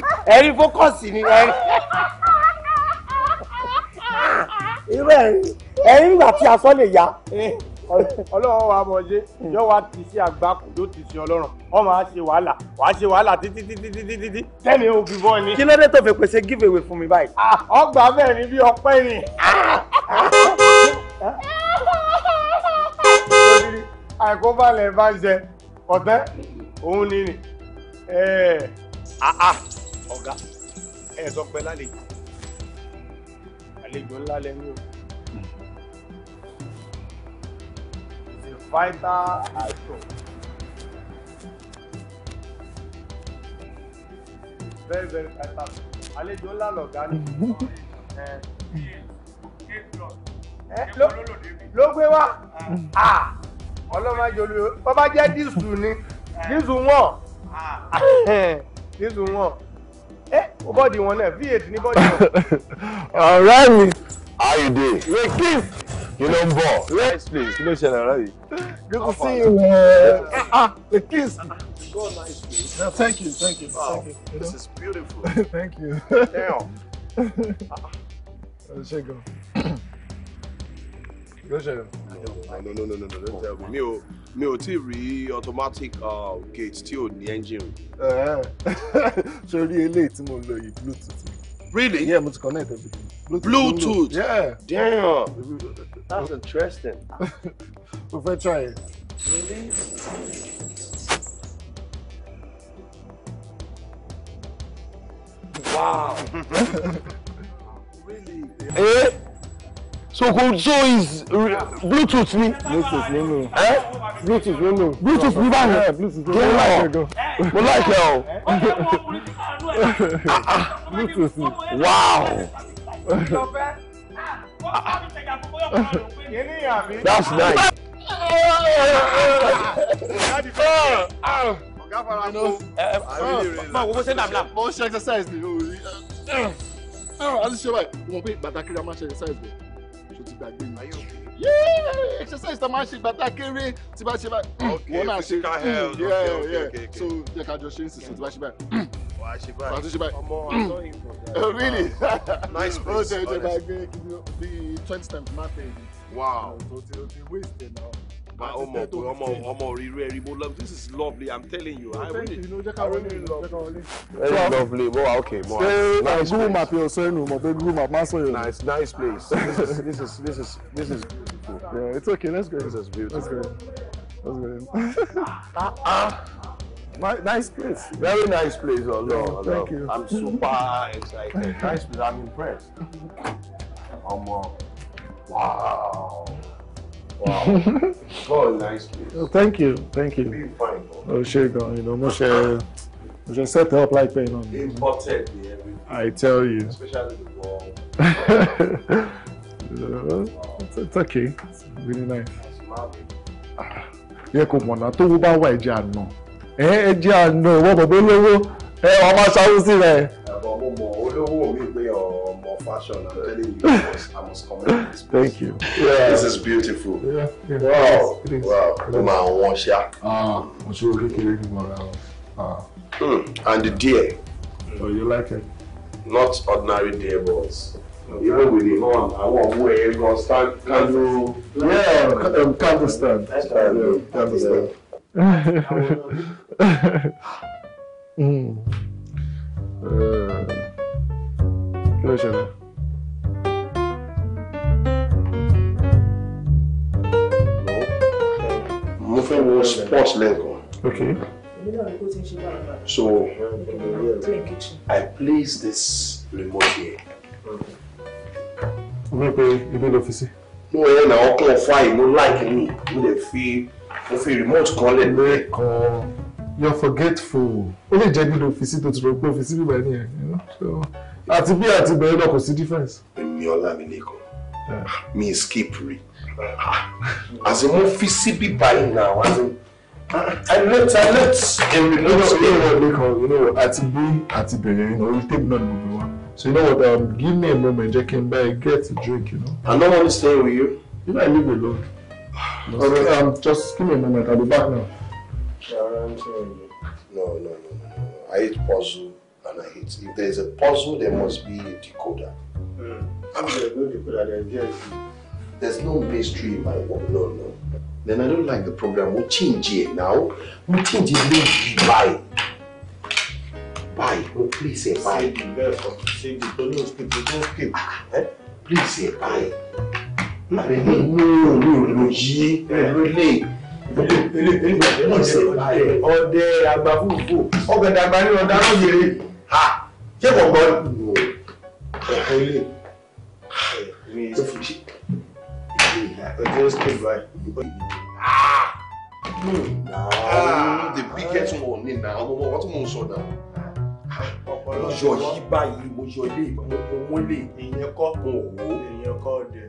fókọ̀sì ẹ̀rín fókọ̀sì ni ẹ̀rín irú ẹ̀rín ẹ̀rín ìgbà tí aṣọ lè ya. ọlọ́run wa mọ̀ ṣe yọ wa ti ṣe àgbákò yóò ti ṣe ọlọ́run wọ́n máa ṣe wàhálà wàá ṣe wàhálà títí títí títí títí tẹ́ni òbí bọ́ ni. kí ló dé tó fi pèsè give away fún mi báyìí. ọgbà bẹ́ẹ̀ ni bí ọpẹ́ ni. àìkóbalẹ̀ bá ń jẹ ọ̀tẹ́ òun ni ni ọ̀gá ẹ sọ pé lálejò àlejò ńlá lẹ́nu o the vital àjọ very very vital àlejò ńlá lọ̀gá ni ló gbé wá ọlọ́mọ ajọ́lu bọ́bá jẹ́ dísù ni dísù wọ̀n dísù wọ̀n ẹ eh, o bọ́ọ̀dì v8 ní bọ́ọ̀dì wọn. ọ̀rẹ́ mi how you dey rekin kí You ń bọ̀ let's play You ló ṣẹlẹ̀ ọ̀rẹ́ yìí. good to see you eh, Ah, the kiss. rekin. so nice place. thank you thank you. Wow. Thank you. this is beautiful. thank you. damn. Let's oh, go. yóò ṣẹlẹ̀. no no no no no don't tell me mi mi ò tí ì rí automatic uh, gate tí ò ní engine. sórí eléyìí tí mo lò yìí bluetooth really yeah mo ti connect everything. bluetooth yeah. damn that's interesting. mo fẹ́ try it. Really? wow. really. Eh? so kò so is bluetooth ni. bluetooth ló eh? lò. bluetooth eh, ló lò. bluetooth ní báyìí. bluetooth like lò. mo like eh. o. bluetooth ni. wow. that's nice. ọ̀gá mo ṣe exercise ni o. a ṣe báyìí mo mọ̀ pé bàtà kiri máa ṣe exercise bẹ́ẹ̀ ṣó ti gbàgbé mi. yéé exercise ta máa ṣe gbàtà kéré tí bá ṣe báyìí wọn náà ṣe so jẹ ká jọ ṣe ń sísun tí bá ṣe báyìí. wàá ṣe báyìí wàá tún ṣe báyìí. ọmọ àtọ́yìn fún oh, really nice place oh, honestly. ó jẹ́ ìjọba gbé bíi twenty times math. wow. so ti o ti waste ẹ̀ náà my ah, ọmọ pé ọmọ ọmọ òrìrì ẹ̀rí mo love this is lovely i'm telling you i really i really love very lovely mo okay mo wa ṣe na google map yóò sọ ẹnu mo pé google map máa nice place this is this is this is this is beautiful. yeah it's okay let's go. this is beautiful. let's go let's go ah, ah, ah. nice place. Very nice place, oh no, yeah, oh, Thank you. I'm super excited. nice place. I'm impressed. Omo. Wow. Wow. God, nice place. Thank you, thank you. Be fine. Bro. Oh, ṣé you know, mo ṣe mo set up láìpẹ́ iná mi. Imported ni I tell you. Especially the wall. it's, it's okay. It's really nice. Yẹ kò mọ̀nà tó wú bá wà ẹ̀jẹ̀ àná. Ẹ̀jẹ̀ àná ìwọ́n bọ̀ bẹ́ẹ̀ lówó ẹ̀ wọ́n máa ṣàwùsí rẹ̀ mo mọ̀ olówó mi pé ọmọ fashion I'm telling you I must, I must this Thank you. Yeah. This is beautiful. Yeah, yeah. Wow wow ló máa wọ́n ṣá. Ah, mo ṣòro kékeré ní mo ra o. Ah. Hmm, and the deer. Oh, you like it? Not ordinary deer balls. Okay. Even with the horn, I want to wear a stand candle. Yeah, um, candle stand. Candle stand. Yeah. Hmm kí ló ṣẹlẹ̀. mo fẹ́ wo okay. so eh, eh, I place this remote here. mo rò pé ibi ló fi sí. mo yẹ na ọkàn fáì mo like mi mo lè fi mo fi remote kan lẹ lórí kan you're forgetful ó lè jẹ́ gbígbó fi sí tó ti rò pé òfin sí bíbá ẹni ẹ̀ àti bí àti bẹ̀rẹ̀ náà kò sí difference. èmi ọlá mi lè ah. kọ mi skip rí as in mo fi sí bíbá yìí náà as in I let I let èrè lọ́wọ́ ilé ìwọ̀n lẹ́kọ̀ọ́ you know àti bí àti bẹ̀rẹ̀ yìí náà orí tèmi náà ni mo so you know what um, give me a moment jẹ́ kí buy get a drink you know. I don't want to stay with you. you know I live alone. okay. um, just give me a moment I'll be back now. No, no, no, no, no. I hate puzzle and I hate. If there is a puzzle, there must be a decoder. Mm. There's no decoder, there's no mystery in my work. No, no. Then I don't like the program. We'll change it now. We'll change it. Bye. Bye. Oh, please say bye. Say the verb. Say the don't skip. Don't ah, skip. Ah, eh? Please say bye. No, no, no, no, no, no, no, no, no, no, no, no, no, no, no, no, ọdẹ àgbà fúfú ọ̀gẹ̀dẹ̀ àgbà ní ọdẹ alóyèrè ha ṣé kò gbọ́ nù ọkọ ilé mi ò fi ṣe ọjọ́ stage by. Ah! Ah! the biggest one ni na ọmọ wọn tún mọ sọ náà mo yọ yí báyìí mo yọ ilé ìgbà mo mú ilé ìyẹn kọ́ mo wò ó ìyẹn kọ́ ọdẹ.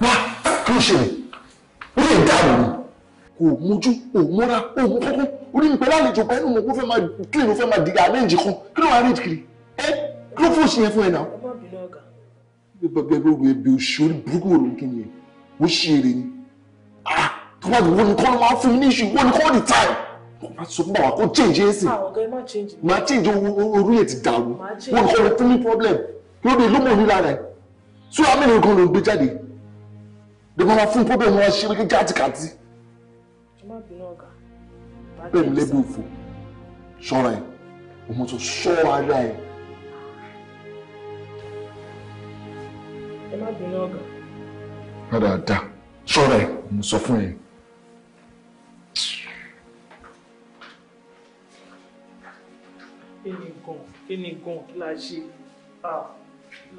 wá kí ló ṣẹlẹ̀ ó lè dáàbò mi kò mójú ò múra ò mú kókó orí mi pẹ̀lú àlejò pẹ̀lú mo kó fẹ́ máa kí ló fẹ́ máa dìgbà àlẹ́ǹjì kan kí ló wà rèé kiri ẹ kí ló fún òṣì yẹn fún ẹ náà. bẹ́ẹ̀ bẹ́ẹ̀ bẹ́ẹ̀ òṣèré burúkú wò ló ń kí ni ẹ̀ ó ṣe èrè ni tó bá ti wọ́n ni kọ́ ló máa fún mi ní ìṣù wọ́n ni kọ́ ní táì ma sọ fún bàbá kó change yẹn sí ma change orí ẹ̀ ti dàrú wọ́n ni kọ́ ló fún mi problem lóde ló mọ̀ nílára ẹ̀ tí wàá mìíràn kan ló gbé jáde lè máa fún problem wọn ṣe wíkẹ́ kátìkátì. bẹ́ẹ̀ ni lẹ́bí òfò ṣọ́ra ẹ̀ òun tó ṣọ́ra ara ẹ̀. ẹ má bínú ọ̀gá. rárá dá ṣọ́ra ẹ̀ mo sọ fún ẹ. kí ni gan kí ni gan kí la ṣe. Ah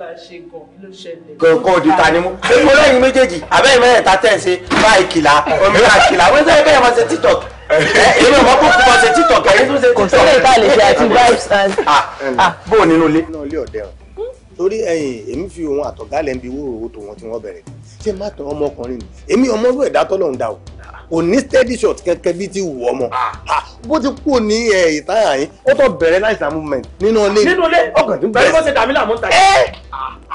la ṣe gan ló ṣẹlẹ̀. gangan òdì ta ni mú. mo lẹ́yìn méjèèjì àbẹ́yìn mẹ́rẹ̀ẹ́ta tẹ̀ ń ṣe báyìí kìlà òmìnira kìlà wọ́n sẹ́yìn bẹ́ẹ̀ máa ṣe tiktok èmi ò mọ kó kó máa ṣe tiktok ẹ̀yìn tó ṣe tiktok. kò sílẹ̀ ìta lè ṣe àti vibes and. bó o nínú ilé. náà ilé ọ̀dẹ́ o torí ẹ̀yin èmi fi òun àtọ̀gálẹ̀ ń bi wóró owó tó wọn tí wọ́n bẹ̀rẹ̀ ṣé má tán ọmọkùnrin ni èmi ọmọ kò ní steady shot kẹ̀kẹ́ bíi ti wù ọmọ ah. bó ti kú ní ìtayà yín ó tó bẹ̀rẹ̀ láìsàn movement nínú ilé nínú ilé ọkàn tó bẹ̀rẹ̀ bó ṣe dàmí làmú ta eh! ah. yìí.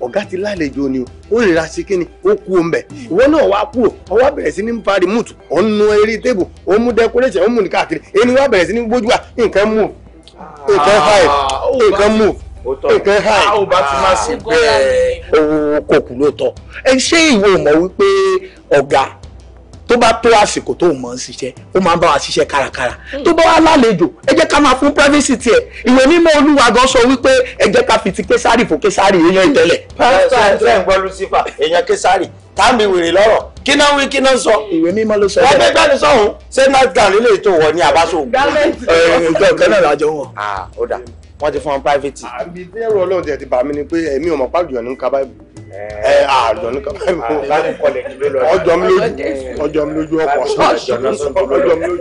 ọ̀gá ti lálejò ni ó rira sí kíni ó kú ọmọbẹ ìwọ náà wá kúrò ọwọ́ bẹ̀rẹ̀ sí ní ń fa remote ó ń nu eré tébù ó mú decoration ó mú ní káàkiri ẹni wá bẹ̀rẹ̀ sí ní gbójú wa nǹkan move ah, nǹkan five ah, ah, nǹkan move nǹkan a bá ti máa ṣe bẹ́ẹ̀ owó kòkù ló tọ́ ẹ ṣé ọ̀gá tó bá tó àsìkò tó mọ̀ ń ṣiṣẹ́ ó máa ń bá wa ṣiṣẹ́ kárakára tó bá wà lálejò ẹ jẹ́ ká máa fún privacy tiẹ̀ ìwé mímọ́ olúwa gan sọ wípé ẹ jẹ́ ká fi ti késàrì fún késàrì èèyàn ìtẹ́lẹ̀. pásítọ̀ ẹ̀ ń gbọ́ lucifer èèyàn késàrì tàbí wèrè lọ́rọ̀ kí náà wí kí náà sọ. ìwé mímọ́ ló sọ bẹ́ẹ̀. wọ́n fẹ́ gbani sọ́hún ṣé náà gàrí lè tó wọ ní àbáṣọ òògùn. gámẹ́ntì. ẹ̀ wọ́n ti fún wọn private. àbí ah, tí ẹrù ọlọ́run tiẹ̀ ti bà mí ni pé ẹ̀mí eh, ò mọ̀ pàjọ́ ní ká báyìí ẹ àjọ ní ká báyìí ọjọ́ mi lójú ọjọ́ mi lójú ọkọ̀ ọjọ́ mi lójú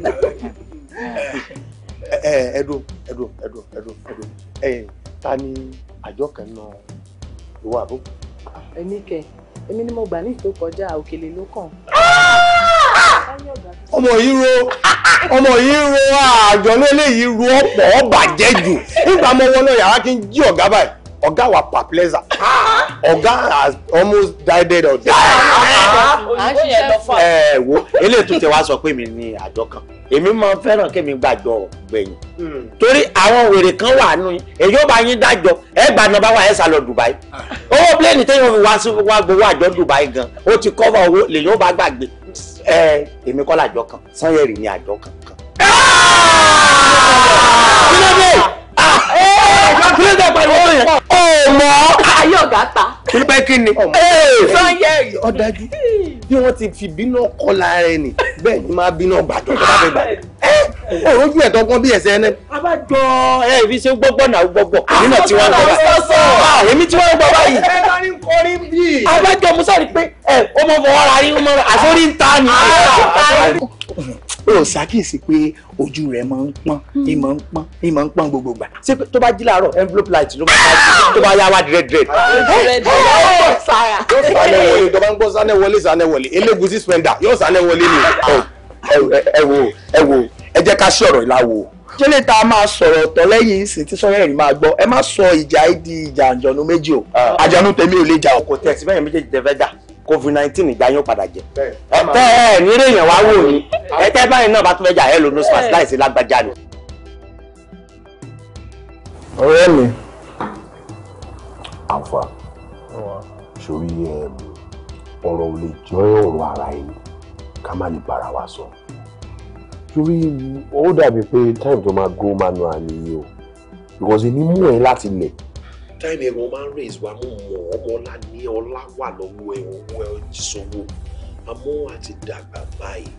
ẹdùn ẹdùn ẹdùn ẹdùn ẹdùn ẹyìn ta ni àjọ kan náà ìwọ àbúkù. èmi kẹ èmi ni mo gbà ní ìtò kọjá òkèlè ló kàn. Ah! ọmọ yìí ro ọmọ yìí ro àjọ lélẹ́yìí ro ọ̀pọ̀ ọ̀bàjẹ́ jù nígbà mọ́ wọnú yàrá kí n jí ọ̀gá báyìí ọ̀gá wa perplexa ọ̀gá has almost died dead or died. ẹ wo eléyìí tún ti wá sọ pé mi ní àjọ kan èmi máa ń fẹ́ràn kémi gbàjọ gbẹ̀yìn torí àwọn wèrè kan wà nù èyí ó bá yín dájọ ẹ gbà nàbà wà ẹ sá lọ Dubai owó pléènì téèyàn fi wá gbowó àjọ Dubai gan ó ti cover owó lèyìn ó bá gbàgbé ẹ èmi kọ́ làjọ kan Sanyẹ̀rì ni àjọ kan ah! kan kílódé tẹ pariwo tó yẹn. o mọ. ayé ọ̀gá ta. pípẹ́ kí ni. sọ́yẹ́ ó dájú bí wọ́n ti fi bínú ọkọ lára ẹ nì bẹ́ẹ̀ ni máa bínú ọgbàdùn tó bá fẹ́ gbà. ẹ ojú ẹ̀ tọkàn bí ẹsẹ̀ ẹni. abájọ ẹ fi ṣe gbọ́gbọ́ náà gbọ́gbọ́ ah, nínú tí wọ́n gbọ́ báyìí. Ah, èmi tí wọ́n gbọ́ báyìí. ẹ bá ní kọrin bí. abájọ musa rí pé ẹ ọmọ fọwọ́ra yín ọmọ àsórí ń ta ni. Ah, ó ṣàkíyèsí pé ojú rẹ̀ máa ń pọ́n hmm. ì máa ń pọ́n ì máa ń pọ́n gbogbo gbà ṣé tó bá jí láàárọ̀ envelope light ló máa ṣáájú tó bá yá wá direct direct. yóò sànẹ wọlé tó bá ń gbọ́ sànẹ wọlé sànẹ wọlé elégùsì spender yóò sànẹ wọlé ni ẹ wo ẹ wo ẹ jẹ́ ká ṣọ̀rọ̀ ìlàwọ̀ jẹ́lẹ̀ tá a máa sọ̀rọ̀ tọ́ lẹ́yìn ìsìn tí sọ́yẹ́ rìn máa gbọ́ ẹ má sọ ìjà ẹ di ìjà àjọ̀nú méjì o ah. àjọ̀nú tèmi ò lè jà òkò tẹ̀ covid nineteen ìgbà yín ó padà jẹ ẹtẹ ẹ nírè èèyàn wá wò ní ẹtẹ báyìí náà bá tún fẹjà ẹ lò nose mask láìsí lágbájá ni. ọ̀rẹ́ mi àǹfà sórí ọ̀rọ̀ ò lè jọ ọ̀rọ̀ ara ẹni ká má lè bára wa sọ torí ó dàbí pé time tó máa go manual nìyí o because èmi mú ẹ láti lẹ̀ Time ẹ̀wọ̀n máa ń raise wa mú mọ̀ ọmọ ọlá ní ọlá wà lọ́wọ́ ẹ̀wọ̀n owó ẹ̀ ìṣòwò àmọ́ àti dàgbà báyìí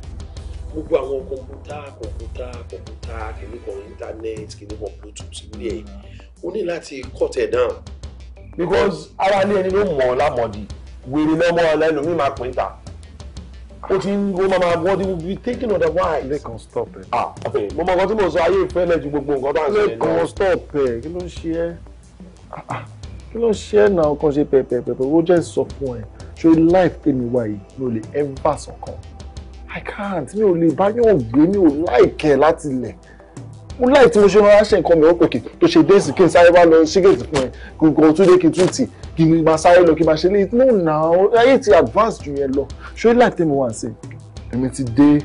gbogbo àwọn kọ̀ǹpútà kọ̀ǹpútà kọ̀ǹpútà kìnnìkan internet kìnnìkan bluetooth ilé ẹ̀ o ní láti cut ẹ̀ down. because ara ilé ẹni ló mọ̀ ọ́ lámọ̀dì wèrè lọ́mọ ọlẹ́nu mi máa pín ta ó ti ń ó máa máa wọ́n ti be thinking otherwise. lẹ́kàn stop ẹ̀. ah mo mọ̀ nǹkan tí mo sọ ayé ìfẹ́ lẹ́jú gbogbo nǹkan tó à ń sọ yẹn náà. lẹ́kàn stop ẹ̀ kí ló ń ṣe ẹ́ kí ló ṣe ẹ̀ náà ọkàn ṣe pẹ̀pẹ̀pẹ̀pẹ̀ ó jẹ́ sọ fún ẹ̀ ṣe life tèmi wá yìí mi ò lè ever sọ̀kan i can't mi ò lè bá yàn gbé mi ò láìkẹ́ láti lẹ̀ mo láì tí mo ṣe máa ṣe nǹkan mi ó pèkè tó ṣe déèsì kí n sáré bá lọ ṣígèètì fún ẹ kí n kò tún dé kí n tún tì kí n máa sáré lọ kí n máa ṣe léyìí no na ayé ti advance jù yẹn lọ ṣé láì tèmi wá sí èmi ti dé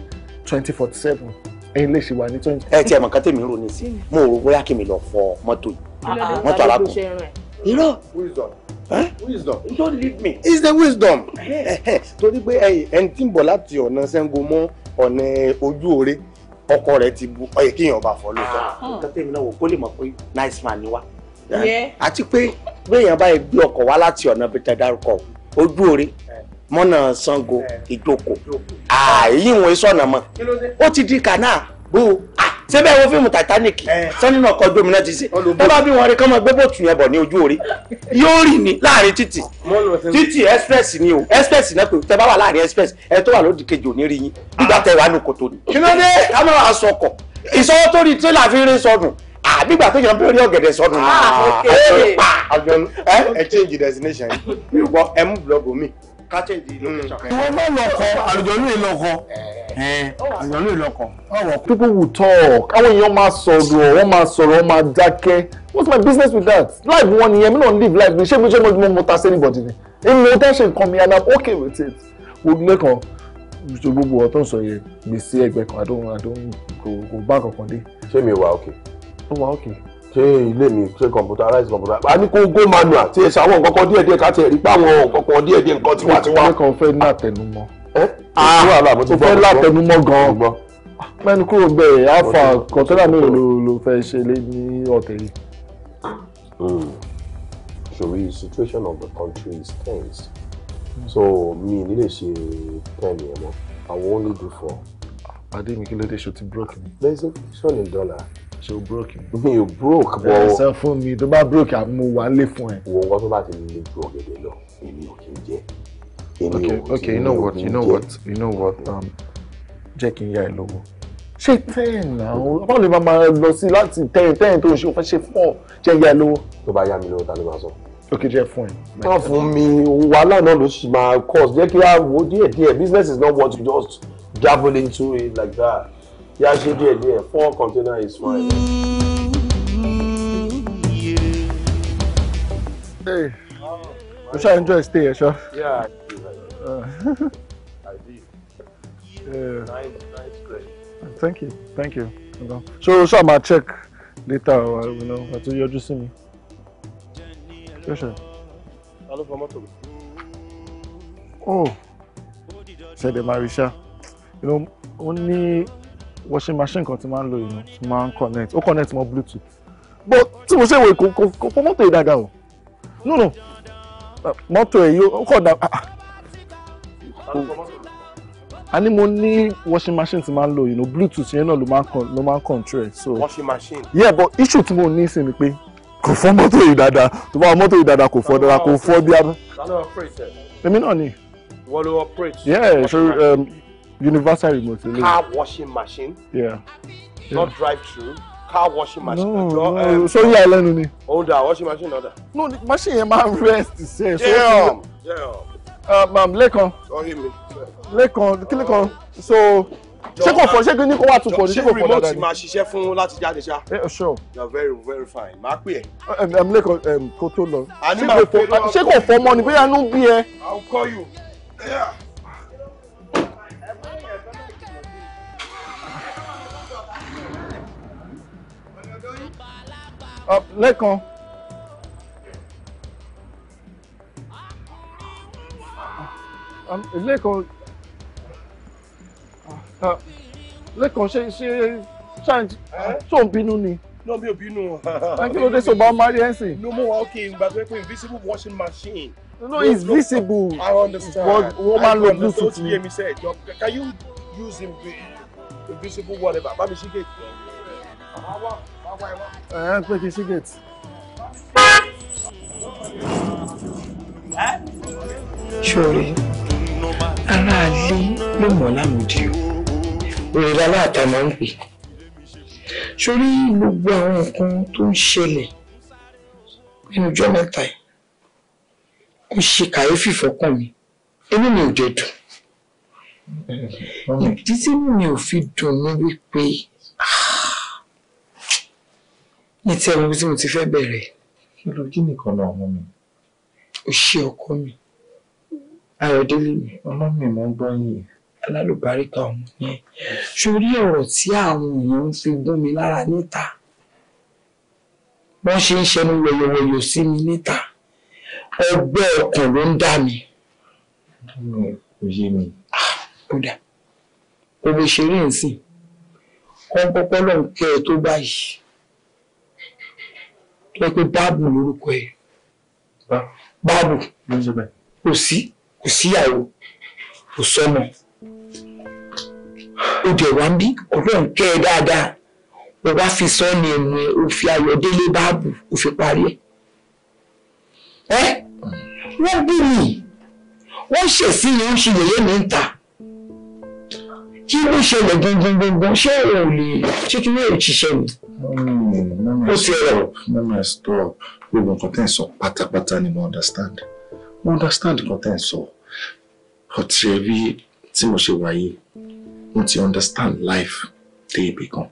twenty forty seven ẹ̀yin lè ṣe wà ní twenty. ẹ tiẹ̀ mọ̀ kátẹ́mi rò ní sí mo rò bóyá kí mi lọ fọ mọ́tò yìí Ah, ah. You know wisdom, huh? Wisdom. don't leave me. it's the wisdom. torí eh. ẹni tí ń bọ̀ láti ọ̀nà Ṣàngó mọ́ ọ̀nà ojú oore ọkọ rẹ̀ ti bu ọyẹ kéèyàn ọba follow. lóòótọ́. Ah, hmm. nǹkan tẹ́mi náà wò kó lè mọ̀ pé nice man ni wá. Eh, àti pé béèyàn bá gbé ọkọ̀ wá láti ọ̀nà bìtẹ̀ dárúkọ ojú oore eh. mọ́nà Ṣàngó eh. ìjókòó ààyè ìwọ̀n iṣọ́nà mọ́ ó ti di kana? bó ah, ṣé bẹ́ẹ̀ wo fíìmù Titanic sẹ́ni náà kọ́ gbómi náà ti sí bábá bí wọ́n rí kọ́mọ gbé bòtù yẹn bọ̀ ní ojú orí yóò rì ní láàrin títì títì express ni o express náà pé tẹ bá wà láàrin express ẹ tó wà lódì kejì ò ní rí yín nígbà tẹ wà nù kòtò ni. kí ló dé ká má wàá sọkọ ìsọwọ́ tó rí tírélà fi rí sọdùn àbí ìgbà tó yàn bí orí ọ̀gẹ̀dẹ̀ sọnù. Ah, ẹ change destination ẹ mú blọọgù mi ká change location. Mm. wọ́n bá lọ́kọ àlùjọ́lù ìlọ́kọ eh. eh, àlùjọ́lù ìlọ́kọ. people will talk àwọn èèyàn máa sọ̀rọ̀ wọ́n máa sọ̀rọ̀ wọ́n máa dákẹ́ what's my business with that life wọn nìyẹn mi náà live life mi ṣé mi ṣe mo mo ta sí anybody ni èmi ò tẹ́ ṣe nǹkan mi and i'm okay with it. gbogbo lẹ́kàn ṣe gbogbo ọ̀ tó ń sọ yẹn gbèsè ẹgbẹ́ kan àdóhùn àdóhùn kò bá kankan dé. ṣé mi wà okay. ó wà okay ṣé ilé mi ṣe computerize computer a ní kó go manual tí èsì àwọn nǹkan kan díẹ̀ díẹ̀ ká tiẹ̀ rí pé àwọn nǹkan kan díẹ̀ díẹ̀ nǹkan tiwa tiwa. ẹ kàn fẹ́ látẹnumọ́. ẹ o fẹ́ látẹnumọ́ gan-an mẹ́nu kúrò bẹ́ẹ̀ alpha kọ̀tẹ́là mélòó ló ló fẹ́ ṣe lé ní ọ̀tẹ̀ yìí. Hmm. ṣòwì situation of the country is tense hmm. so mi ní lè ṣe ten yẹn mọ́ i won only do four. àdé mi kí ló dé ṣo ti broke mi. there is inflation in dollar ṣe o broke mi. mi ò broke bọ́. ẹ sọ fún mi tó bá broke àbí mo wà lé fún ẹ. wọ́n wọ́n tó bá ti lè ju ọ̀gẹ̀dẹ̀ lọ èmi ò kì í jẹ. okay okay you know what you know what you know what um, jẹ́ kí n yá ẹ lọ́wọ́ ṣe ten àwọn báwo lè máa lọ sí láti ten ten tó ń ṣe o ṣe four jẹ́ yá ẹ lọ́wọ́. tó bá yá mi lọ́wọ́ ta ló máa sọ ok jẹ fún ẹ. wọ́n fún mi wàhálà náà ló ṣì máa cause jẹ́ kí á wo díẹ̀ díẹ̀ business is not what you just travel into it like that kí a ṣe díẹ̀ díẹ̀ four container is fine. Hey, oh, you sure enjoy stay sure? Yeah, I do. Uh. I do. Yeah. Nice, nice place. Thank you, thank you. So, so gonna check later, uh, you know, you're just seeing me. Sure, sure. Hello, for motor. Oh, said the Marisha. You know, only washing machine kan tí máa ń lo ìyẹn máa ń connect ó connect mọ́ bluetooth but tí mo ṣe wò kò kò kò mọ́tò yìí dáadáa o no no mọ́tò èyí ó kọ̀ dá ah, ah. a ní mo ní washing machine tí máa ń lo you know bluetooth yẹn náà ló máa ń ló máa ń control ẹ so washing machine yeah but issue tí mo ní sí ni pé kò fọ mọ́tò yìí dáadáa tó bá mọ́tò yìí dáadáa kò fọ dáadáa kò fọ bí abẹ́. èmi náà ni. wọ́n ló operate. yeah sure universal remote. car washing machine. Yeah. yeah. not drive through car washing machine. no no um, so yà lẹ́nu ni. hold on washing machine order. no the machine yẹn máa the same. Yeah. jẹun jẹun. maam lẹ́kan. sọ́rí mi. lẹ́kan kílẹ̀ kan so ṣé kò So. ṣé kò ní kó wà tún pọ̀ ní ṣé kò fọ dáadáa ni. ṣé remote máa ṣiṣẹ́ fún láti jáde ṣá. ẹ eh, ṣọ. you are very very fine màá pè ẹ. ẹm um, um, lẹ́kan kó tó lọ. àní màá pè é lọ́wọ́. ṣé kò fọ ọmọ ni bóyá inú bí ẹ. i will call you. Yeah. lẹ́kan. Um, lẹ́kan ah, ah, lẹ́kan ṣe ṣe ṣáàjì tó eh? ń bínú ni. No, mi ò bínú. Thank you, Odeso, about Mari Ensin. No more, okay, but we're invisible washing machine. No, it's visible. I understand. But woman lo blue suit me. me said, can you use inv invisible whatever? Bami, she get. Awa ẹ ẹ pé kí sí gate. ṣòro aráalé ló mọ̀ lámòdì o òrìlà aláàtà máa ń pè sórí gbogbo àwọn nǹkan tó ń ṣẹlẹ̀ nínú ọjọ́ mẹ́ta yìí kò ṣe kàyéfì fọkàn mi inú mi ò jẹ dùn ìdí tí mi ò fi dùn ni wípé ní tí ẹ̀wọ̀n tí mo ti fẹ́ bẹ̀rẹ̀. kí ló kí nìkan náà mú mi. ó ṣe ọkọ mi ayọ̀délé mi. ọmọ mi mo ń gbọ́ yìí. alálùbáríkà ọmọ yẹn sórí ọ̀rọ̀ tí àwọn èèyàn ń fi gún mi lára níta wọ́n ṣe ń ṣẹnu wẹ̀yọ̀wẹ̀yọ̀ sí mi níta ọgbẹ́ ọkàn ló ń dà mí. kò yé mi. kódà ah, kò lè ṣeré nsìn kọ́ńpọ́pọ́ lọ́nkẹ́ tó báyìí tó yẹ pé báàbù lórúkọ ẹ̀ báàbù kò sí kò síyàwó kò sọmọ o dẹ̀ wá ń bí ọlọ́run kẹ́ ẹ dáadáa o wá fi sọ́ọ̀nì ẹ̀mú ẹ o fi ayọ̀délé báàbù o fi parí ẹ. ẹ wọ́n bú mi wọ́n ṣèṣì ni ó ń ṣe mi ń ta kí ló ṣẹlẹ̀ gangan ṣé o lè ṣé kí ló ṣiṣẹ́ mi ó ti ọ̀rọ̀. mama stop gbogbo nǹkan tẹ́ ń sọ pátápátá ni mo understand mo understand nǹkan tẹ́ ń sọ ọtí ẹbí tí mo ṣe wáyé mo ti understand life dé ibì kan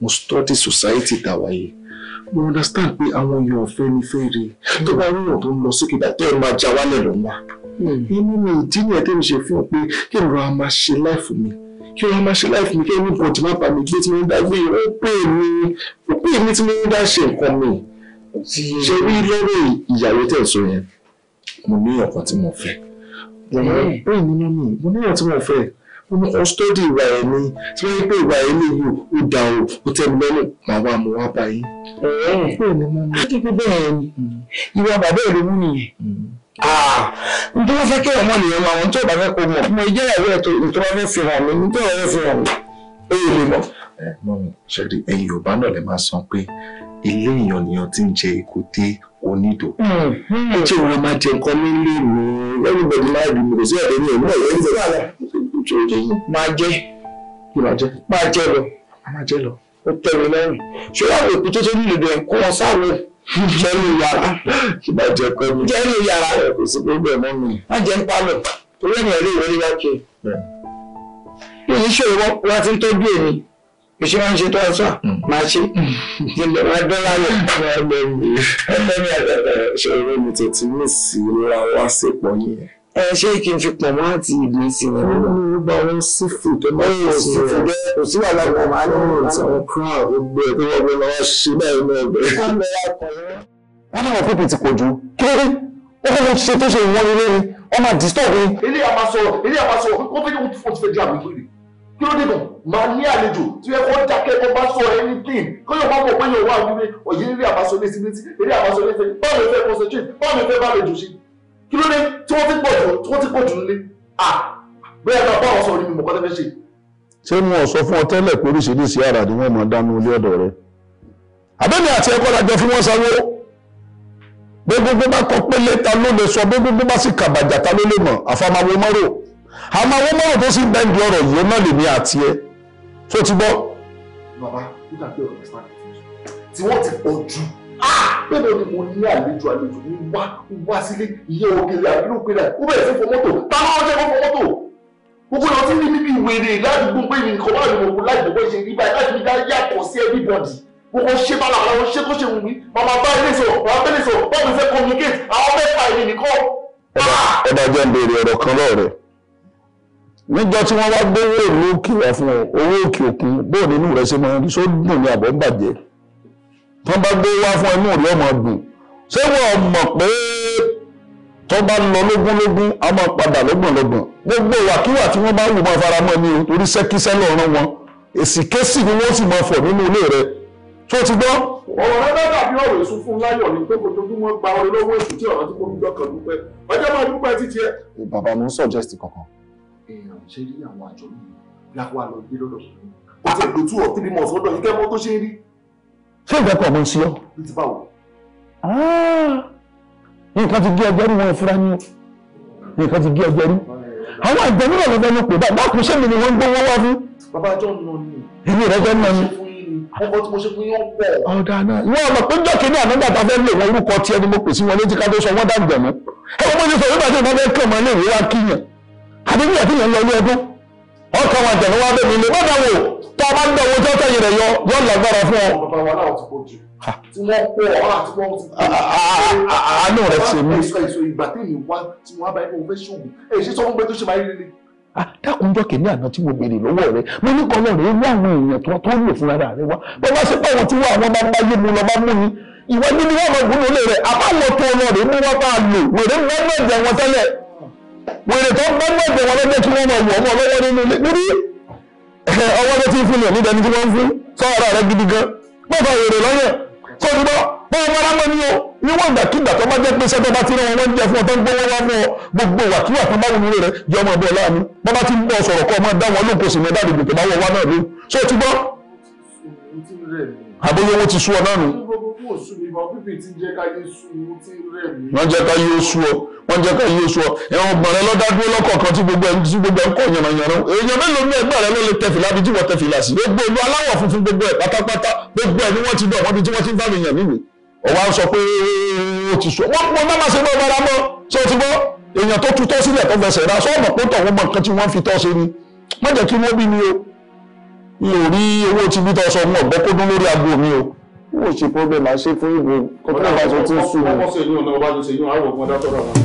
mo study society tá a wáyé mo understand pé àwọn èèyàn ọ̀fẹ́ ni fẹ́ẹ́rẹ́ tó bá rí èèyàn tó ń lọ sókè bá tẹ́ ẹ máa já wálẹ̀ lọ́wọ́ hmm. inú mi ìdí nìyẹn tẹ́mi ṣe fún ọ pé kí n rọra máa ṣe láìfù mi kí wọ́n máa ṣe láìpẹ́ mi kí ẹni kan tí máa bà mí gbé tí mo ń dá gbé ó pè mí ó pè mí tí mo ń dá ṣe nǹkan mi ṣe rí lọ́rọ̀ ìyàwó tẹ̀ sọ yẹn mo ní ọ̀kan tí mo fẹ́ bẹ́ẹ̀ ni mọ́mí mo ní ọ̀kan tí mo fẹ́ mo ní kan stọ́dì ìwà ẹ̀ ni tí wọ́n pè ìwà ẹ̀ léwu ó dà o ó tẹ́ mi lọ́nà màá mo wá bá yín. bẹ́ẹ̀ ni mọ́mí. ó Ah, n tó bá fẹ́ kí ọmọ nìyẹn máa wọn tó bá fẹ́ kó mọ̀ mo jẹ́ ìyàwó ẹ̀ tó tó bá fẹ́ fi hàn mí tó bá fẹ́ fi hàn mí èyí lè mọ̀. ẹ mọ̀mí ṣẹ́rí ẹ̀yin yorùbá náà lè máa sọ pé ilé èèyàn nìyàn ti ń jẹ èkúté onídò. Mm-hmm. ẹ jẹ́ wọn máa jẹ nǹkan nílé mi lẹ́yìn bẹ̀rẹ̀ máa rí mi kò sí ẹ̀dẹ̀ mi ò mọ̀ ẹ̀yẹ́ ìfẹ́ máa jẹ́ máa jẹ́ lọ. ó tẹ̀ mí lẹ́rìn ṣé wàá rò pé tó tó nílò jẹ́nu yàrá ṣùgbọ́n àjẹ kọ́ mi. jẹ́nu yàrá kò sí pé mọ́ mi. má jẹ́ ń palọ̀ torí ẹ̀mí ẹ̀rí ìwé nígbà kí. ìyíṣẹ́ ìwọ wọn ti ń tọ́jú èmi ìṣe máa ń ṣe tó ọ̀sán mm-hmm. máa ṣe ìjìnlẹ̀ máa dọ́là yẹn. ẹgbẹ́ mi ẹgbẹ́ mi ṣòro mi tètè mí sí ra wá sípò yẹn ẹ ṣé kí n fi pọ̀ mọ́ àti ìlú ìsinmi rẹ̀. wọ́n ní gba wọn sífù tó máa ń fi sífù bẹ́ẹ̀ kò sí wàhálà kan máa ń rìn tí àwọn crowd gbogbo ẹ̀ tó wọ́n bẹ lọ́wọ́ ṣe báyìí náà bẹ̀rẹ̀. wọ́n náà pípì ti pọ̀ jù kéré ó kọ́ ṣe tó ṣe ìwọ́n ilé ni wọ́n máa disturb mi. ilé àmà sọ ilé àmà sọ wọ́n fẹ́ kí wọ́n ti fẹ́ di àbúrò rẹ̀ kí ló dé nù máa ní àlejò tí ẹ kọ́ dákẹ́ kó bá sọ anything kó yóò bá mọ̀ pé yóò wà nílé ọ̀yẹ́ ilé àbáṣọ lé sí létí ilé àbáṣọ lé sí báwo ló fẹ́ concentrate báwo ló fẹ́ bá àlejò ṣe kí ló dé tí wọ́n ti pọ̀ jù tí wọ́n ti pọ̀ jù nílé à bẹ́ẹ̀ náà báwọn sọ̀rọ̀ ní mi mọ̀kọ́ tẹ́fẹ́ ṣe. ṣé wọn sọ fún ọ tẹ́lẹ̀ pé oríṣiríṣi ara ni wọ́n máa dánú ilé ọ̀dọ̀ rẹ àbẹ́mi àti ẹ̀kọ́ la jọ fún wọn sanwó bí gbogbo bá kọ pélé ta ló lè sọ bí gbogbo bá sì kàbàjà ta ló lè mọ̀ àfàmàwò mọ́rò àmàwò mọ́rò tó sì bẹ́ẹ̀ di ọ̀rọ̀ yìí náà lè ní àti ẹ tó ti gbọ́. bàbá kí n kà pé ọ̀rọ̀ sáà tí wọ́n ti pọ̀ jù bẹ́ẹ̀ ni mo ní àlejò àlejò mi wá wá sílé ìyẹ́ òkèlè àbílòpẹ̀lẹ̀ ó bẹ̀rẹ̀ sí fọ mọ́tò táwọn ọjọ́ fọ mọ́tò gbogbo lọ sí ní bíbí ìwéré ládùúgbò pé mi nǹkan báwo ni mo kú láì gbogbo ṣe rí báyìí láti fi dá yàtọ̀ sí everybody gbogbo ṣé bá làwọn àwọn ṣé tó ṣe wù mí màmá bá ilé sọ màmá bẹ́ẹ̀ sọ bọ́ọ̀lù fẹ́ communicate àwọn mẹ́fà èmi nìkan. ẹ bá jẹ́ ń béèrè ọ̀rọ̀ kan lọ́rẹ̀ níjọ́ tí wọ́n wá gbówó ìlú òkè wá fún ọ owó òkè òkun bóò nínú rẹ̀ ṣe máa ń rí sódùn ní àbọ̀ ń bàjẹ́ tó bá gbé wá fún inú rẹ̀ ọmọ dùn ṣé wọ́n mọ̀ pé tó bá lọ lógún lógún a máa padà lọ́gbọ̀n lọ́gbọ̀n gbogbo ìwàkiwà tí wọ́n bá wù máa fara mọ́ ni torí sẹ́kísẹ́ lọ́rùn wọn èsì késì ni wọ́n sì máa fọ̀ nínú ilé rẹ̀ tó ti gbọ́. ọ̀rọ̀ rẹ bá dàbí ọ̀rọ̀ èso fún láyọ̀ ni pé kò dojúmọ́ gba orin lọ́wọ́ èso tí ọ̀rọ̀ tí kò ń dọ́kàn dúpẹ́ ọjọ́ máa dúpẹ́ títí ẹ. bàbá mo ń suggest kankan. èèyàn ṣe rí àwọn àjọ ṣé ìfẹ́ kọ̀ ọmọ sí ọ. Ah! nǹkan ti gé ẹgbẹ́ rí wọn fúra ní nǹkan ti gé ẹgbẹ́ rí àwọn àgbẹ̀ nílò lọ́dọ̀ ní pè bá báàkù sẹ́mi ni wọ́n ń gbówó wá fún. bàbá jọ nù ní. èmi rẹ fẹ́ nà ní. ọkọ tí mo ṣe fún yín pọ̀. ọ̀dà náà ọmọ pé jọ́ kínní àná gbàtà fẹ́ lè wọ́n orúkọ tiẹ̀ ni mo pè sí wọn létí ká tó sọ wọ́n dàgbẹ̀ mọ́. ẹ wọ́n ti sọ nígbà nígbà tí tó a bá ń dọ̀wọ́ tó tẹ̀yìn rẹ̀ yọ yọ lágbára fún ọ. àánú rẹ̀ ṣe mí. dákun jọ kìíní àná tí mo béèrè lọ́wọ́ rẹ̀ mo ní kan náà rẹ̀ àwọn èèyàn tó tó lò fúnra rẹ̀ wá bó bá ṣe pé tí wọ́n àwọn bá ń bá mu lọ bá mú mi ìwọ nínú wọn lọ gún lórí rẹ̀ àbálọ̀ tó lọ rẹ̀ mú wọn bá lò wèrè mọ́mọ́ ẹ̀jẹ̀ wọn tẹ́lẹ̀ wèrè tó mọ́mọ́ ẹ̀jẹ̀ wọn lọ́jọ́ tí wọ́n mọ̀ wọ̀ ọmọ lọ́wọ́ nínú ilé nírí ọwọ́ tó ti ń fún mi nígbà ní tí wọ́n ń fún sọ́ọ̀rọ̀ rẹ gidi gan pọ̀pọ̀ èrè lọ́yẹ̀ tó ti gbọ́ bó wọn rámọ́ ni o níwọ̀n ìgbàkigbà tó bá jẹ́ pé sẹ́tọ́ bá ti rán wọn jẹ fún ọ tó ń gbówó wá fún ọ gbogbo wàkíwà tó bá wù mí rẹ jẹ́ ọmọ ọbẹ̀ ọlá mi bọ́ bá ti ń bọ̀ sọ̀rọ̀ kọ́ ọmọ dá wọn lóko sí mi dá dìbò tó bá wọ wá náà lé so ti gbọ́ àbóyọ owó ti sú ọ náà nù kò sú mi bọ́ pípì tí ń jẹ́ káyé sú mi tí ń rẹ̀ mí. wọ́n jẹ́ káyé ó sú ọ wọ́n jẹ́ káyé ó sú ọ ẹ̀wọ̀n gbọ̀nrẹ́ lọ́dá dúró lọ́kọ̀ọ̀kan tí gbogbo ẹ̀ tí gbogbo ẹ̀ ń kọ̀ yànnàyànnà èèyàn mélòó ní ẹgbẹ́ rẹ ló lè tẹ fìlà bí tí wọ́n tẹ fìlà sí gbogbo ìlú aláwọ̀ funfun gbogbo ẹ̀ pátápátá gbogbo ẹ̀ ni wọ́n ti dọ̀ wọ́n bí tí wọ́n ti ń fáwọn èèyàn nínú ọ̀wá sọ pé ó ti sọ wọ́n mọ́ máa ṣe bọ́ bára mọ́ ṣé o ti gbọ́ èèyàn tó tutọ́ sílẹ̀ tó fẹsẹ̀ ra sọ́ọ̀mọ̀ pé tọ̀wọ́n mọ nǹkan tí wọ́n fi tọ́ ṣe ni má jẹ́ kí wọ́n bí mi o mi ò rí wò ṣe problem a ṣe fún ìbò kọ́tà bá tó ti ń sùn. ọmọ sẹ́yìn ọ̀nà ọba tó ṣèyún àárọ̀ ọ̀gbọ́n dátọ́ra wọn.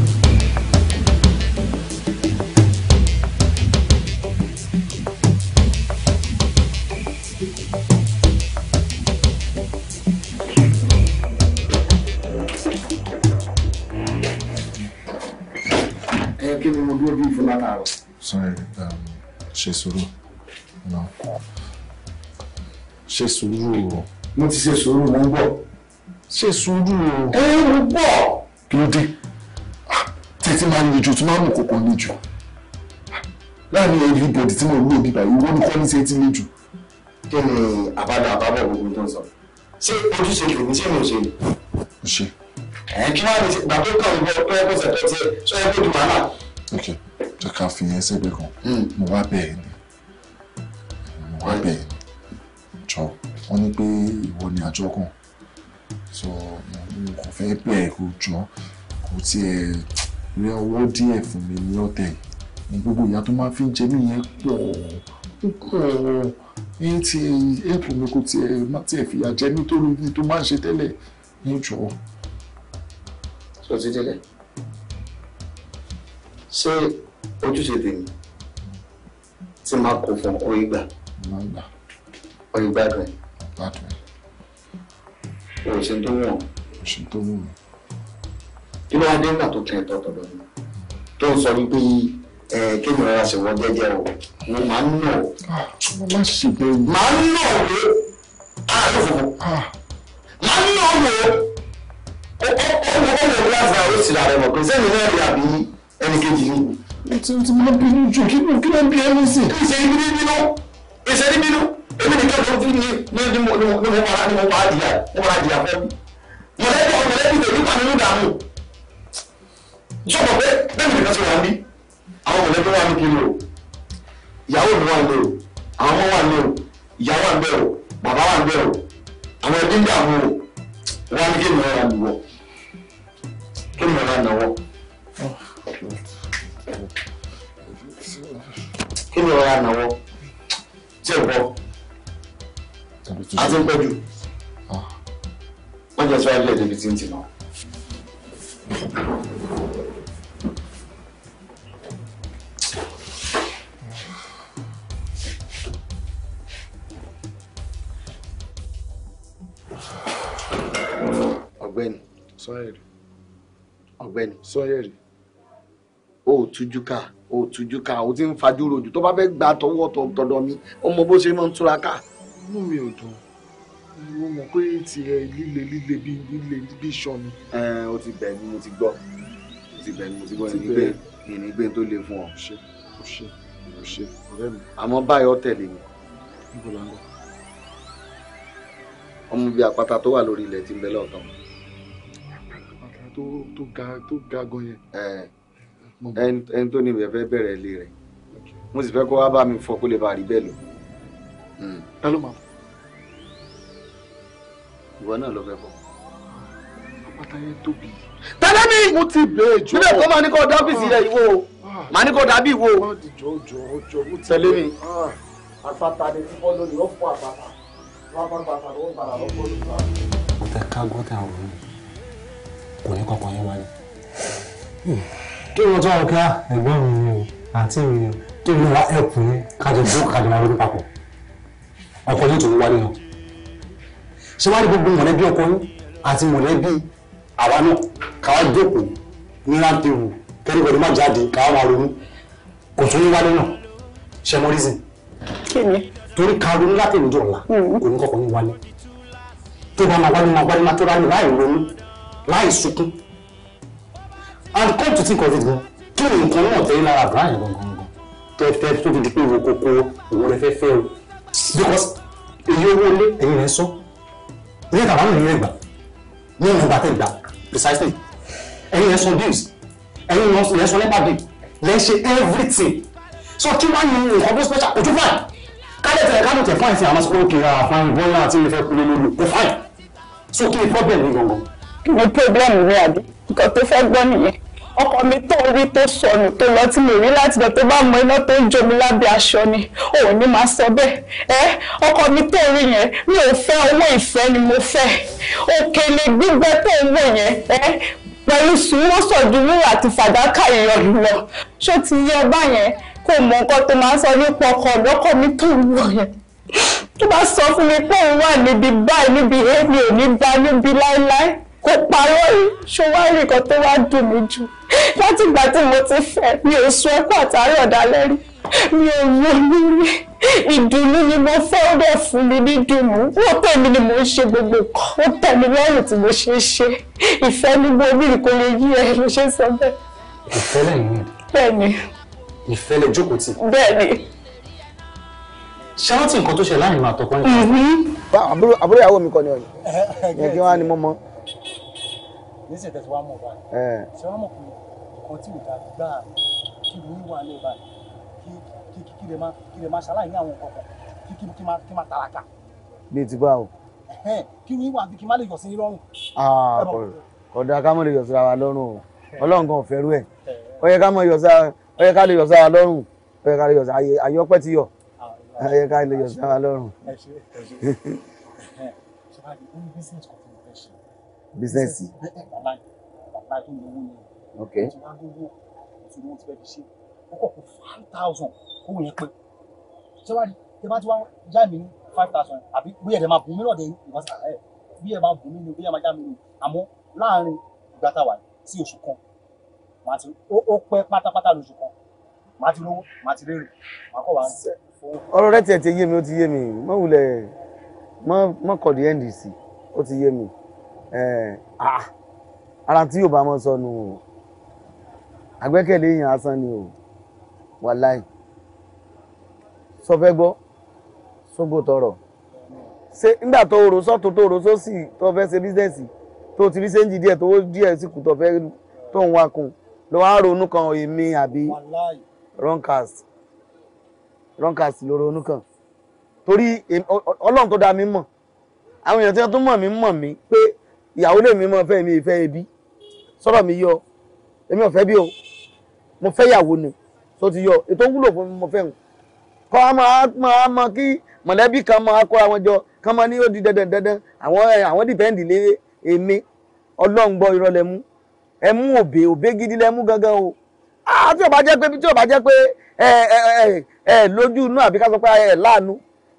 Um, ṣe sùúrù ṣe sùúrù mo ti ṣe sùúrù mo ń bọ̀. ṣe sùúrù o. ẹ mo bọ̀. kí ló dé tètè máa ń le jù tó máa ń mú kòkò le jù láàrin everybody tí mo lò bí báyìí wọ́n kọ́ ní sẹ́yìn tí le jù. kí ni àbádọ àbábọ̀ gbogbo tó ń sọ ṣé ojúṣe kìíní ṣé mo ṣe ni. o ṣe. ẹ kí wàá ní bàbá tó kàn ń bọ̀ pé ẹgbẹ́ sọ̀tọ̀ sọ ẹgbẹ́ dùn wàhálà. ok jẹ́ ká fi yẹn sẹ́gbẹ̀ẹ́ kan hmm. mo wá bẹ́ẹ̀ ni mo wá bẹ́ẹ̀ ni jọ̀ọ́ wọ́n ní pé ìwọ ni àjọkàn so mo kò fẹ́ bẹ́ẹ̀ kó jọ kò tiẹ̀ rẹ ọwọ́ díẹ̀ fún mi ní ọ̀tẹ̀ ní gbogbo ìyá tó máa fi ń jẹ mí yẹn pọ̀ púpọ̀ ẹ̀yìn tí ẹ̀pù mi kò tiẹ̀ má tiẹ̀ fìyà jẹ nítorí ní tó máa ń ṣe tẹ́lẹ̀ ní jọ. sọ ti délẹ̀ ṣé ojúṣe tèmi tí máa kó fún ọyìn gbà ọyìn gbà gan-an that way. o ṣe tó wọ̀n. o ṣe tó wọ̀n. kí ló wá dé nígbà tó kẹ́ ẹ̀ tọ́ tọ̀dọ̀ mi tó ń sọ wípé kéèyàn rárá ṣe wọ́n jẹ́jẹ́ o mo máa ń nà o. mo máa ṣe bẹ́ẹ̀ ni. máa ń nà o wo àárọ̀ fún máa ń nà o wo ọmọ ọmọ ìlú àgbà ó sì rà rẹ mọ̀ pé sẹ́yìn náà rí àbí ẹnì kejì ni. tí mo bínú jù kí ló ń bí ẹni sìn. ìṣe ní bínú ìṣe ní bínú èmi nìkan sojú ni ní mo ní mo ní mo para ní mo para jìyà mo para jìyà fẹ́ mi mọ̀lẹ́bí ọmọ mọ̀lẹ́bí tèmi pa nínú dààmú sọ̀rọ̀ pé bẹ́ẹ̀ni nìkan sọ̀rọ̀ àbí àwọn mọ̀lẹ́bí wà ní kiri o ìyàwó mi wà ní o àwọn ọmọ wà ní o ìyá wà níbẹ̀ o bàbá wà níbẹ̀ o àwọn ẹbí ń dààmú o wà ní kí ni wọ́n ra nìwọ̀ kí ni wọ́n kí ni wọ́n ra nàwọ̀ jẹ́ ìwọ́ a ti ń pẹ́ jù ah. wọ́n jẹ́ sọ́ọ́ ilé débi tí ń ti lọ. ọ̀gbẹ́ni sọ́yẹ̀rì ọ̀gbẹ́ni sọ́yẹ̀rì o tújú ká o tújú ká o ti ń fajú rojú tó bá fẹ́ gba tọwọ́ tọ̀dọ̀ mi ọmọ bó ṣe máa ń túra ká inú mi ò dùn mo mọ̀ pé tiẹ̀ eh, líle líle bíi líle bíi iṣan ni. ẹ o ti bẹ̀ ni mo ti gbọ́ o ti bẹ̀ ni mo ti gbọ́ ẹni gbé ẹni gbé tó le fún ọ. o ṣe o ṣe o ṣe ọ̀rẹ́ mi. àmọ́ báyọ̀ tẹ̀lé mi. níbo la ń lọ. ọmọ bíi àpáta tó wà lórí ilẹ̀ ti ń bẹ lọ́ọ̀tàn. àpáta tó tó ga tó ga gan yẹn. ẹ ẹni tó ní ibẹ̀ fẹ́ bẹ̀rẹ̀ ilé rẹ̀ mo sì fẹ́ kó wá bá mi fọ kó lè bá rí bẹ́ẹ̀ lò ta ló máa fọ. ìwọ náà ló fẹ́ fọ. àpáta yẹn tóbi. tẹ́lẹ̀ mi. mo ti bẹ̀ẹ́ jọ. níbẹ̀ tó máa ní kó o dá ọ́fíìsì rẹ̀ ìwọ o ah. máa ní kó o dàbí ìwọ o. tẹ̀lé mi. Ah. àpáta ni fífọ́ lónìí ó fọ àpáta. lápapàtà ló ń bàrà lọ́pọ̀ lóṣù. mo tẹ ká gọ́tà òun kò ní kọ̀ọ̀kan yẹn wá ní. kí wọ́n tún àwọn kíá ah, ẹ̀gbọ́n mi ni o o kí wọ́n wá ẹ̀kún kájọ ọkọ yóò tún wá nínú ṣé wàá rí gbogbo mọ̀lẹ́bí ọkọ yín àti mọ̀lẹ́bí àwa náà káwá jókòó ní rántìwù kẹ́rìbọ̀dì má jáde káwá máa ronú kò tún ní wá nínú ṣe mọ́ reason. kí ni. torí ká ronú láti ìlú ọ̀la hmm. kò ní kọ̀ọ̀kan ní wálé tó bá máa wálé máa wálé máa tó rálé láì ronú láì sunkún and come to think of it gan kí nǹkan náà tẹ̀lé lára Brian gangan gangan tẹ́tẹ́ tó fi di pé ìwọ kókó òun rẹ fẹ́ fẹ́ o because èyí owó ilé ẹ̀yìn rẹ̀ sọ ilé tàbá mi rẹ̀ gbà ní ìwọ̀n gbà tẹ̀ gbà precisely ẹ̀yìn rẹ̀ sọ bills ẹ̀yìn rẹ̀ sọ nípa bill lẹ́ ṣe everything so kí wàá ní nǹkan tó special ojú fine kálẹ̀ tẹ̀lé kálẹ̀ tẹ̀ fine sí àmọ́ sọ́kò kìí ra fine bọ́lá àti ìfẹ́ kúlé lólu kò fine so kí ni problem yìí gangan. kí ni problem rẹ àbí nǹkan tó fẹ́ gbọ́ nìyẹn ọkọ mi tó rí tó sọnù tó lọ tí mo rí láti lọ tó bá mọ iná tó ń jó mi lábẹ́ aṣọ ni òun ni màá sọ bẹ́ẹ̀ ẹ ọkọ mi tó rí yẹn mi ò fẹ́ owó ìfẹ́ ni mo fẹ́ òkèlè gbígbẹ tó ń wò yẹn ẹ pẹ̀lú sùúrù sọ̀dúnrún àti fàdákà ìyọ̀lù lọ ṣó ti yẹ báyẹn kò mọ nǹkan tó máa sọ nípa ọkọ mi ọkọ mi tó ń wò yẹn tó bá sọ fún mi pé òun wà níbi báyìí níbi èmi ò ní bá níbi láéláé kò parọ́ rí nǹkan tó wá dùn mí jù láti ìgbà tí mo ti fẹ́ mi ò sun ẹkún àtàrí ọ̀dálẹ́ rí mi ò wọ lórí ìdùnnú ni mo fẹ́ rẹ̀ fún mi ní dùnnú wọ́n tẹ̀mí ni mo ń ṣe gbogbo nǹkan wọ́n tẹ̀mí lọ́rùn tí mo ṣe ń ṣe ìfẹ́ ní mo ní kò lè yí ẹ ló ṣe sọ bẹ́ẹ̀. ìfẹ́ lẹ́yìn. bẹ́ẹ̀ni. ìfẹ́ jókòó tì. bẹ́ẹ̀ni ṣáàtì nǹkan tó ṣe láàrin máa yẹn. Mm-hmm. àbúrò àbúrò mi kọ ni ọyàn yẹn kí wọn á ní mọ mọ nísìnyí tẹ̀sí wa mọ̀ báyìí ṣé wàá mọ̀ pé nǹkan tí ìdá gbà kí ni wà ní ìbàdàn kí kí kí lè má kí lè má ṣaláì ní àwọn nǹkan kan kí kí kí má kí má tàràkà. bí ti bá o. kí ni wà bí kí má lè yọ̀ sí lọ́rùn. Ah, kódà ká mọ̀ lè yọ̀ sí ara lọ́rùn o ọlọ́run kan ò fẹ́rú ẹ̀ ó yẹ ká mọ̀ yọ̀ sí ara ó yẹ ká lè yọ̀ sí ara lọ́rùn ó yẹ ká lè yọ̀ sí ara ayọ́pẹ́ ti yọ̀ ah, ó yẹ ká lè yọ̀ sí ara lọ́rùn. ẹ ṣe ẹ ṣe ẹ ṣe bísínẹ́sì. ok. ọkọ̀ kò five thousand owó yẹn pé ṣé wàá ṣe bá ti wá já mi ní five thousand àbí bóyá ẹ̀dẹ̀ máa bùn mí lọ́dẹ̀ ìgbàsá ẹ̀ bóyá ẹ̀ máa bùn mí ni bóyá ẹ̀ máa já mi ni àmọ́ láàárín ìgbà táwa sí oṣù kan màá ti ó pẹ́ pátápátá lóṣù kan màá ti lówó màá ti rérè màá kọ̀ wá ọ̀rọ̀ rẹ tiẹ̀ ti yé mi ó ti yé mi mọ wulẹ̀ mọ mọ kọ di ndc ó ti yé mi Eh, ah, ara tí yóò bá mọ́ sọnù o agbẹ́kẹ̀lé èèyàn asán ni o wàláì sọ fẹ́ gbọ́ sógbó tọrọ ṣe nígbà tó rò sọ́tò tó rò sósì tó fẹ́ ṣe bísíǹsì tó ti rí séǹjì díẹ̀ tó díẹ̀ sí kù tó fẹ́ tó ń wakùn ló wá ronú kan mi àbí roncast roncast ló ronú kan torí ọlọ́run tó dá mi mọ̀ àwọn èèyàn tí wọ́n tún mọ̀ mí mọ̀ mí pé ìyàwó lè mi mọ fẹ́ mi ìfẹ́ ẹbí sọ̀rọ̀ mi yọ èmi ò fẹ́ bí o mo fẹ́ ìyàwó ni tó ti yọ ètò wúlò fún mi mo fẹ́ hùn kọ́ a máa máa mọ kí mọ̀lẹ́bí kan máa kó àwọn jọ kán máa ní ó di dandan dandan àwọn àwọn dìpẹ́ǹdì lé èmi ọlọ́run gbọ́ irọ́ lẹ mú ẹ mú òbè òbè gidi lẹ mú gangan o tí ò bá jẹ́ pé tí ò bá jẹ́ pé ẹ ẹ ẹ lójú inú àbí ká sọ pé ẹ láàánú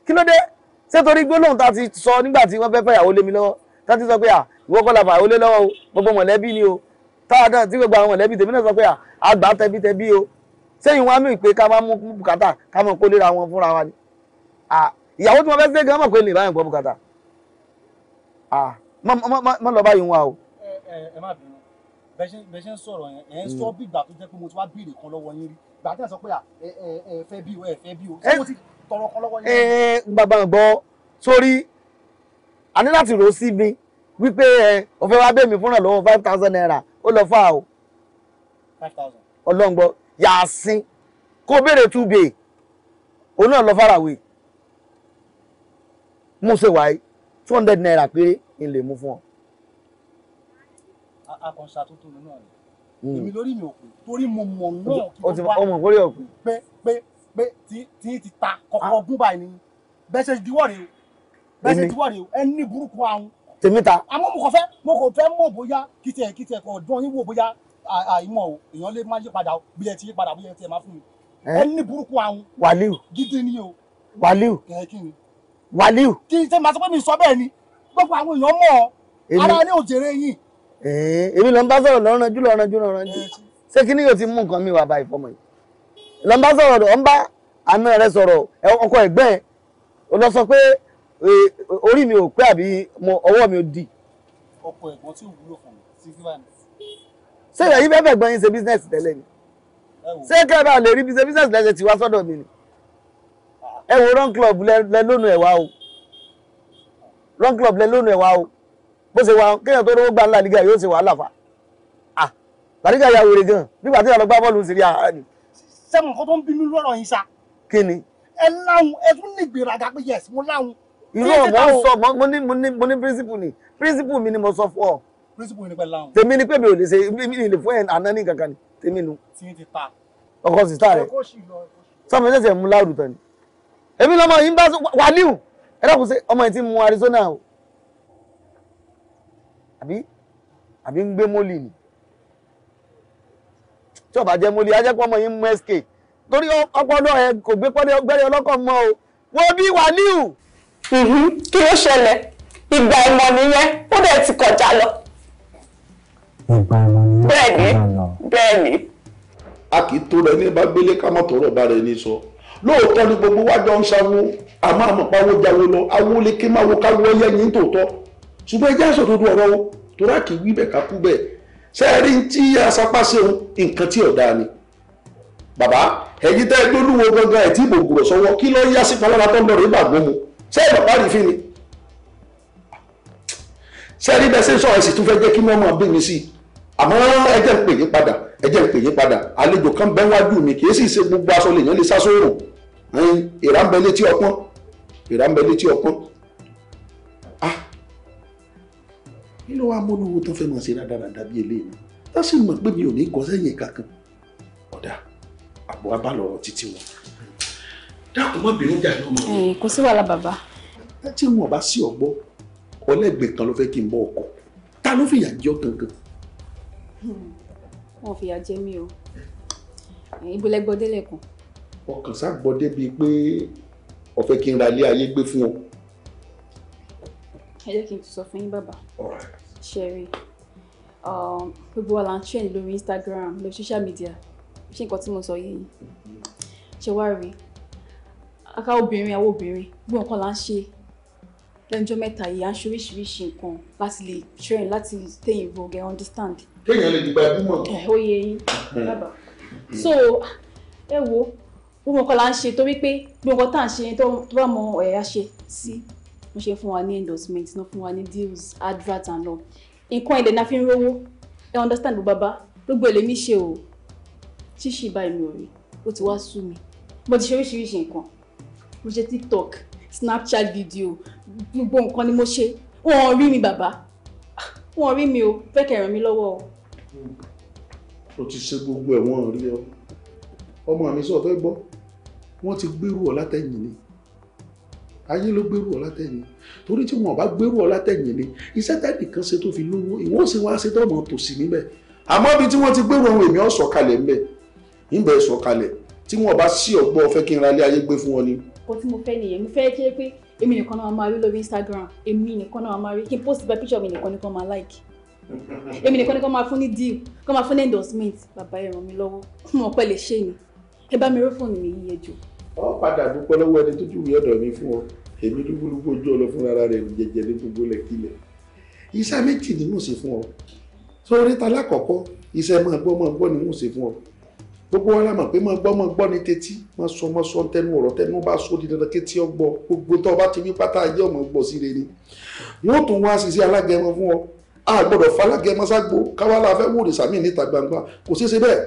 kí ló dé ṣé gbólóhùn tá ti sọ nígbà tí wọ́n fẹ́ fẹ́ ìyàwó lé mi lọ́wọ́ tá ti sọ pé à ìwọ kọ́ la fà ó lé lọ́wọ́ o gbogbo mọ̀lẹ́bí ni o táwa náà tí gbogbo àwọn mọ̀lẹ́bí tèmi náà sọ pé àgbà tẹbítẹbí o sẹ́yìn wá mí pé ká máa mú bùkátà ká máa kó léra wọn fúnra wa ni ìyàwó tí wọ́n fẹ́ sẹ́gàn mọ̀ pé lè báyìí gbọ́ bùkátà mọ́ lọ báyìí wá o. ẹ má bínú bẹ́ẹ̀ ṣe ń sọ̀rọ̀ yẹn ẹ̀ ń sọ bí ìgbà tó jẹ́ pé mo ti wá béèrè kan lọ́wọ́ yín rí ìgbà tí ẹ̀ sọ pé ẹ ẹ bí o ẹ fẹ́ bí o ṣé mo ti tọrọ kan lọ́wọ́ yín. ẹ ẹ gbàgbọ́ sórí a ní láti rò ó sí mi wípé ẹ o fẹ́ wá bẹ́ẹ̀ mi fúnra lọ́wọ́ five thousand naira ó lọ fà o. five thousand. ọlọ́ngbọ yàásín kó béèrè two bay òun náà lọ fàràwé mú ṣe wáyé two hundred naira péré ń lè mú fún ọ. akọ̀ǹsà tó tóbi náà ni èmi lórí mi ò pè torí mo mọ̀ náà kí wọ́n wá ọmọ ìkórè ọ̀pẹ. pé pé pé tí ti ta kọ̀ọ̀kan ah. gún báyìí ni bẹ́ẹ̀ ṣe diwọ́ rèé bẹ́ẹ̀ ṣe diwọ́ rèé ẹni burúkú àwọn tèmi ta. àmọ́ mo kò fẹ́ mo kò fẹ́ mọ̀ bóyá kìtẹ̀ kìtẹ̀ kò dùn yín wò bóyá àìmọ̀ o èèyàn lè má yí padà o bí ẹ ti yí padà bóyá ẹ ti má fún mi. ẹ ní burúkú àwọn. wàlíù gidi ni o. wàlíù wàlíù. kí n ṣe máa sọ pé mi sọ bẹ́ẹ̀ ni gbogbo àwọn èèyàn mọ̀ ọ́ ara ní òjèrè yìí. èmi ló ń bá sọ̀rọ̀ lọ́rùn jù lọ́rùn jù lọ́rùn jù ṣé kí ni yóò ti mú nǹkan mi wà báyìí fọmọ yìí ló bá sọ̀rọ̀ lọ́ ń bá àna rẹ sọ̀rọ̀ ọkọ ẹ̀gbẹ́ ẹ o lọ sọ pé Eh, orí mi ò pé àbí ọwọ́ mi ò di. ọkọ ẹ̀gbọ́n tí ò wúlò fún mi sí fífàní. ṣé ìyá yìí fẹ́ fẹ́ gbọ́n yín ṣe bísínẹ́sì tẹ́lẹ̀ ni ṣé kẹ́ẹ̀ bá lè rí bí ṣe bísínẹ́sì lẹ́sẹ̀ tí wá sọ́dọ̀ mi ni. ẹ wo run club lẹ lónìí ẹ̀wá o run club lẹ lónìí ẹ̀wá o bó ṣe wà kéèyàn tó rówó gbà ńlá nígbà yóò ṣe wàhálà fa ah làdíjà ya wèrè gan nígbà tí ìyàlọ́gbá bọ́ọ̀lù ń ṣe rí ara ah, ni. sẹ́mu nǹkan tó ń bínú lọ́rọ̀ yín sa. kí ni. ẹ láwọn ẹ tún lè gbéraga pé yẹs mo láwọn irọ́ mo ń sọ mo ní mo ní mo ní principle ni principle mi ni mo sọ fún ọ. principle ni pẹ̀lú àwọn. tèmi ni pé mi ò lè ṣe mi ò lè fún ẹ̀ àná ní kankan ni tèmi nu. tí ti ta. ọkọ sì ta rẹ sọmọ ẹsẹ mú láàrú tán ni. èmi lọmọ yìí ń bá wàlíù ẹ dàkún sí ọmọ yìí ti mu Arizona o. àbí àbí ń gbé mólì ni tí ọba jẹ mólì ajẹ́pọ̀ ọmọ yìí ń mú SK torí ọpọlọ ẹ kò gbé pẹ́rẹ́ ọlọ́kọ̀ mọ́ o wo bí wàlíù. Mhm. kí ló ṣẹlẹ̀ ìgbà ìmọ̀ nìyẹn ó dẹ̀ ti kọjá lọ. ìgbà ìmọ̀ nìyẹn kọjá lọ. bẹ́ẹ̀ ni a kì í tó rẹ ní bábélé ká má tọrọ bá rẹ ní sọ lóòótọ́ ni gbogbo wájọ ń ṣàwo àmọ́ àmọ́ pawó jáwó lọ awó lè ké máwo káwó ẹyẹ yín tòótọ́ ṣùgbọ́n ẹjẹ́ àṣọ tó dún ọ̀rọ̀ o torá kì í wí bẹ́ẹ̀ ká kú bẹ́ẹ̀ sẹ́ẹ̀rí tí asapá ṣe òun nǹkan tí ọ̀dà ni bàbá ẹ̀yin tẹ́ gbólúwo gangan ẹ̀ tí ìbò gbòòrò sọ́wọ́ kí ló yá sí falára tó ń lọ rí bàgbọ́ mu ṣé bàbá rí fi ni ṣé rí bẹ́ẹ̀ ṣe ń sọ̀rọ̀ ẹ̀sìn tún fẹ́ jẹ́ kí wọ́n máa bí mi sí i àmọ́ ẹ jẹ́ ń pè yín padà ẹ jẹ́ ń pè yín padà àlejò kan bẹ́ wájú mi kì í sì ṣe gbogbo aṣọ lèèyàn lè sá sóòrùn ìrà ń bẹ létí ọpọ́n ìrà ń bẹ létí ọpọ́n ah nílò wa mọ́núwó tó fẹ́ mọ̀ sí rádaràdà bí eléyìí tó sì mọ̀ pé mi ò ní kọ́ sẹ́yìn kankan ọ̀dà àbọ̀ abálọ̀rọ̀ títí wọn dákun má bínú jà ní ọmọ mi. kò sí wàhálà bàbá. ẹ tí wọn bá sí ọgbọ ọlẹgbẹ kan ló fẹ́ kí n bọ ọkọ ta ló fìyà jẹ ọ gangan. wọn fìyà jẹ mí o ibo lẹ gbọ́ délẹ kan. ọkàn sá gbọ́ débi pé ó fẹ́ kí n ra ilé ayé gbé fún ọ. ẹ jẹ́ kí n sọ fún yín bàbá ṣẹ́rí um, gbogbo wa trend lórí Instagram lórí social media ṣé nǹkan tí mo sọ yé yín wá rí i aká obìnrin àwọn obìnrin gbọ́n nǹkan là ń ṣe lẹ́njọ́ mẹ́ta yìí à ń ṣe nǹkan láti lè train láti stay in and understand. kéèyàn lè gba ìgbìmọ̀. ẹ eh, ó yẹ yín dábàá hmm. so ẹ wo gbogbo nǹkan là ń ṣe torí pé gbogbo nǹkan tá à ń ṣe tó bá mọ ẹ̀ eh, á ṣe sí wọ́n ṣe fún wa ní endorsement náà fún wa ní deals advert and all nǹkan ilẹ̀ náà fi ń rówó ẹ understand gbogbo bàbá gbogbo èlé mi ṣe o ṣíṣì bá mi ò rí ó ti wá sú mi mo ti ṣe nǹkan mo ṣe tiktok snapchat video gbogbo nǹkan ni mo ṣe wọn rí mi bàbá wọn rí mi o fẹ́ kẹ́ ràn mí lọ́wọ́ o. o ti ṣe gbogbo ẹ̀ wọ́n rí ọ ọmọ mi sọ fẹ́ gbọ́ wọ́n ti gbérù ọ látẹ̀yìn ni ayé ló gbérù ọ látẹ̀yìn torí tí wọn bá gbérù ọ látẹ̀yìn ni iṣẹ́ tẹ́lẹ̀ kan ṣe tó fi lówó ìwọ́n sì wá ṣe tó ọmọ tòsí níbẹ̀ àmọ́ ibi tí wọ́n ti gbérù ohun èmi ọ̀ sọ̀kalẹ̀ ńbẹ̀ ńbẹ̀ sọ̀kalẹ̀ tí wọ́n bá sí ọgbọ́n fẹ́ kí n ra ilé ayé gbé fún wọn ni nǹkan tí mo fẹ́ nìyẹn mo fẹ́ jẹ́ pé èmi nìkan náà máa rí lórí Instagram èmi nìkan náà máa rí kí n post bá picture mi nìkan nìkan máa like èmi nìkan nìkan máa fún ní deal kọ́ máa fún ní endorsement bàbá ẹ̀ ràn mí lọ́wọ́ fún ọpẹ́ lè ṣe ni ẹ bá mi rí fóònù mi yíyẹ jù. ọ padà dúpẹ́ lọ́wọ́ ẹni tó júwèé ọ̀dọ̀ mi fún ọ èmi dúgbòlúgbò ojú ọ lọ fún ara rẹ jẹjẹ ní gbogbo lẹ kílẹ̀ iṣẹ́ méjì ni mo ṣe fún ọ sórí ta lákọ̀ọ́kọ́ iṣẹ́ máa gbọ́ máa gbọ́ gbogbo wa la mọ̀ pé máa gbọ́ máa gbọ́ ní tetí máa sọ máa sọ tẹnu ọ̀rọ̀ tẹnu bá sọ di dandan kétí ọgbọ́ gbogbo tó o bá ti wí pátá ayé ọmọ gbọ́ sí rẹ ni wọ́n tún wá sí sí alágẹmọ fún ọ a gbọ́dọ̀ falágẹmọ ságbo káwá la fẹ́ wòlé sàmì níta gbangba kò sí ṣe bẹ́ẹ̀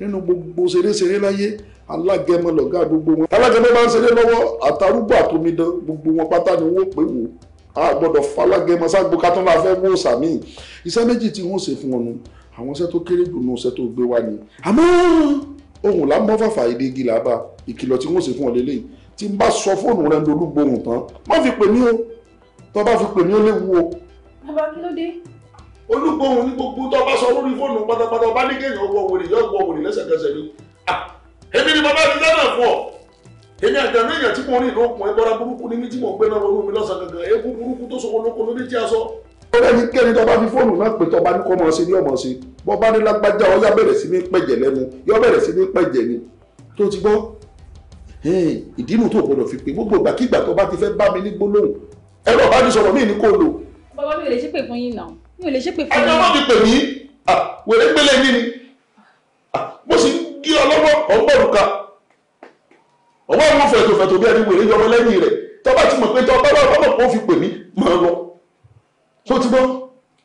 nínú gbogbo ṣeré-ṣeré láyé alágẹmọ lọ̀gá gbogbo wọn alágẹmọ bá ń ṣeré lọ́wọ́ àtàrúgbò àtomidan gbogbo wọn pátá ni wọ́n pè wò a gbọ́dọ̀ falágẹmọ ságbo kátó la fẹ́ wò sàmì iṣẹ́ méjì tí wọ́n ṣe fún ọ nù àwọn iṣẹ́ tó kéré jù nù iṣẹ́ tó gbé wá ni àmọ́ ohun là ń bọ́ fàfà èdè igi là bá ìkìlọ̀ tí wọ́n ṣe fún ọ lélẹ́yìí tí n bá sọ fóònù rẹ lórí gbohùn tán má fi pè mí o tó bá fi pè mí ó léwu o. bàbá kí ló dé. olúgbóhùn ní gbogbo tó bá sọ lórí fóònù pátápátá ọba ní kéèyàn wọ wòlé yọ wọ wòlé lẹ́sẹ̀kẹsẹ̀ ni. èmi ni bàbá mi dáná fún ọ èmi àjàmí èèyàn tí mo rí ìlú òkun ẹgbẹ́ra burúkú ní mí tí mo gbé náà wọnú mi lọ́sàn-án gangan eégún burúkú tó sọ ẹni kẹ́ni tó bá fi fóònù náà pé tó bá ní kó mọ̀ sí ní ọmọ sí bọ́ bá ní lágbájá ọ yá bẹ̀rẹ̀ sí ní pẹ̀jẹ̀ lẹ́nu yọ bẹ̀rẹ̀ sí ní pẹ̀jẹ̀ ni tó ti gbọ́ ìdínú tó gbọdọ̀ fi pé gbogbo ìgbàkigbà tó bá ti fẹ́ bá mi ní gbólóhùn ẹ̀rọ bá ní sọ̀rọ̀ mí ní kó lò. bàbá mi ò lè ṣépè fún yín náà mi ò lè ṣépè fún yín. ẹni ọlọ́ọ̀dì pè mí wèrè gbélé yín ni mo sì gí ọlọ́wọ́ ọ̀gbọ̀rùka ọwọ́ àwọn fẹ̀tọ̀fẹ̀tọ̀ bí ẹni wèrè yọwọ́ lẹ́yìn rẹ̀ tọ́ bá ti mọ̀ pé tọ́ bá bá bá bọ̀ kó fi pè mí máa lọ so ti gbọ́.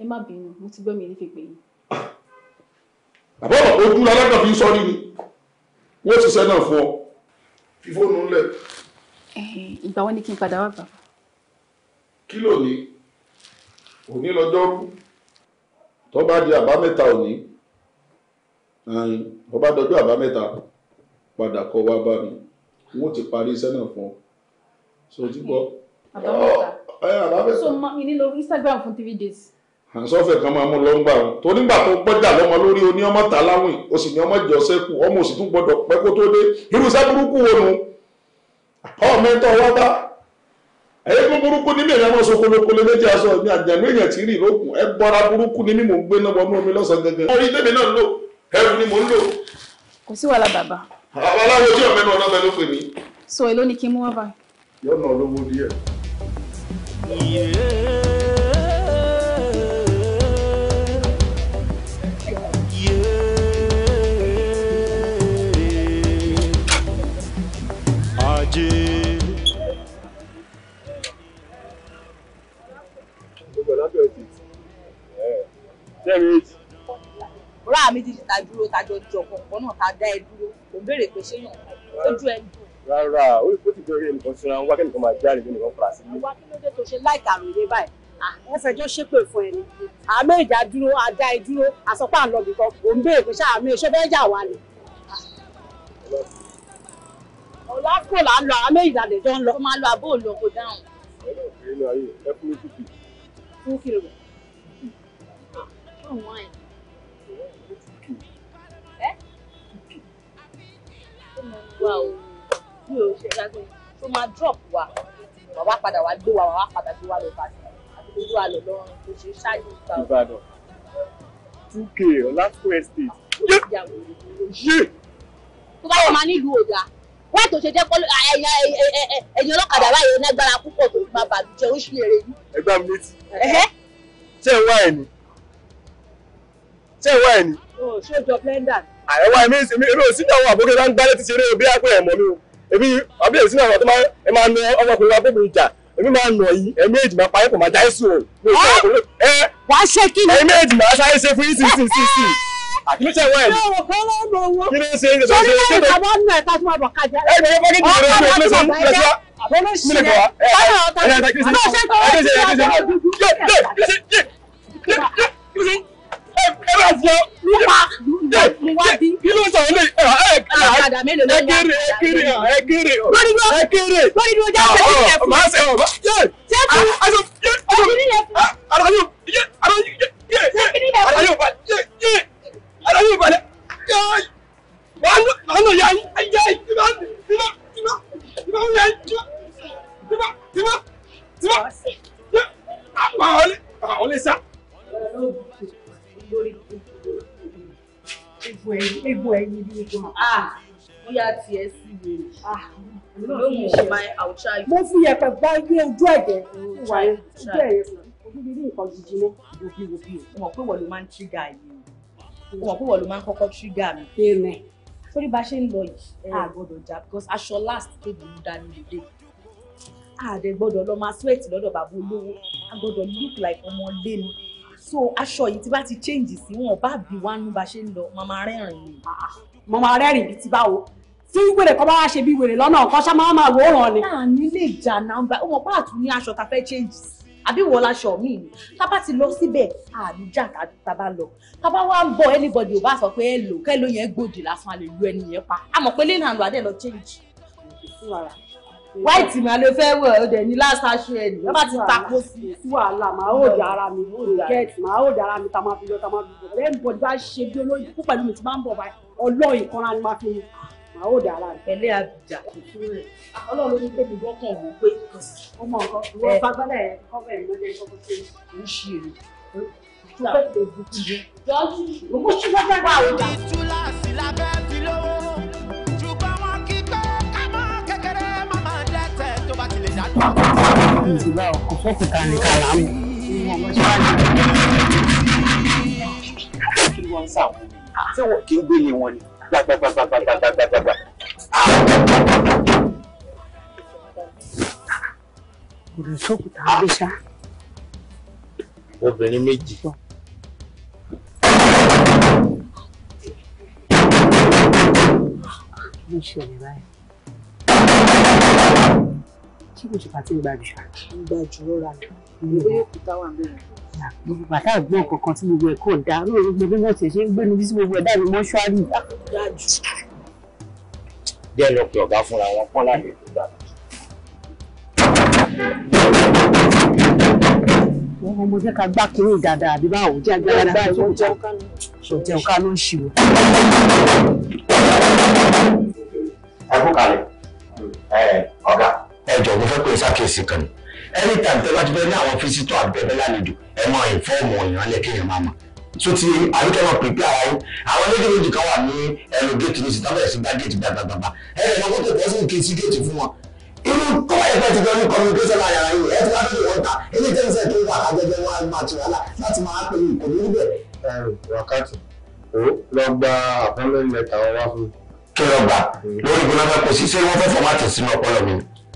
ẹ má bínú mo ti gbọ́ mi ní fèpè yìí. bàbá ọ̀rọ̀ ojú alágbà fi ń sọ nínú wọ́n ti sẹ́ náà fún ọ fi fóònù ńlẹ̀. ìgbà wo ni kí n padà wá bàbá. kí ló ní òní lọ́jọ́rú tó bá di àbámẹ́ta òní tó bá dọjọ́ àbámẹ́ta padà kọ wá bá mi wọ́n ti parí iṣẹ́ náà fún ọ sọ ti gbọ́. Mm àbámẹ́ta oh, so ìní lo Instagram fún three days. àǹsọ́fẹ̀ kan máa mú lọ ń gbà wọn tó nígbà tó gbọ́dà lọ́mọ lórí oní ọmọ ta láwìn o sì ní ọmọ jọ sẹ́kù ọmọ òsì tún gbọ́dọ̀ pẹ́ kó tó dé irú iṣẹ́ burúkú wo nu ọmọ ẹ̀tọ́ wá bá ẹ̀yẹ kó burúkú ní mìíràn ọmọ sokolokolo méjì aṣọ mi àjànú èèyàn ti rìn lókun ẹ bọra burúkú ní mímò ń gbé náà wọnú omi lọ́sàn gẹ́gẹ́ orí tèmi náà lò ẹrù ni mò ń lò. kò sí wàhálà bàbá. àwọn aláwo tí ọmọ ẹnu ọ̀nà bẹ ló pè mí. sọ èló ni kí ọ̀rá mi ti ta dúró tájọ jọ kọ̀ọ̀kan náà tá a dá ẹ dúró kò ń pé ṣé yàn lójú ẹ dùn rárá ó ti bẹ̀rẹ̀ nǹkan tí wọ́n wá kẹ́nìkan máa jáde nínú ìwọ̀n fara sí i. wá kí ló dé tó ṣe láì kàròyé báyìí ah, ẹ fẹjọ́ ṣépè fún ẹni ah, àmì ìjà dúró ajá ẹ àsọpá àlọbì kan kò ń béèrè pèsè àmì bẹ́ẹ̀ jà wá ni. Ah. ọ̀la kò là ń lọ àmì ìjà lè jọ ń lọ. ó máa lọ abó òun lọ́kọ̀ dáhùn. fún kí ló wà eh? o mi ò ṣe gbàgbé tó máa drop wa wàá wá padà wá gbé wa wàá wá padà gbé wa lọ bàtà àti gbogbo àlọ́ lọ́rùn kò ṣe ṣáájú ìgbà. Ìbàdàn two k ọ̀làkùn estate. tó bá wọ́n máa nílùú ọ̀dà wọ́n tó ṣe jẹ́ pọ́lú ẹ̀yìn ọlọ́kadà báyìí lágbára púpọ̀ tó máa bàbí jẹ oṣù yẹrẹ yìí. ẹgbà mi létí ṣé ẹ wá ẹ ni ṣé ẹ wá ẹ ni. Oh, ṣé o jọ blender. àyẹ̀wò àìmí ìsinmi èmi ò sí ìdáwọ̀ àbókẹ́ bá ń gbálẹ́ ti ṣeré o bí a pé ẹ̀ mi o èmi àbí èsì náà tó máa ń nu ọmọkùnrin wa bébí ìjà èmi máa ń nà yìí èmi èjì máa payẹ́ kò máa jáì sùn o. wàá ṣe kí ni. èmi èjì máa ṣáyé ṣe fún yìí sí sí sí. àkìlúṣe wẹ̀ ẹ́. kí ló ṣe é ṣe ṣe ṣe ṣe. sọ́ni náà ìta tó máa bọ̀ kájà. ẹ gbọ́dọ̀ fọ́kì jù lọ sí ilé sọ́ni lọ sí wa. mílẹ̀ kọ̀ wá. ẹ ẹ ẹ ẹ kí ló ṣe é kí ló ṣe é kí ló ṣe é ẹ bá fọ wábí. kí ló sọ ilé ẹ ẹ ẹ kéré ẹ kéré ẹ kéré ẹ kéré. lórí dúró jẹ́ ọ̀sẹ̀ nílẹ̀ fún mi. màá sẹ́ ọ̀ bá. sẹ́kù aṣọ aṣọ nílẹ̀ fún mi. aṣọ aṣọ sẹ́kù nílẹ̀ fún mi. aṣọ aṣọ balẹ̀. wàá nù yá yá ìmọ̀ ìmọ̀ ìmọ̀ ìmọ̀ yá ìmọ̀ ìmọ̀ ìmọ̀ ìmọ̀. àwọn ọlẹ́sà lórí egbò ẹ̀yìn egbò ẹ̀yìn bí egbò ah, bóyá tiẹ̀ sí wèrè lóhùn ọ̀ma àwùjá yìí. mo fi yẹ̀pẹ̀ gbá ilé ojú ẹ̀jẹ̀ wà ojú ẹ̀yẹ ojú bíbí nǹkan gidi ní òbí òbí o mọ̀ pé wọ́n ló máa ń tírígà yìí o mọ̀ pé wọ́n ló máa ń kọ́kọ́ tírígà mi. bẹ́ẹ̀ torí bá a ṣe ń lọ yìí a ah. gbọ́dọ̀ jà because aṣọ last tó burú dání lóde a dẹ̀ gbọ́dọ̀ lọ máa sweat lọ́dọ̀ bàbá olówó a gbọ́dọ̀ look like ọmọ lẹ́nu so aṣọ yìí tí bá ti change sí wọn bá bí wánú bá ṣe ń lọ màmá rẹ́rìn ni. màmá rẹ́rìn bíi ti báwo tí wèrè kan bá wá ṣe bí wèrè lọ́nà ọ̀kan ṣá máa máa wòóràn ni. náà nílé ìjà nàmbà ó mọ pé àtún ní aṣọ ta fẹ́ change sí àbí wọ́n láṣọ mi ni tá bá ti lọ síbẹ̀ àníjà tá bá lọ tá bá wá ń bọ̀ anybody ò bá sọ pé ẹ lò kẹ́ ló yẹn gbòdì lásán a lè lu ẹni yẹn pa àmọ̀ pé lẹ́nu àlọ́ adé lọ change white mà ló fẹ́ wọ̀ ọ́ dẹ̀ ní last aṣọ ẹ̀ ní ọba ti tako sí i. sí wàhálà màá ò di ara mi ò get màá ò di ara mi ta máa fi lọ ta máa fi bọ̀ ẹ̀ ń bọ̀ bá ṣe bí olóyìn mi ti máa ń bọ̀ báyìí ọlọ́ọ̀ ìkanra ni máa fi mu màá ò di ara mi. ẹlẹ́ àbíjà ọlọ́run ló ní pé mi gbọ́kàn wò pé ọmọ nǹkan ìwọ fagbálẹ̀ ẹ̀ kọ́fẹ̀ ìmọ̀lẹ́ ìkọ́kọ́ tó ń ṣe èrè tó fẹ́ ṣé obìnrin méjì. kí ṣe ọ̀rẹ́ báyìí kí ló ti bá ti ń gbàjù. ń gbàjù rọra ní ìwé òkúta wà bẹ́ẹ̀. gbogbo bàtà àgbọn kankan tí gbogbo ẹ̀ kò dá lóòrè gbogbo bí wọ́n ti ṣe ń gbénu bí gbogbo ẹ̀ dàbí mọ́ṣúárì. díẹ̀ lọ pé ọ̀gá fúnra wọn pọ́n láàyè tó dà. wọ́n mọ jẹ́ ká gbá kiri dáadáa àbí báwo jẹ́ agbára dáadáa tó jẹun ká ló ń ṣìwò. ẹ kú kalẹ̀ ọ̀gá ẹjọ mo fẹ́ pé ṣàkíyèsí kan ni anytime tẹ bá ti fẹ́ ní àwọn fisitọ àbẹbẹ lálejò ẹ mọ ìfọọmù ọyàn lẹkẹyìn máa mọ so ti àríkẹ́ náà pèpè ara yín àwọn méjì méjì kan wà ní ẹnu géètì ní sítá bẹ̀rẹ̀ sí bá géètì gbàgbàgbà ẹ ẹ lọ gbọ́dọ̀ bọ́ sí kí n sí géètì fún wọn irú tó ẹ fẹ́ ti gbọ́ ní communication ara yín ẹ ti bá fi wọ́n ta ilé tẹ́ ń sẹ́ tó wà lágbẹ́gbẹ́ wọn máa ti wàhálà láti máa pè é kò ní níbẹ̀. wákàtí ó lọ gba àpọ́nlẹ́mẹ̀ta wá fún mi. kí lọ gbà mm. lórí ìgbóná fẹ́ kò sí ṣé wọ́n fẹ́ fọmáàtì sínú ọpọlọ mi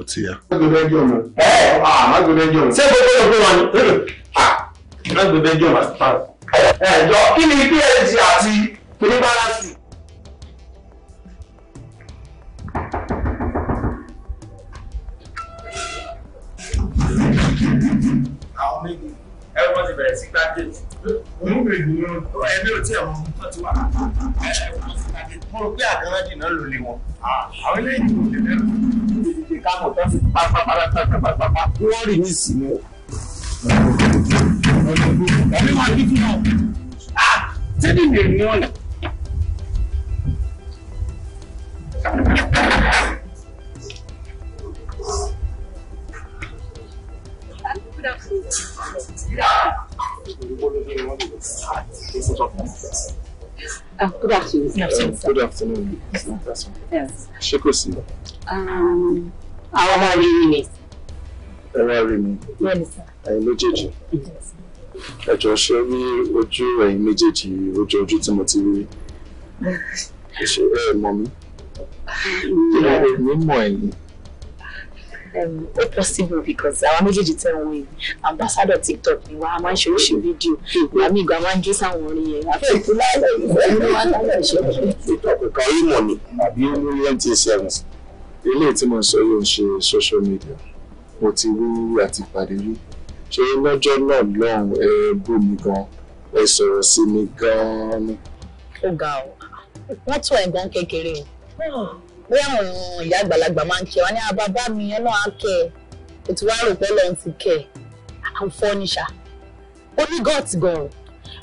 ó ti yá. má gbé bẹ́jọ́ mọ́ ẹ ah, má gbé bẹ́jọ́ mọ́. ṣé gbogbo yòókù wọn ni ah, má gbé bẹ́jọ́ mọ́ àti pààrọ̀. ẹ jọ kí ni psg àti kiri balasi. àwọn méjì ẹ wọ́n ti bẹ̀rẹ̀ sí gbàgede. òun bèèrè ní ọ̀rọ̀ ẹ̀mí ò tí ẹ̀ wọ́n tó ti wà. ẹ wọ́n ti gbàgede. mo rò pé àgbẹ̀rẹ̀ jìnnà ló lé wọn. Ah, àwọn eléyìí kò lè lẹ́rù gbé káàmù tó fi pàpàpàpàpàpàpà kí wọ́n rì ní ìsinmi. ẹ̀mí máa kí fún ọ. a ṣé ní ìdè ní ọ̀nà. Ah, good afternoon. Good afternoon. Good afternoon. Yes. Ṣé kò sí? àwọn ọmọ rí mi ni. ẹ wá rí mi ẹ̀yin méjèèjì ẹjọ ṣe rí ojú ẹ̀yin méjèèjì ojú ojú tí mo ti rí ṣe ẹ mọ̀ mi mi mọ̀ ẹ̀yin. Um, ó possible because àwọn méjèèjì tẹ̀ ń wé ambassador tiktok ni wa a máa ń ṣe oríṣi fídíò ìgbà míì gan máa ń jó sáwọn orin yẹn àti ìtura ẹ̀rọ ìfẹ́ ló wá lálẹ́ ìṣẹ́jú. ìtọ́kùn kan rí mọ̀ ni àbí ó ní mtn service ilé tí mo sọ yóò ṣe social media mo ti rí àti pàdé rí ṣé lọ́jọ́ náà lọ́hùn ẹ bú mi gan ẹ sọ̀rọ̀ sí mi gan-an. ó ga ọ wọn tún ẹ̀gbọ́n kékeré o bóyá àwọn ìyá àgbàlagbà máa ń kí wa ní ah, àbábá mi Ọlọ́run á kẹ́ ẹ kò tí wàá rò pé Ọlọ́run ti kẹ́ ẹ àǹfọ̀ níṣà ó ní gọ́ọ̀tì gan-an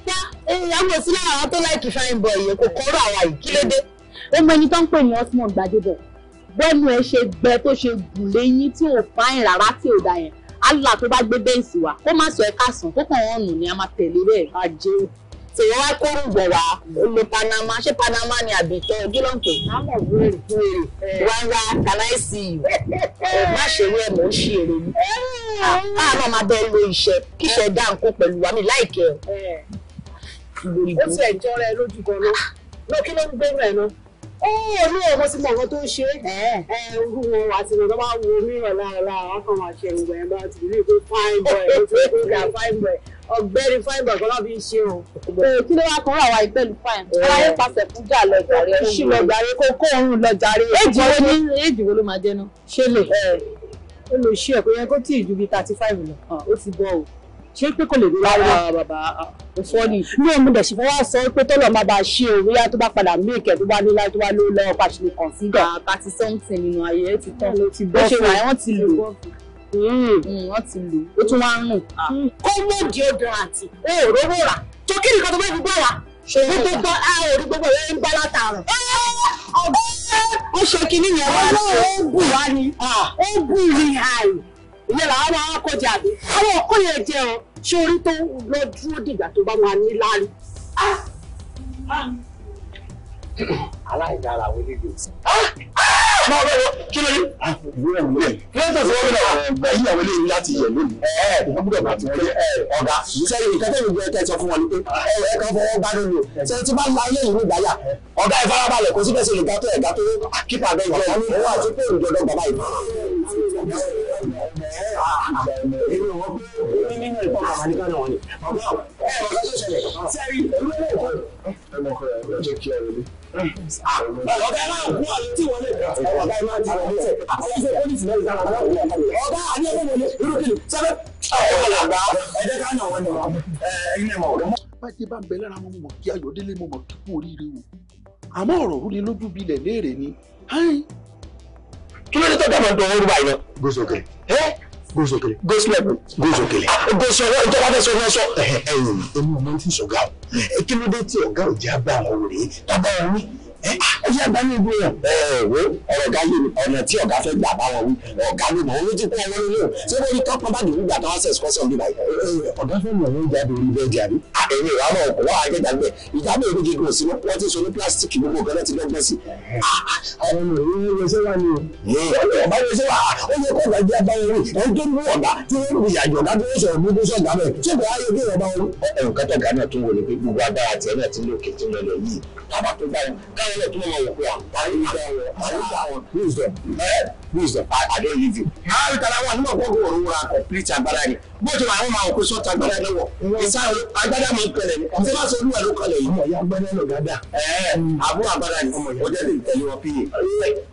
yá ìyàwó sílẹ̀ àwọn tó láìkì fáin bọ̀ yìí kò kọ́rọ̀ àwa yìí kí ló dé ó mọ ẹni tó ń pè ní Osmond Gbadebo bọ́ọ̀nù ẹ ṣe gbẹ tó ṣe gùn léyìn tí ò fáìn rárá tí ò da yẹn Allah tó bá gbé bẹ́ǹsì wa kó má sọ ẹ káàsán kó kàn ọ̀nù ni a máa tẹ̀lé rẹ̀ ajé tèèyàn wá kó rúgbọ̀ wá lo Panama ṣé Panama ni àbíkẹ́ ojúlọ́pẹ̀ àmọ̀ wúrẹ̀ wúrẹ̀ eh. wá wá kàláìsì eh, má ṣe wí ẹ̀ mọ̀ ó ṣe èrè mi àárọ̀ eh. ah, ah, máa bẹ́ẹ̀ lo iṣẹ́ kíṣẹ́ dá nǹkan pẹ̀lú wa mi láìkẹ́ ẹ̀ lórí bó. ó ti ẹ̀jọ́ rẹ lójú gan ló ah. ló kí ló ń gbẹ́rù ẹ̀ náà èmi ò mọ sí mọ nǹkan tó ń ṣe irú wọn àti ìrọ̀lọ́ máa wo mìíràn láàárọ̀ àwọn kan máa ṣe ìgbà bá ti rí i pé fine boy ló ti rí i fine boy ọ̀gbẹ́ni fine boy kan láti ṣe o. kí ló wá kan rà wá ìpẹ́lú fine aláyé pàṣẹ fún jà lọ́jà rẹ ṣì lọ́jà kó òun lọ́jà rẹ. ni èjì ló máa jẹ náà. ṣe lè ó lè ṣí ẹ̀ pé yẹn kó tí ì ju bíi thirty five lọ ó ti bọ́ o ṣé pé kò lè rí rárá ah, bàbá ìfọ́ni ní òun dẹ̀ sì fọwọ́ sọ pé tọ́lọ̀ máa bá ṣe òwe yá tó bá padà méèkẹ́ tó bá nílá tó bá ló lọ́wọ́ bá ṣe lè kàn sí gà. àtàtì something nínú ayé ẹ ti tán ló ti bọ́ fún un wọ́n ti lò wọ́n ti lò ó tún wá ń rùn. Ah. Hmm. kó mọ̀ deodorant o ò rówó rà tó kí nìkan tó fẹ́ fi gbọ́ wa gbogbo a ò rí gbogbo rẹ̀ ń bá látàrọ̀. ó ṣe kinní yẹn wá. ó bù wá ni ah. ó bù ní àyè ìyẹn làá wá kọjá àbí àwọn ọkọ yẹn jẹ ọ ṣé orí tó lọ dúró dìgbà tó bá wà ní láàrin. Ah! Ah! aláìdára wo nílò máa bẹ wọ kí ló ní. kílẹ̀tọ̀ fún mi náà bẹ́ẹ̀ yíyàwó lè ní láti yẹ̀ lónìí. ẹ ẹ ẹ gbọ́dọ̀ bá ti wọlé ẹ ọ̀gá. sẹ́yìn ìkẹ́tẹ́ mi gbọ́dọ̀ tẹ̀sán fún wọn ni pé ẹ ẹ kan fọwọ́ gbá lónìí o sẹ́yìn tí bá la ilé yìí nígbàyà ọ̀gá ẹ farabalẹ̀ kò sí fẹsẹ̀ lè gàtọ̀ ẹ̀ gàtọ̀ kípa bẹ́ẹ̀ jọ ọwọ́ àti pé ìjọdọ̀ bàbá yìí. ẹ ọ̀gá tó ṣẹlẹ̀ sẹ́yìn ọ̀gá ẹ̀ máa kú àlè tí wọlé ọ̀gá ẹ̀ máa di ọ̀gá ẹ̀ àwọn ọ̀gá pọ́lìsì náà ìdáná ọ̀gá ọ̀gá àdé ẹ̀fọ́ wọlé irú kìlì sẹ́fẹ́ ọ̀gá ẹ̀jẹ̀ ká nà wọ́n nà wọ́n ẹ̀yin ẹ̀ mọ̀ ọ̀gá. bá ti bá ń bẹ lára mo mọ̀ kí Ayọ̀délé mo mọ̀ kí kú oríire o àmọ́ ọ̀rọ̀ òru ni lójú bilẹ̀ léèrè ni. kí ló dé tó dàbọ̀ tó ń rú báyìí náà. gbèsè òkè gòsòkèlè. gòsòkèlè. gòsòkèlè. gòsòkèlè ìjọba fẹsọ náà sọ. ẹ̀yin èmi ò mọ ti sọgá o kí ló dé tí ọgá ò jẹ abẹ àwọn òrè tábà wọn ní ó ṣe ẹgbẹ́ ní ibi ẹ wo ọ̀rọ̀ ọ̀gá yìí ni ọ̀nà tí ọ̀gá fẹ́ gbà bá wọn wí ọ̀gá ló mọ̀ ọ́n ti kún ọwọ́ nínú ṣé wọ́n rí kápá bá dùn gbàtà wọn ṣe wà ní o. ọ̀gá ló ṣe wà bí orí. ọ̀gá tó ga náà tó náà ti lókè tó lọ lọ yìí tàbá lẹ́yìn tó máa wọ̀ fún wa. Please dem. Uh, please dem. Uh, uh, I don't leave you. Máa rí tara wọn nígbà gbọ́dọ̀ wọ̀ wúra complete agbára ni. Bó ti wà àwọn máa wọ̀ pé sọ́ọ̀tà agbára lọ́wọ́. Ìsá agbára máa ń kẹlẹ̀ ni. Ṣé bá sọ olúwa ló kọlẹ̀ yìí? Ọmọ ìyá agbára lọ dáadáa. Ẹ̀ẹ́ àbúrò agbára ni ọmọ ìyá jẹ́lẹ̀ tẹ̀lé wọn píye.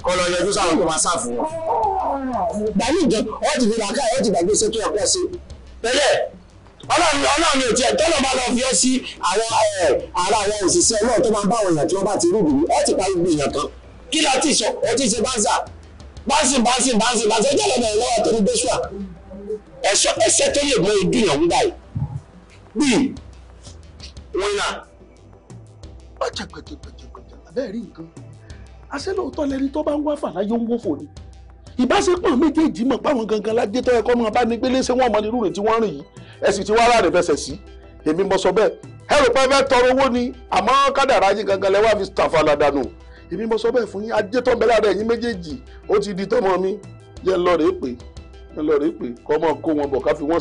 Kọlọ yọjú sáwọn tó máa sáàfù wọn. Bàálù jẹ, ọ ọlọ́run ọlọ́run ètò ẹ̀ tọ́lọ̀ bá lọ fi ọ́ sí àwọn ara àwọn òṣìṣẹ́ ọlọ́run tó máa ń bá àwọn èèyàn tí wọ́n bá ti rúbùrú ẹ ti parí gbogbo èèyàn kan kí la ti sọ ọ ti ṣe báńsà báńsì báńsì báńsì báńsì ẹjọ́ lọ́dọ̀ ẹ̀ lọ́wọ́ torí gbésùà ẹ̀ṣọ́ ẹ̀ṣẹ́ tó lè mọ ojú yàn ń báyìí bí wọn là. ọjà pẹ̀tẹ̀pẹ̀tẹ̀ abẹ́ẹ̀ nǹkan àṣẹ lóòótọ́ lẹni tó bá ń wá fàlàyé ń wó fò ni ìbáṣepọ̀ méjèèjì mọ̀ páwọn gangan ládé tó yẹ kọ́ máa bá ní gbélé ṣé wọ́n mọ irú rẹ̀ tí wọ́n rìn yìí ẹ sì ti wá ara rẹ̀ fẹsẹ̀ sí èmi mo sọ bẹ́ẹ̀ ẹ rò pé ẹ fẹ́ tọrọ owó ni àmọ́ kádàrá yín gangan lẹ wá fi tàfà ládàánù èmi mo sọ bẹ́ẹ̀ fún yín ajé tó ń bẹ lára ẹ̀yin méjèèjì ó ti di tọmọ mi yẹ lọ rèé pé yẹ lọ rèé pé kọ́ mọ́ kó wọn bọ̀ ká fi wọ́n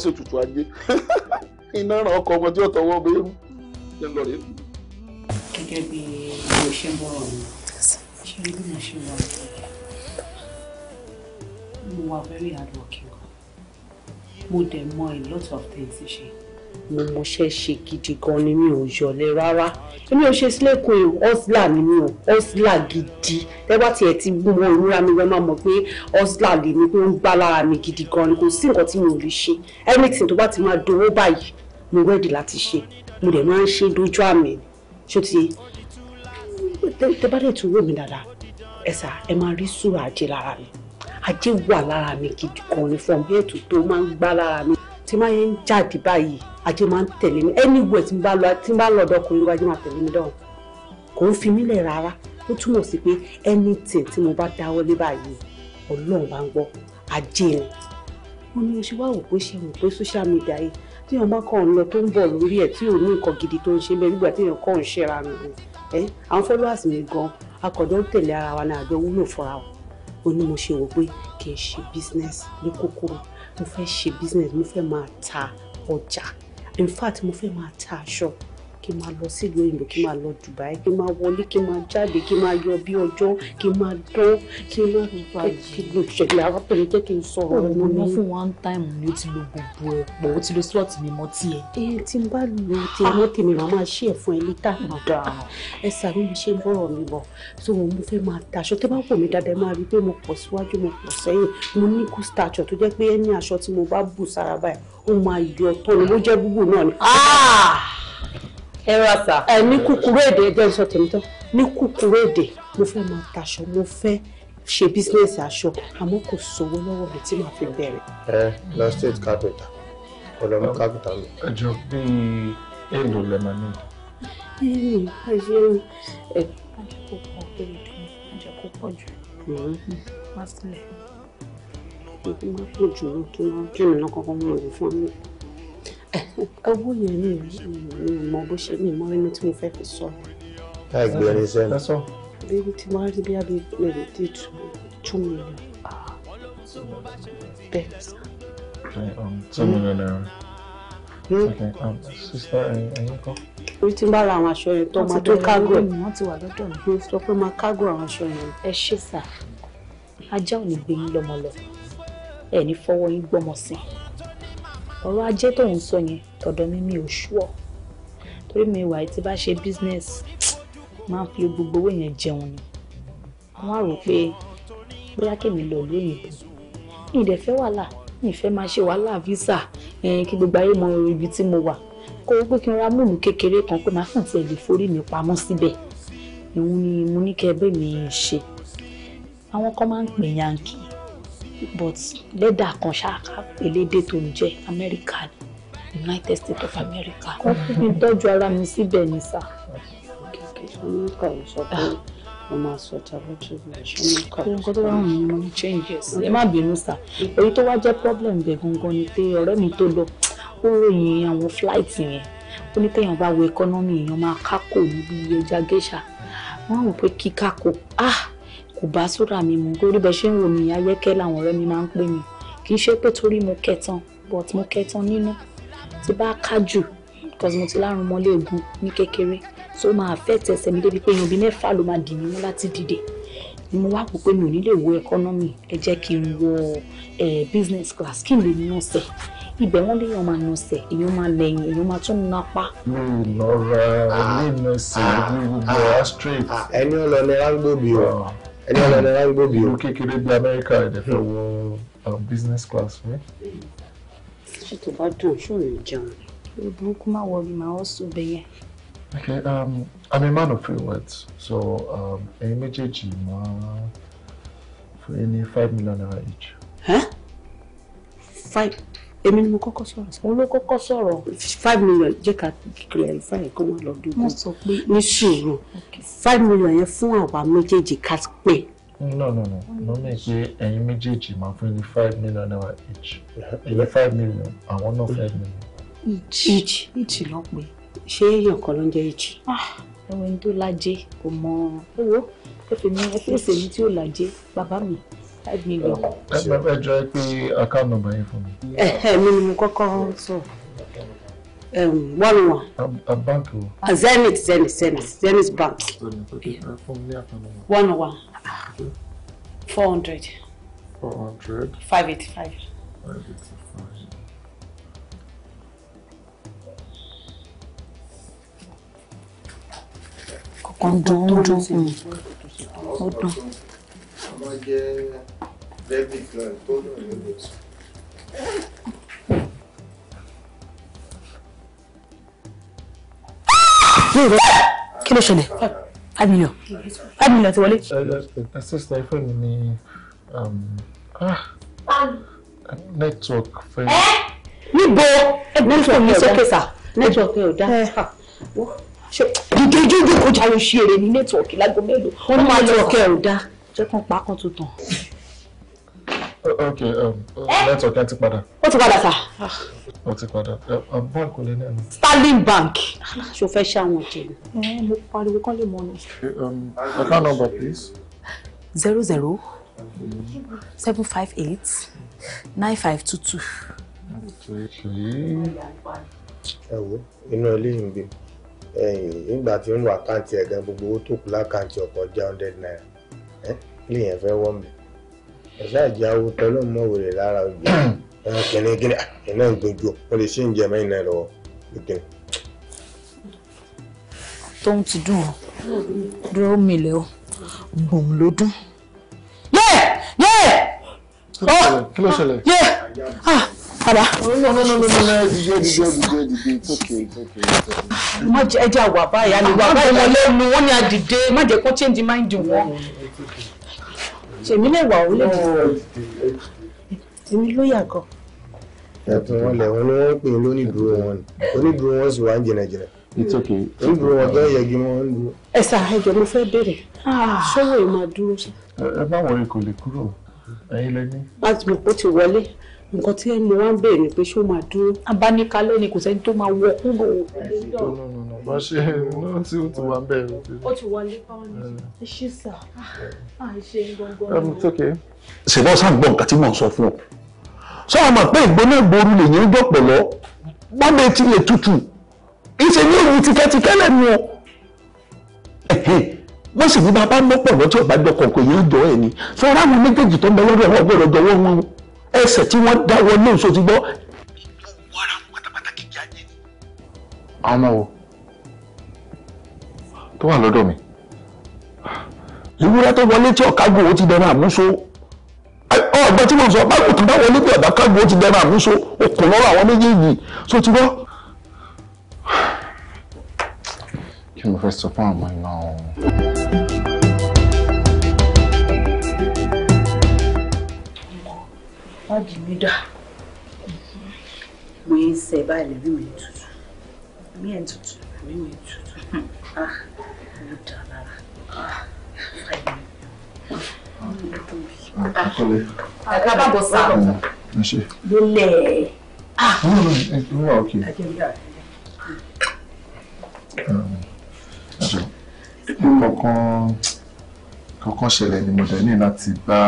gẹ́gẹ́ bí mo ṣe ń bọ̀rọ̀ mi ṣe ń bí mo ṣe ń bọ̀rọ̀ mi mo are very hardworking mo dẹ̀ mọ a lot of things ṣe. mo mọṣẹ́ ṣe gidi gan ni mi ò yọlẹ̀ rárá èmi ò ṣe sílẹ̀kùn ẹ̀ ọ́sílà ni mi ò ọ́sílà gidi tẹ́gbà tiẹ̀ ti mọ ìmúra mi wọ́n máa mọ̀ pé ọ́sílà lè ní pé ó ń gbá lára mi gidi gan ni kò sí nǹkan tí mi ò lè ṣe anything tó bá ti máa dowó báyìí mo rẹ́ẹ̀dì láti ṣe mo dẹ̀ máa ń ṣe dójú àmì ṣó ti tẹ́ bá dẹ̀ tún wò mí dáadáa ẹ sà ẹ máa rí sùúrù àjẹ lára mi ajé wà lára mi gidi kan ni fún mi ètò tó máa ń gbá lára mi tí máa ń jáde báyìí ajé máa ń tẹ̀lé mi anywhere tí n bá lọ tí n bá máa tẹ̀lé mi dọ̀hún kò ń fi mí lẹ̀ rárá ó túmọ̀ sí pé anything tí mo bá dáwọ́ lé báyìí ọlọ́run bá ń gbọ́ ajé ni mo ní oṣù wá wò ṣe mọ̀ pé social media yìí tí wọn bá ń lọ tó ń bọ̀ lórí ẹ̀ tí ò ní nǹkan gidi tó ń ṣe bẹ́ẹ̀ nígbà tí kàn ń ṣẹ́ra nù ẹ́ àwọn followers mi gan akọ̀dọ̀ ń tẹ̀lé ara wa ní àjọ wúlò fúnra wa ó ní mo ṣe wò pé kì í ṣe business ní kúkúrú mo fẹ́ ṣe business mo fẹ́ máa ta ọjà in fact mo fẹ́ máa ta aṣọ. Sure kí n máa lọ sílùú òyìnbó kí n máa lọ Dubai kí n máa wọlé kí n máa jáde kí n máa yọ bí ọjọ́ kí n máa dán kí n máa rúbọ àyè ìṣẹ̀lẹ̀ arábìnrin jẹ́ kí n sọ̀rọ̀ ọmọ mi. ọmọ náà fún one time ni ó ti lo gbogbo ẹ̀pọ̀ ó ti lo slot mi mọ́ tiẹ̀. ẹ tí n bá lo ti mọ́ tèmi màá máa ṣe ẹ̀fọn ẹni tá ẹ sàrí mi ṣe bọ́rọ̀ mi bọ̀ so mo fẹ́ máa daṣọ tẹ́ bá wọ̀ mí dáadáa máa rí pé mo pọ̀ síwájú mo pọ̀ sẹ́yìn mo ní kú stature tó jẹ́ pé ẹni aṣọ tí mo bá bù sára báyìí ó máa yọ tọ́ni ló jẹ́ búbù náà ni. Ah! ẹ ra sà. ẹ ní kúkúrú èdè ẹgbẹ́ ìṣọ́ tèmi tán ní kúkúrú èdè mo fẹ́ máa taṣọ mo fẹ́ ṣe bísíǹsì aṣọ àmọ́ kò sówó lọ́wọ́ mi tí màá fi bẹ̀rẹ̀. ẹ lọ state capital ọlọmọ capital mi. ẹ jọ bíi èèlò lẹ́mọ ní. èèlò ayé ẹ ajẹ́kọ̀ọ́ pọ̀ pé ìdùnnú ajẹ́kọ̀ọ́ pọ̀ jù wá hmm. sílẹ̀. ìgbìmọ̀ pọ̀ jù kí wọ́n kí mi náà kọ́kọ́ mú òye fún mi owó yẹn mi ò mọ bó ṣe mi mọ inú tí mo fẹ́ fi sọ. láì gbé ẹni sẹ́nu. bébí tí wọ́n á rí bí abẹ́ mèrè tí two million. bẹ́ẹ̀ sá. Um, two hmm? um, sister ẹ̀yin kọ́ torí tí n bá ra àwọn aṣọ yẹn tó máa tó kágò ẹ wọ́n ti wà lọ́dọ̀ mi mo sọ pé máa kágò àwọn aṣọ yẹn. ẹ ṣe sà ajá ò ní gbé yín lọ́mọ lọ ẹ ní fọwọ́ yín gbọ́mọ sí i ọ̀rọ̀ ajé tó ń sọ yẹn tọ̀dọ̀ mi mi ò ṣúọ̀ torí mi wà tí bá ṣe business máa ń fi gbogbo owó yẹn jẹun ni wọ́n á rò pé bóyá kèmi lọ ìlú òyìnbó mi ì dẹ̀ fẹ́ wàhálà mi ì fẹ́ máa ṣe wàhálà visa eh, kí gbogbo ayé mọ ibi tí mo wà kó o pé kí n ra múlù kékeré kan pé màá kàn tiẹ̀ lè forí mi pamọ́ síbẹ̀ ìhun ni mo ní kẹ́ ẹ bẹ́ẹ̀ mi ṣe àwọn kan máa ń pè yankee but lẹ́dà kan ṣáàkà elédè tó ń jẹ́ amẹ́ríkà united states of america wọ́n fún mi tọ́jú ara mi síbẹ̀ ní sá. amẹ́ríkà yìí sọ pé mo máa sọ tàbí tó bí ẹ ṣe máa kà. nǹkan tó bá wù mí mo ní changes ẹ má bínú sá èyí tó wá jẹ́ problem bẹ̀ gangan ni pé ọ̀rẹ́ mi tó lọ ó ròyìn àwọn flight yẹn ó ní téèyàn bá wo economy èèyàn máa kákò níbi ẹja geisha wọ́n á wò pé kí kákò ah kò bá súra mi mu lórí bẹ ṣe ń wò mí ayẹ́kẹ́ làwọn ọ̀rẹ́ mi máa ń pè mí kì í ṣe pé torí mo kẹtan but mo kẹtan nínú tí bá ká jù because mo ti lárùn mọ́lé ogun ní kékeré so máa affect ẹsẹ̀ mi débi pé èèyàn mẹ́fà ló máa dì mí mú láti dìde ni mo wá pò pé mi ò ní wo economy ẹ jẹ́ kí n wo business class kí n lè nà ọ̀sẹ̀ ibẹ̀ wọ́n lè yàn máa nà ọ̀sẹ̀ èèyàn máa lẹ́yìn èèyàn máa tún nà pa. mi ò lọ rẹ ẹ ní nà ọ̀sẹ̀ gbogbo ẹ ẹni ọlọ́ni rágbòbí o ẹni ọlọ́ni wá ń gbòbí o. kékeré bí amẹ́ríkà ẹ̀dẹ̀ fẹ́ wọ um, business class fún ṣé tó bá dùn ṣó lè jẹun. ló burúkú má wọlé màá wọ́n sùn bẹ́yẹn. okay um, i'm a man of few words so um, ẹ̀yin méjèèjì máa fún ẹ ní five million naira each. Huh? five èmi ni mo kọ́kọ́ sọ̀rọ̀ sí. òun ló kọ́kọ́ sọ̀rọ̀ five million jẹ́ ká clarify kó wọ́n lọ dúró. wọ́n sọ pé ní sùúrù five million yẹn fún àwa méjèèjì ká pè. no no no no mi pé ẹ̀yin méjèèjì máa fún ní five million naira each ilẹ̀ five million àwọn náà five million. each each each ló pé ṣé èèyàn kan ló ń jẹ each. Ah, ẹ̀wọ̀n tó lajẹ́ kò mọ owó ẹ fi mi ẹ fèsì mi tí ò lajẹ́ bàbá mi ẹbí lọ. ẹ jọ pé account number yín fún mi. Eh, eh, mi ni mo kọ́kọ́ sọ one one. a bank o. a ah, zenith zenith zenith zenith bank. one one four hundred. four hundred. five eighty five. five eighty five. kọ̀ọ̀kan dùn ó dùn ó dùn kan jẹ́ debby client tó náà ló lè sùn. kí ló ṣẹlẹ̀ five million five million ti wọlé. sísè ìfẹ́ mi ni um, ah, network fẹ́. níbo ẹgbẹ́ fún mi sókè sá network yóò dá dídí ojú ìdókòjà ló ṣe èrè ní network lágbo mélòó. wọ́n ní network ẹ̀ ò dá jẹ́ kàn pa kan tó tàn. ok lẹ́tọ̀ kí n ti padà. ó ti padà sà. Ah. ó ti padà uh, um, báńkì olè náà. Sterling Bank ṣo fẹ́ ṣe àwọn jẹ ni. mo pariwo kán lè mọ ni. Um, account number please. zero zero seven five eight nine five two two. ẹ wo inú ẹ léyìn bí ẹ̀yìn nígbà tí ń lo àkáǹtì ẹ̀gán gbogbo owó tó kù lákáǹtì ọkọ̀ jẹ́ hundred naira lè yẹn fẹ́ wọ́ mi ẹ̀sẹ̀ àjẹ́ awo tọ́lọ́ mọ̀ wèrè lára ojú ẹ̀rọ kìnnìkìnnì iná ń gbójú lè ṣe ń jẹ mẹ́rin náà lọ́wọ́ gbẹ̀gbẹ̀. tóun ti dùn ó dúró mi lẹ́ gbòm ló dún. yẹ́ẹ̀ yẹ́ẹ̀ kí ló ṣẹlẹ̀. yẹ́ẹ̀ ah bàbá. no no no no no okay okay. má jẹ́ ẹja wà báyìí a lè wà báyìí wọn lẹ́nu wọn ni a má jẹ́ kó change mind wọn ṣèmi lè wà ó lè èmi ló yà gan. ẹkùn wọn lẹ wọn ni wọn ń pè lónídùúró wọn ni onídùúró wọn sì wá ń jìnnà jìnnà onídùúró wọn gan yẹgi mọ wọn ń dúró. ẹ sà ẹjọ mo fẹ́ béèrè ah. ṣọwọ ẹ máa dúró. ẹ bá wọlé kò lè kúrò ẹ̀yin lẹni. láti mọ̀ pé ti wọlé nǹkan tí mo wá ń bèèrè ni pé ṣé ó máa dúró. abáníká lónìí kò sẹ́ni tó máa wọ kúrò. bá ṣe náà tí ó ti wà ń bẹ̀rù. ó ti wọlé fáwọn eh. ẹ ṣe sà á ṣe gbọngàn. ṣèbọ̀ sáàgbọ̀n nǹkan tí mò ń sọ fún ọ sọ wọn mọ̀ pé ìgbóná ìgboro lèyìn ń dọ̀pọ̀lọ́ wọ́n bẹ ti lè tutù ìṣe ní òun tìkẹ́tìkẹ́ lẹ́nu ọ wọ́n sì ní bàbá mọ́pọ̀ lọ́tí ọ̀bájọ́ kọ̀ọ̀kan yẹn jọ ẹ̀ ni fọ́nrán àwọn méjèèjì tó ń bẹ lọ́dọ̀ ọ̀gbọ̀rọ̀ jọwọ́ wọn ẹsẹ̀ tí wọ́n dáwọ́ lóhùn sóti gbọ́ gbogbo ara wọn pátápátá kìkì ajé ni. àwọn ọmọ wo tó wà lọ́dọ̀ mi. ìwúrẹ́ tó wọlé tí ọ̀kágbó ó ti dẹnu àmúso ọgbẹ́ tí mo sọ báwo tó bá wọlé bí ọ̀dákágbó ó ti dẹnu àmúso okùn lọ́rọ̀ àwọn méjèèjì tó ti gbọ́. kí ni mo fẹ́ sọ fún àwọn ọmọ iná ọ̀hún. báàgì mi dà mo yín sẹ báyìí lẹbi mi tutù mi ẹ tutù lẹbi mi tutù ah mo dà lára ah fàyè mi tóbi. àgàbàbọ̀ sáà lólè ah wà ok. kankan kankan ṣẹlẹ̀ ni mo dẹ̀ ní láti bá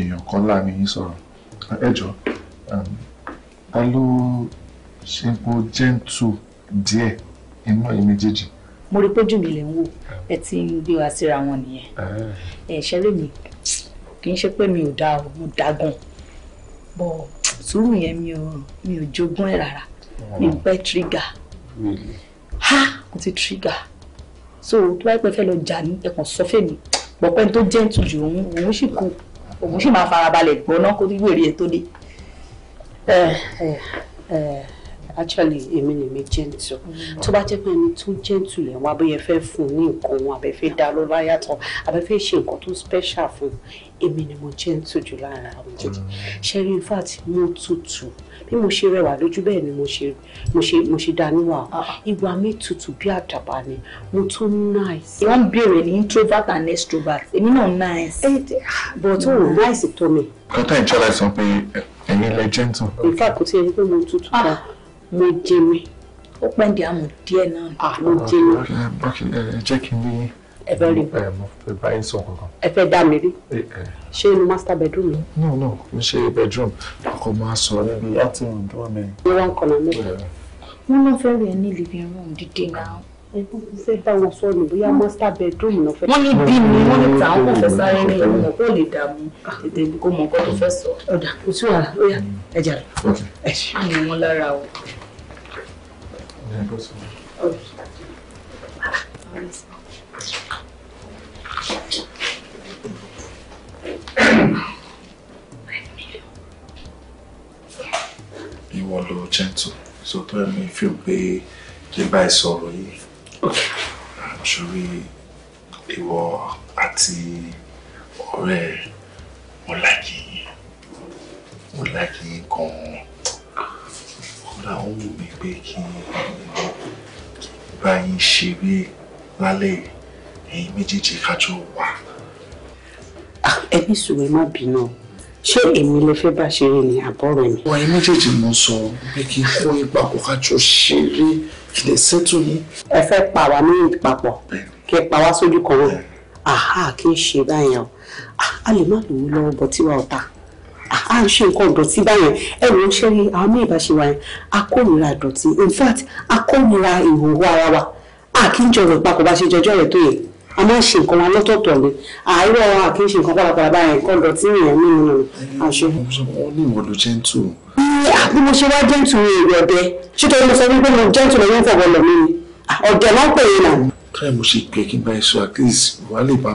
èèyàn kan láàrin yín sọ̀rọ̀ ẹ jọ um, ta ló ṣe ń po gentle díẹ̀ inú ẹ̀yin méjèèjì. mo rí i pé jù mí lè ń wò ah. ẹ ti ń gbé wa síra wọn nìyẹn ah. ẹ ṣẹlẹ̀ mi kì í ṣe pé mi ò dá o mo dá gan bọ sùúrù yẹn mi ò mi ò jogún ẹ rárá ah. mi gbẹ tírígà ha mo ti tírígà so tó bá pẹ́ fẹ́ lọ jà ní ẹ̀kan sọ fẹ́ mi pọ̀pẹ́ tó gentle jù òun òun sì kú òun sì máa farabalẹ̀ gbọ́ náà kó tó gbèrè ẹ̀ tó dé. Eh, eh, eh actually èmi ni mi gentle tó bá jẹ́ pé ẹni tó gentle lẹ̀ wá bóyá fẹ́ fún ní nǹkan wọn àbẹ fẹ́ dá ló bá yàtọ̀ àbẹ fẹ́ ṣe nǹkan tó special fún èmi ni mo gentle jù lára àwọn jẹjẹ ṣe rí in fact mo tutù bí mo ṣe rẹwà lójú bẹ́ẹ̀ ni mo ṣe dá níwà ìwà mi tutù bí àdàbà ni mo tún nice. wọ́n béèrè ní introvert and extrovert èmi náà nice. but o mm. nice tó mi. kọ́tà ìjọba sọ pé ẹ̀yin lẹ gentle. in fact kò tí ẹ pé mo tutù kan. Ah mo jẹmi ó pẹ́ǹdì àmù díẹ̀ náà ah, mo ah, jẹmi. Ah, jẹ́ kí n rí ẹ fẹ́ rí mi. sọ kankan. ẹ fẹ́ dá mi rí. ṣé inú master bedroom ni. no no n ṣe bedroom ọkọ máa sọ níbi láti rìn dúró mi. mo wá ń kọ́nà mi. wọ́n lọ fẹ́ rí ẹ ní living room dídé náà fẹ́ bá wọn sọ ní bóyá master bedroom náà fẹ́. wọ́n ní bí ni wọ́n ní tàwọn kò fẹ́ sáré ní ìlú mọ̀ kó lè dààmú tètè kó mọ̀ kó tó fẹ́ sọ. ọ̀dà òtún wà ó yà ẹ̀jà rẹ̀ ẹ̀ ṣe. àwọn ọmọ lára o. Yeah, go to me. Okay. Ìwọ ló gentle, so tó ẹ̀mí feel pé kí n bá ẹ sọ̀rọ̀ yìí. Ṣorí ìwọ àti ọ̀rẹ́ ẹ̀ wọ́n láàkì yín, wọ́n láàkì yín kódà ó wù mí pé kí bá yín ṣeré lálẹ́ ẹ̀yin méjèèjì kájọ wà. Ah, ẹbí sùn ẹ má bínú ṣé èmi lè fẹ́ bá ṣeré ní àbọ̀rọ̀ mi. ọ̀rọ̀ ẹ̀yin méjèèjì mo sọ pé kí n fún ipa kó kájọ ṣeré kí lè ṣètò yín. ẹ fẹ́ pa wá ní ìpapọ̀ kí ẹ pa wá sójú kan náà àhá kí n ṣe báyẹn o ah, a lè má lòun lọ́wọ́ bọ́ tí wàá ta à ń ṣe nǹkan ìdọ̀tí báyẹn ẹ̀rù ń ṣe àwọn mí ìbáṣe wa yẹn a kórìíra ìdọ̀tí in fact a kórìíra ìhòòhò ara wa a kì í jọrọ ìpapọ̀ bá ṣe jọjọ́ rẹ̀ tó yẹ a máa ń ṣe nǹkan wa lọ́tọ̀ọ̀tọ̀ ni àárọ̀ a kì í ṣe nǹkan pàlàpàlà báyẹn nǹkan ìdọ̀tí yẹn nínú ní ìwọ́dù jẹ́ńtù. bí mo ṣe wá jẹ́ńtù èrè ọ̀dẹ ṣé mo sọ wípé mo jẹ́ńtù lọ́wọ́ fọ̀wọ́ lọ mí ni ọ̀dẹ̀ máa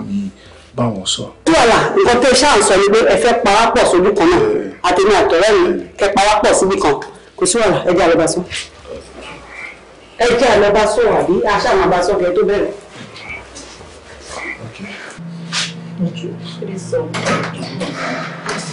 bá wọn sọ. yàrá nǹkan tẹ́ ṣáà ń sọ ni pé ẹ fẹ́ parapọ̀ sójú kan náà eh. àtẹnu àtọ̀rẹ́ mi kẹ́ parapọ̀ síbì kan kò sí wàhálà ẹ jẹ́ àlọ́ bá sọ. ẹ jẹ́ àlọ́ bá sọ àbí àṣà máa bá sọ kẹ́ tó bẹ̀rẹ̀. Okay. Okay.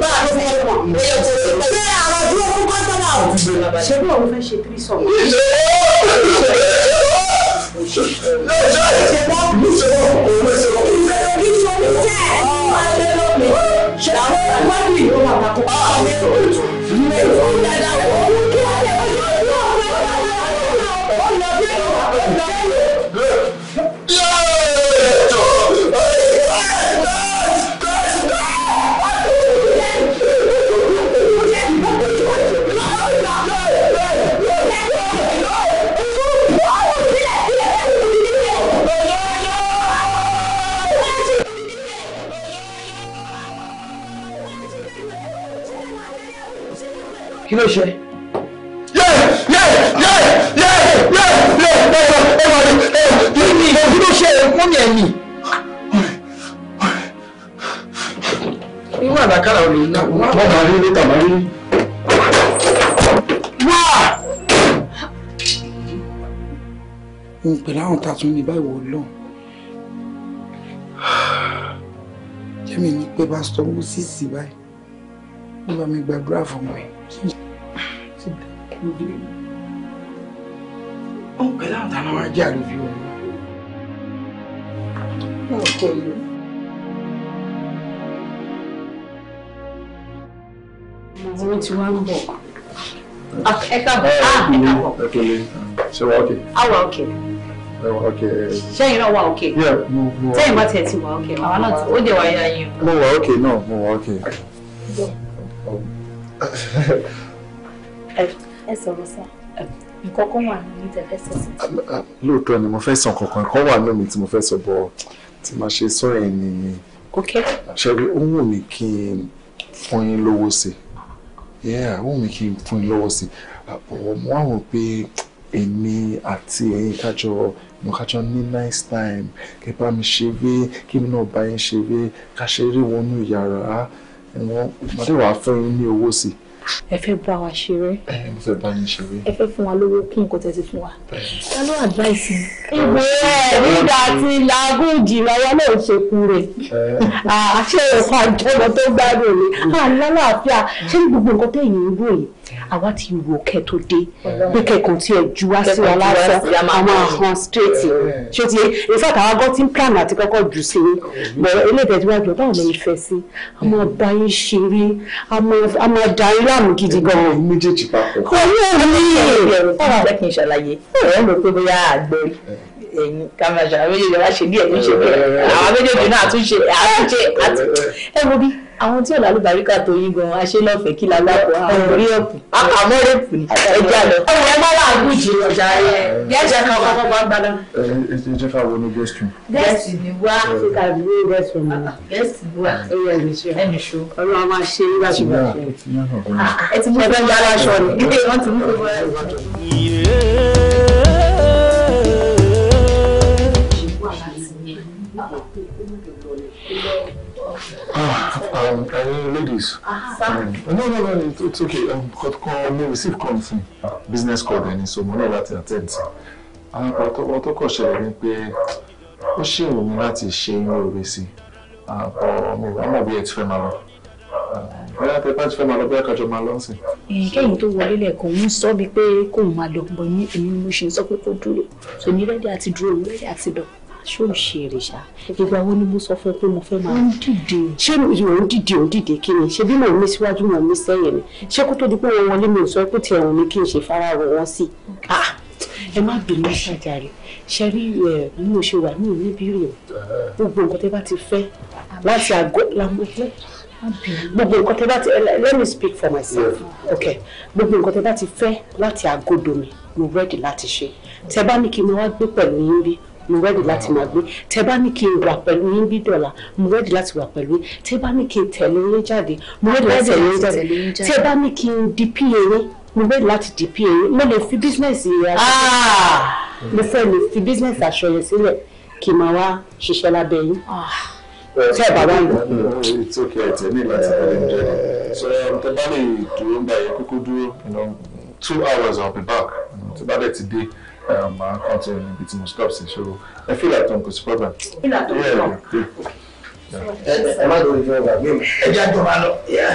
bá a ló fi yẹ wọn. ṣé àwọn dúró fún kọ́sọ́mà ò. ṣé bí òun fẹ́ ṣe tírí sọ. Thank you. ló ṣe. kí ló ṣe èkó ni ẹ̀mí. irú àlàkàrà ò lè ná. wọ́n máa rí ní tàmárí. òun pẹ̀lú àwọn tá a tún ní báyìí wò lọ́hùn. jẹ́mi ní pé pásítọ̀ wú sí sí báyìí wọ́n bá mi gbàdúrà fún mi lóde ó ń pẹ̀lú àwọn táwọn ajá ló fi wọn. wọn kọ lọ. owó tí wọ́n ń bọ̀. Ah, ẹ káàbọ̀ ah, ẹ káàbọ̀. ẹ tó lé ṣé wàá òkè. àwa òkè. Ṣẹ́yìn náà wà òkè. Tẹ́yìn bá tiẹ̀ ti wà òkè. Àwa náà ó dé wà yá yín. Mo wà òkè náà, mo wà òkè ẹ sọ̀rọ̀ sàn nǹkan kan wà nínú mi tẹ́ fẹ́ sọ sí. lóòótọ́ ni mo fẹ́ sọ kankan nǹkan wà nínú mi tí mo fẹ́ sọ bọ́ tí màá ṣe sọ ẹ̀ ni. ok. ṣebí ó wù mí kí n fún yín lówó sí i ó wù mí kí n fún yín lówó sí i mo wá pé èmi àti ẹ̀yin kájọ mo kájọ ní nice time kí bá mi ṣeré kí mi náà bá yín ṣeré ká ṣeré wọnú yàrá ẹ̀wọ̀n màdé wàá fún yín ní owó sí i ẹ fẹ́ bá wa ṣeré ẹ fẹ́ bá yín ṣeré ẹ fẹ́ fún wa lówó kún nǹkan tẹ́ ti fún wa ẹ ló advice mi. ìbò ẹ nígbà tí làágùn jìnnà wọn náà ṣekú rẹ àṣẹ ẹ̀kọ́ àjọyọ̀ tó gbádùn mi àlálàáfíà ṣé ní gbogbo nǹkan tẹ̀yìn ń rò yìí àwa ti wò kẹ́ tó dé pé kẹ́kọ̀ọ́ tí ẹ ju wá sí wa lásán àwọn àhàn straight ṣé ti in fact àwa gan ti ń plan àti kọ́kọ́ jù sí i bẹ̀rẹ̀ eléyìí tẹ̀síwájú ọ̀dọ́ àwọn ìfẹ́ sí a máa bá yín ṣeré a máa dá láàmú gidi gan o. méjèèjì papọ̀. kò ní òun ní ìrọ̀rùn fún àwọn ọ̀gbẹ́kìn ìṣàlàyé ọ̀rẹ́ mi pé bóyá àgbẹ̀rì ẹ̀yin kámẹ́rà méjèèjì wá ṣe bí ẹ̀yin ṣe bẹ̀rẹ̀ àwọn méjèèjì náà àtúnṣe àtúnṣe àti ẹ wo bí àwọn tí ọ̀là àlùbáríkà tó yí gan aṣẹ́ lọ́fẹ̀ẹ́ kí la lápò àwọn orí ẹ̀pù àmọ́ rẹ̀pù ni ẹja lọ. ọmọ ẹ má wàá gùn jù ọjà rẹ gẹ́ẹ̀sì kan kọ́kọ́ bá gbadá. ẹ ẹ jẹ́ ká wọnú guest room. gẹ́ẹ̀sì ni wá ṣe ká bí wọ́n guest room ni. gẹ́ẹ̀sì ni wá ẹ̀yẹ ẹ̀míṣọ́ ẹ̀míṣọ́ ọlọ́run máa ṣe é bá ṣe bá ṣe. ẹ ti mú ẹgbẹ́ gbára aṣọ ni wọ́n ti mú ẹgbẹ́ gbára Ah, um, uh, ladies. Ah, um, no, no, no, it, it's okay. Um, but call me receive call from uh, business call then, so mo ní láti attend. Ah, but what to call ṣẹlẹ̀ ni pé ó ṣe wù mí láti ṣe yín lóore Ah, but mo mo bí ẹ ti fẹ́ máa lọ. Ah, bóyá pé bá ti fẹ́ máa lọ bóyá kájọ máa lọ sí. Kẹ́yìn tó wọlé lẹ́ẹ̀kan ń sọ bíi pé kóun máa lọ bọ̀ ní èmi ni mo ṣe ń sọ pé kó dúró. Tòní rẹ́dí àti dúró rẹ́dí àti dọ̀ ṣé ò ṣe èrè ṣá ìgbà wo ni mo sọ fún ẹ pé mo fẹ́ máa. ń dìde ṣé òun dìde òun dìde kí ni ṣé bí mò ń mí síwájú mò ń mí sẹ́yìn ni ṣé kó tó di pé wọ́n wọlé mi ò sọ pé tiẹ̀ wọ̀n ni kí n ṣe fara rọ wọn sí i. Ah! ẹ má bínú ṣàjàre ṣe rí ẹ bí mo ṣe wà ní ìlú o gbogbo nǹkan tẹ bá ti fẹ́ láti àgọ́ làwọn ẹgbẹ́ gbogbo nǹkan tẹ bá ti let me speak for myself okay gbogbo nǹkan tẹ bá ti fẹ́ láti àgọ́dọ̀ mi mo ready láti ṣe tẹ bá ní kí n wá gbé pẹ̀lú yín bí mo rẹ́dì láti máa gbé tẹ bá ní kí n wà pẹ̀lú yín bí dọ̀là mo rẹ́dì láti wà pẹ̀lú yín tẹ bá ní kí n tẹ̀lé yín jáde mo rẹ́dì láti tẹ̀lé yín jáde tẹ bá ní kí n di pa yín mo rẹ́dì láti di pa yín mo lè fi bísínẹ́sì yẹn aṣọ ah! mo fẹ́ lè fi bísínẹ́sì aṣọ yẹn sílẹ̀ kí n máa wá ṣiṣẹ́ lábẹ́ yín tẹ bàbá mi. it's okay ẹ tẹ̀lé láti tẹ̀lé jáde so um, tẹ bá lè dúró ń bá yẹ kókó dúró two hours I'll be back tí bá dẹ̀ ti dé máa kàn tẹ níbi tí mo stop sí ṣòro ẹ fi ìlà tó ń kò sí problem. ìlà tó ń kàn ẹ má lórí fún ẹgbàá mi ẹ jẹ́ àjọba lọ. ọ̀ya.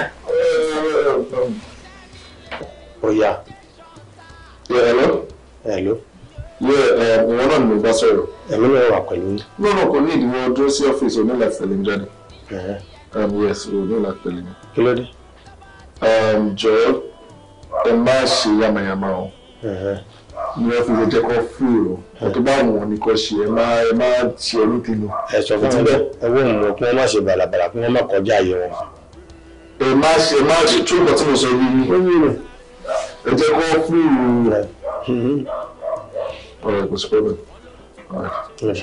Oh, hello. hello um, ìwọ náà ni mo bá sọ̀rọ̀. ẹ̀mí náà wà pẹ̀lú. lọ́nà kò ní ìdíwọ́ dúró sí ọ́fíìsì onílà tẹ̀lé mi jáde. Eh. Um, yes onílà tẹ̀lé mi. kí ló dé. Um, jọ̀ọ́ ẹ má ṣe yamayama o. Eh, eh ni wọ́n fi jẹ́ kọ́ fúrò lọ ọ̀tọ́ bá wọn ni kò ṣe ẹ má ẹ má ṣe ẹni tí lọ. ẹ sọ fún tẹ́lẹ̀ owó ìrànwọ́ kí wọ́n má ṣe bàlàbàlà kí wọ́n má kọjá ayé wọn. ẹ má ṣe má ṣe tó nǹkan tí mo sọ yìí ni ẹ jẹ́ kọ́ fúrò rẹ̀. ọ̀rẹ́ kò sí pẹ́ẹ́bẹ̀.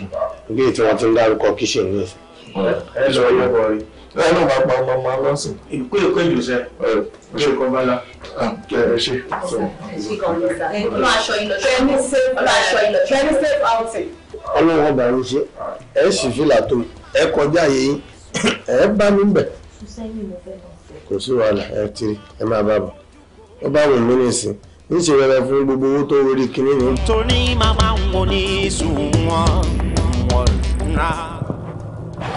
gé tí wọ́n ti ń dárúkọ kíṣìn ní ẹ̀sìn. ẹ lọ yẹ bọ̀ rí lẹ́nu bá pa ọmọ ọmọ lọ́sùn. ìkó ìkó ìjọsẹ ìjọ kan bá la. ẹ ṣe. ọlọ́run aṣọ ìlọ̀ṣọ́ ẹni safe outing. ọlọ́run ọba yín ṣe ẹ sì fìlà tó ẹ kọjá yẹn ẹ bá mi bẹ̀. kò sí wàhálà ẹ tiri ẹ máa bá bọ̀ ó bá wù mí nìsín níṣẹ́ rẹ fún gbogbo owó tó rí kinní ni. torí màmá ń wo ní sùn wọn wọn rà.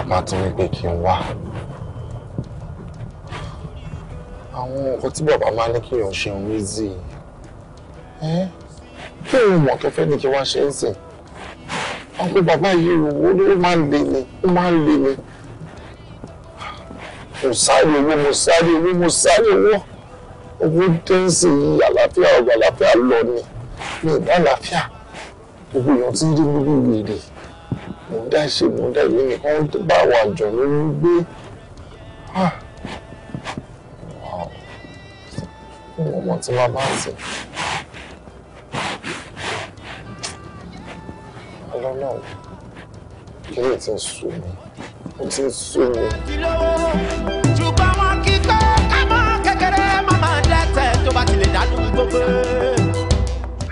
màá ti ní pé kí n wá. àwọn nǹkan tí bàbá máa ní kí èèyàn ṣe òun easy kí òun mọ̀ tó fẹ́ ní kí wọ́n ṣe ń sìn ọkọ bàbá yìí owó ló máa ń le ni ó máa ń le ni mo sáré owó mo sáré owó mo sáré owó owó dẹ́nsì yìí àlàáfíà ọ̀gbà àlàáfíà lọ ni mi ì bá àlàáfíà gbogbo èèyàn ti rí mi wèrè mo dá ṣe mo dá ìwé nìkan bá àwọn àjọ ló ń gbé. Ah! ìwọ̀n ọmọ tí wọ́n bá ń sìn. ọlọ́nà ilé ti ń sú mi ó ti ń sú mi. ṣùgbọ́n wọn kí pé ká máa kékeré máma dẹ́tẹ̀ tó bá ti lè dánú gbogbo.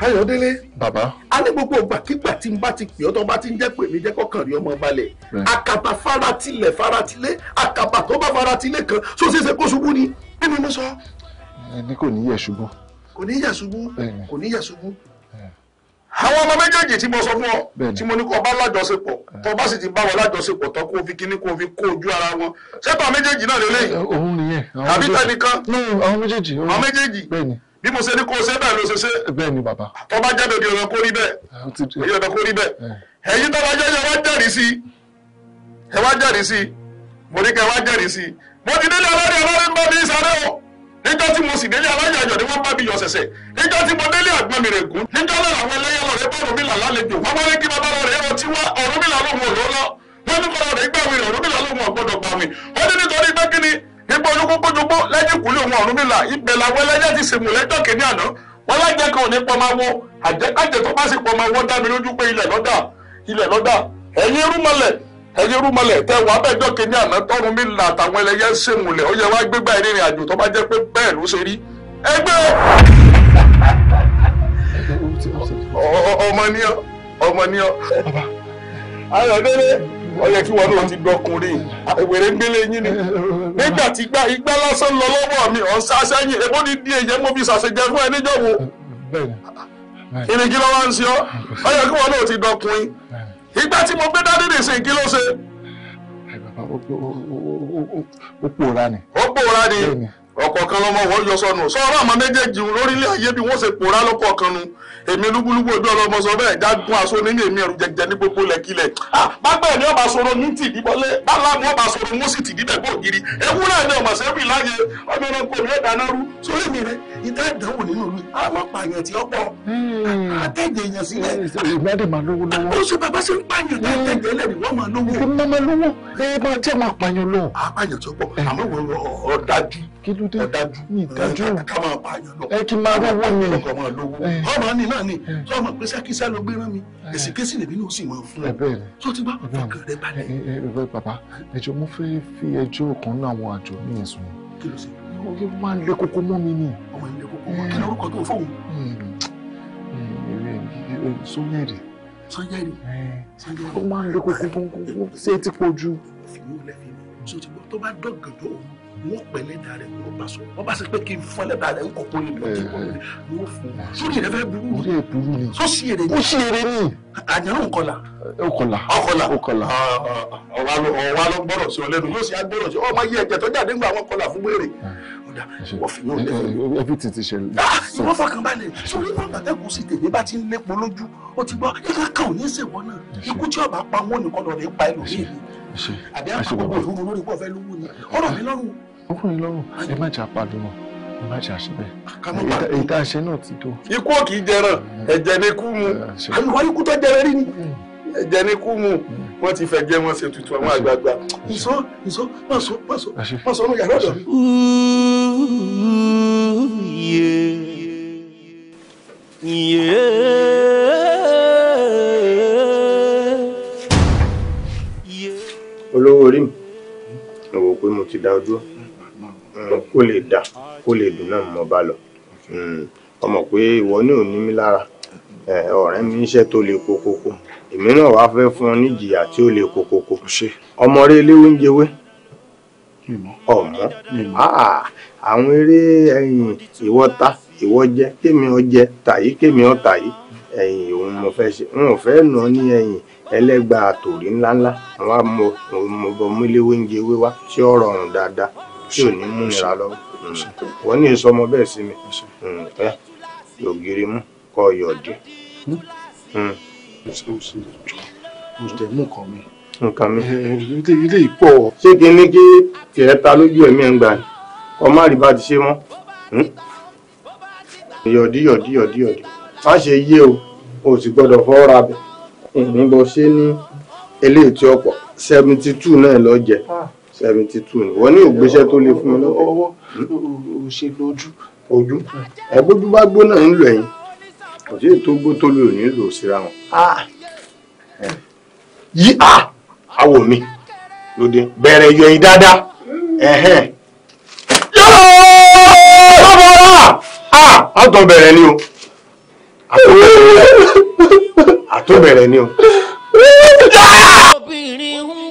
Ayọ̀délé. Bàbá. A ní gbogbo ìgbàkigbà tí n bá ti pè ọ́ tó bá ti ń jẹ́ pè jẹ́ kọ́kàn rí ọmọ balẹ̀. Àkàbà faratilẹ̀ faratilé àkàbà tó bá faratilé kan sóṣèṣe kó ṣubú ni. Bí mo mọ sọ, ẹni kò ní yẹ̀ ṣubú. kò ní yẹ̀ ṣubú kò ní yẹ̀ ṣubú. àwọn ọmọ méjèèjì tí mo sọ fún ọ tí mo ní kó o bá lájọṣepọ̀ tó o bá sì ti bá wọn lájọṣepọ̀ tó kó o fi kíní kó o fi kó ojú ara wọn ṣẹ́pà méjèèjì náà lélẹ́yìn. òun nìyẹn. àbí tẹnìkan. àwọn méjèèjì. àwọn méjèèjì. bẹ́ẹ̀ ni bí mo ṣe ní kó o ṣe bẹ́ẹ̀ ló ṣe ṣe. bẹ́ẹ̀ ni bàbá. tó bá jẹ́ bèbí ọ̀rọ̀ kó rí bẹ́ẹ̀ èyí ọ̀rọ̀ kó rí bẹ́ẹ̀. ẹ̀yin tó bá jẹ́ ẹ wá jẹ́rìí sí i ẹ wá jẹ́rìí sí i mo ní kẹ́ ẹ wá jẹ́rìí sí i mo ti nílé ọlọ́dẹ ọlọ́dẹ ń bọ́ mi sáré o níjọ́ tí mo sì délé aláyàyọ̀ ni wọ́n bá mi yọ̀ ṣẹ̀ṣẹ̀ níjọ́ tí mo délé àgbọn mi rẹ̀ gùn níjọ́ náà àwọn ẹlẹ́yẹ̀wò rẹ̀ bá Ọ̀rúnmìlà lálejò wọ́n wọlé kí bàbá rẹ̀ ẹ̀rọ tí wá Ọ̀rúnmìlà lóhùn òlọ́lọ́ wọ́n ní kọ́ra rẹ̀ gbàwé rẹ̀ Ọ̀rúnmìlà lóhùn ọ̀gbọ́dọ̀ gbàwé wọ́n ní nítorí pé kí ni ipò olúkúkúdùgbò lẹ́yìn kúlé ẹ̀yin rúmọlẹ̀ tẹ́ wàá bẹ́ẹ̀ jọ kínní àná tọ́run mi là àtàwọn ẹlẹ́yẹ ń ṣèmùlẹ̀ ó yẹ wá gbégbá ìrìn àjò tó bá jẹ́ pé bẹ́ẹ̀ ló ṣe rí ẹgbẹ́ ọmọ níyàn ọmọ níyàn ayọ̀dẹ́lẹ́ ó yẹ kí wọn náà ti dọkùnrin ìwèrè gbélé yín ni nígbà tí gbá igbá lásán lọ lọ́wọ́ mi ọ̀n sá sẹ́yìn èbó ni díẹ̀ yẹn mo fi ṣàṣejẹ fún ẹ níjọ́ wo kí ni kí ló ń ṣe ọ́ ó yẹ kí wọn náà ti dọkùnrin ìgbà tí mo gbé dádìrì sí kí ló ṣe. ẹ ó pòórá ni. ó pòórá ni ọ̀kọ̀ọ̀kan lọ́mọ wọ́n yọ sọnù sọ̀rọ̀ àmọ́ méjèèjì lórílẹ̀ ayé bí wọ́n ṣe pòórá lọ́kọ̀ọ̀kan nu èmi lúgbúlúgbú ojú ọlọ́mọ sọ bẹ́ẹ̀ jágun aṣọ nílé mi ẹ̀rù jẹjẹ ní gbogbo lẹ́kílẹ̀. Ah, bágbẹ́ ni ọba sọ̀rọ̀ ní tìdí bọ́lé báláàmú ọba sọ̀rọ̀ mú sí tìdí bẹ̀ gbòògiri ewúrẹ́ ni ọmọ sẹ́fì láyé ọmọ ẹranko mi ẹ̀dá náà rú. sórí mi rẹ ìdá ìdánwò nínú mi àwọn pààyàn ti ọ̀pọ̀ àtẹ̀jẹ̀ hmm. èèyàn sílẹ̀. ìgbàdì máa lówó lọ́wọ́. ó ṣe bàbá ṣe ń pààyàn tẹ̀tẹ̀jẹ̀ hmm. lẹ́nu wọ́n máa lówó. ìgbà máa lówó ẹ máa jẹ́ máa pààyàn lọ. àpààyàn tó pọ̀ àmọ́ wọ́n ọ̀dájú kí ló dé ní ìdájú ẹ kí máa rówó ni ọmọ ni náà ni tó ọmọ pé sẹ́kísẹ́ ló gbé rán mi èsì késì lèmi náà sì máa fún ẹ tó ti bá ọkàn rẹ balẹ̀. ẹ ẹ bàbá ẹjọ́ mo fẹ́ fi ẹjọ́ kan náà àwọn àjọ ní ẹ̀sùn yìí ó máa ń lé kókó mọ́ mi ni. ọmọ ìlẹ̀ kókó mọ́ kí ni orúkọ tó fóun. sọ́yẹ̀rì sanjari sanjari ó máa ń lé kókó mọ́ ṣé ti pọ̀ jù. fìlú lẹ́fìn tó ti gbọ́ tó bá dọ̀gàdọ̀ òun wọ́n pẹ̀ lẹ́dàá rẹ̀ wọ́n bá sọ wọ́n bá sọ pé kí n fọ́ lẹ́dàá rẹ̀ ń kọ̀kọ́ ní ìlú ọtí wọn lórí ni fún un eh, eh. sórí rẹ̀ fẹ́ burú sórí rẹ̀ burú ni ó sì èrè ni ó sì èrè ni àjàrún kọlà ọkọlà eh, ọkọlà ọkọlà ah, ah, ah. ọwà ló gbọ́dọ̀ sí ọ lẹ́nu yóò sì á sí ọ máa yí ẹ̀jẹ̀ tó jáde wọn kọlà fún wèrè ọ̀dà wọ́n fi yóò lẹ́nu. everything ti ṣe. ìwọ́n sórí bàbá ẹ̀kú sí tèmi bá ti ń lépo lójú ó ti gbọ́ ẹ̀ka kan ò ní ṣèwọ́ náà ikú tí ọba pa wọn nìkan lọ́ọ̀rẹ́ pa ẹlòmíì ni àbí àpapọ̀ òfurufú lórí pọ̀ fẹ́ lówó ni ọ̀rọ̀ mi lọ́rùn ó fún yín lọ́rùn ẹ má jà pàdé mọ́ ẹ má jà síbẹ̀ ìta àṣẹ náà ti tó. ikú ò jẹran ẹ̀jẹ̀ ni kú mu àlùwá ikú tó jẹrẹ rí ni hmm. ẹ̀jẹ̀ ni kú mu hmm. wọ́n ti fẹ̀jẹ̀ wọn ṣe tuntun àwọn àgbààgbà nsọ́ nsọ́ má sọ má sọ má sọ ọ́nà yàrá ọ̀dọ̀ olówó orí mi ò wò pé mo ti dá ojú ọ. Eh, kó lè dà kó lè dùn náà mọ̀ bá lọ ọmọ hmm, pé ìwọ ní mí lára eh, ọ̀rẹ́ mi tó le kokoko èmi náà wàá fẹ́ fún ọ níjìyà tí ó le kokoko ọmọ rẹ ń jẹwé ọmọ àwọn eré ẹ̀yìn ìwọ ta ìwọ jẹ kémi ọ jẹ ọ tàyí ní àtòrí ńláńlá àwọn mo bọ tí ò ní mú nira lọ mm. wọn ní èso ọmọ bẹ́ẹ̀ sí mi ẹ mm. ògiri mú kọ ọyọ dín. Mm. mo tẹ mú nǹkan mi. nǹkan mi. ilé ìpọ̀. ṣé kí ní kí tiẹ̀ ta lójú ẹ̀mí ẹ̀ ń gbà ni ọmọ àríbá ti ṣe mọ́. yọ̀dí yọ̀dí yọ̀dí yọ̀dí má ṣe yé o o sì gbọ́dọ̀ fọwọ́ ra bẹ̀ ìrìnbọn ṣe ní eléyìí tí ọ̀pọ̀ seventy two náà lọ jẹ. Ah seventy two ni wọ́n ní ògbésẹ́ tó lè fún mi lọ́wọ́. ọwọ́ o ṣe lójú. ojú ẹgbójú bá gbóná ń lò ẹyin kò sí ètò ogbó tó lò ní lò síra wọn. Ah. yí ah! àwọ̀ mi lóde bẹ̀rẹ̀ yọ ẹyin dáadáa. àtọ̀ ah! bẹ̀rẹ̀ ni o àtọ̀ bẹ̀rẹ̀ ni o. obìnrin ń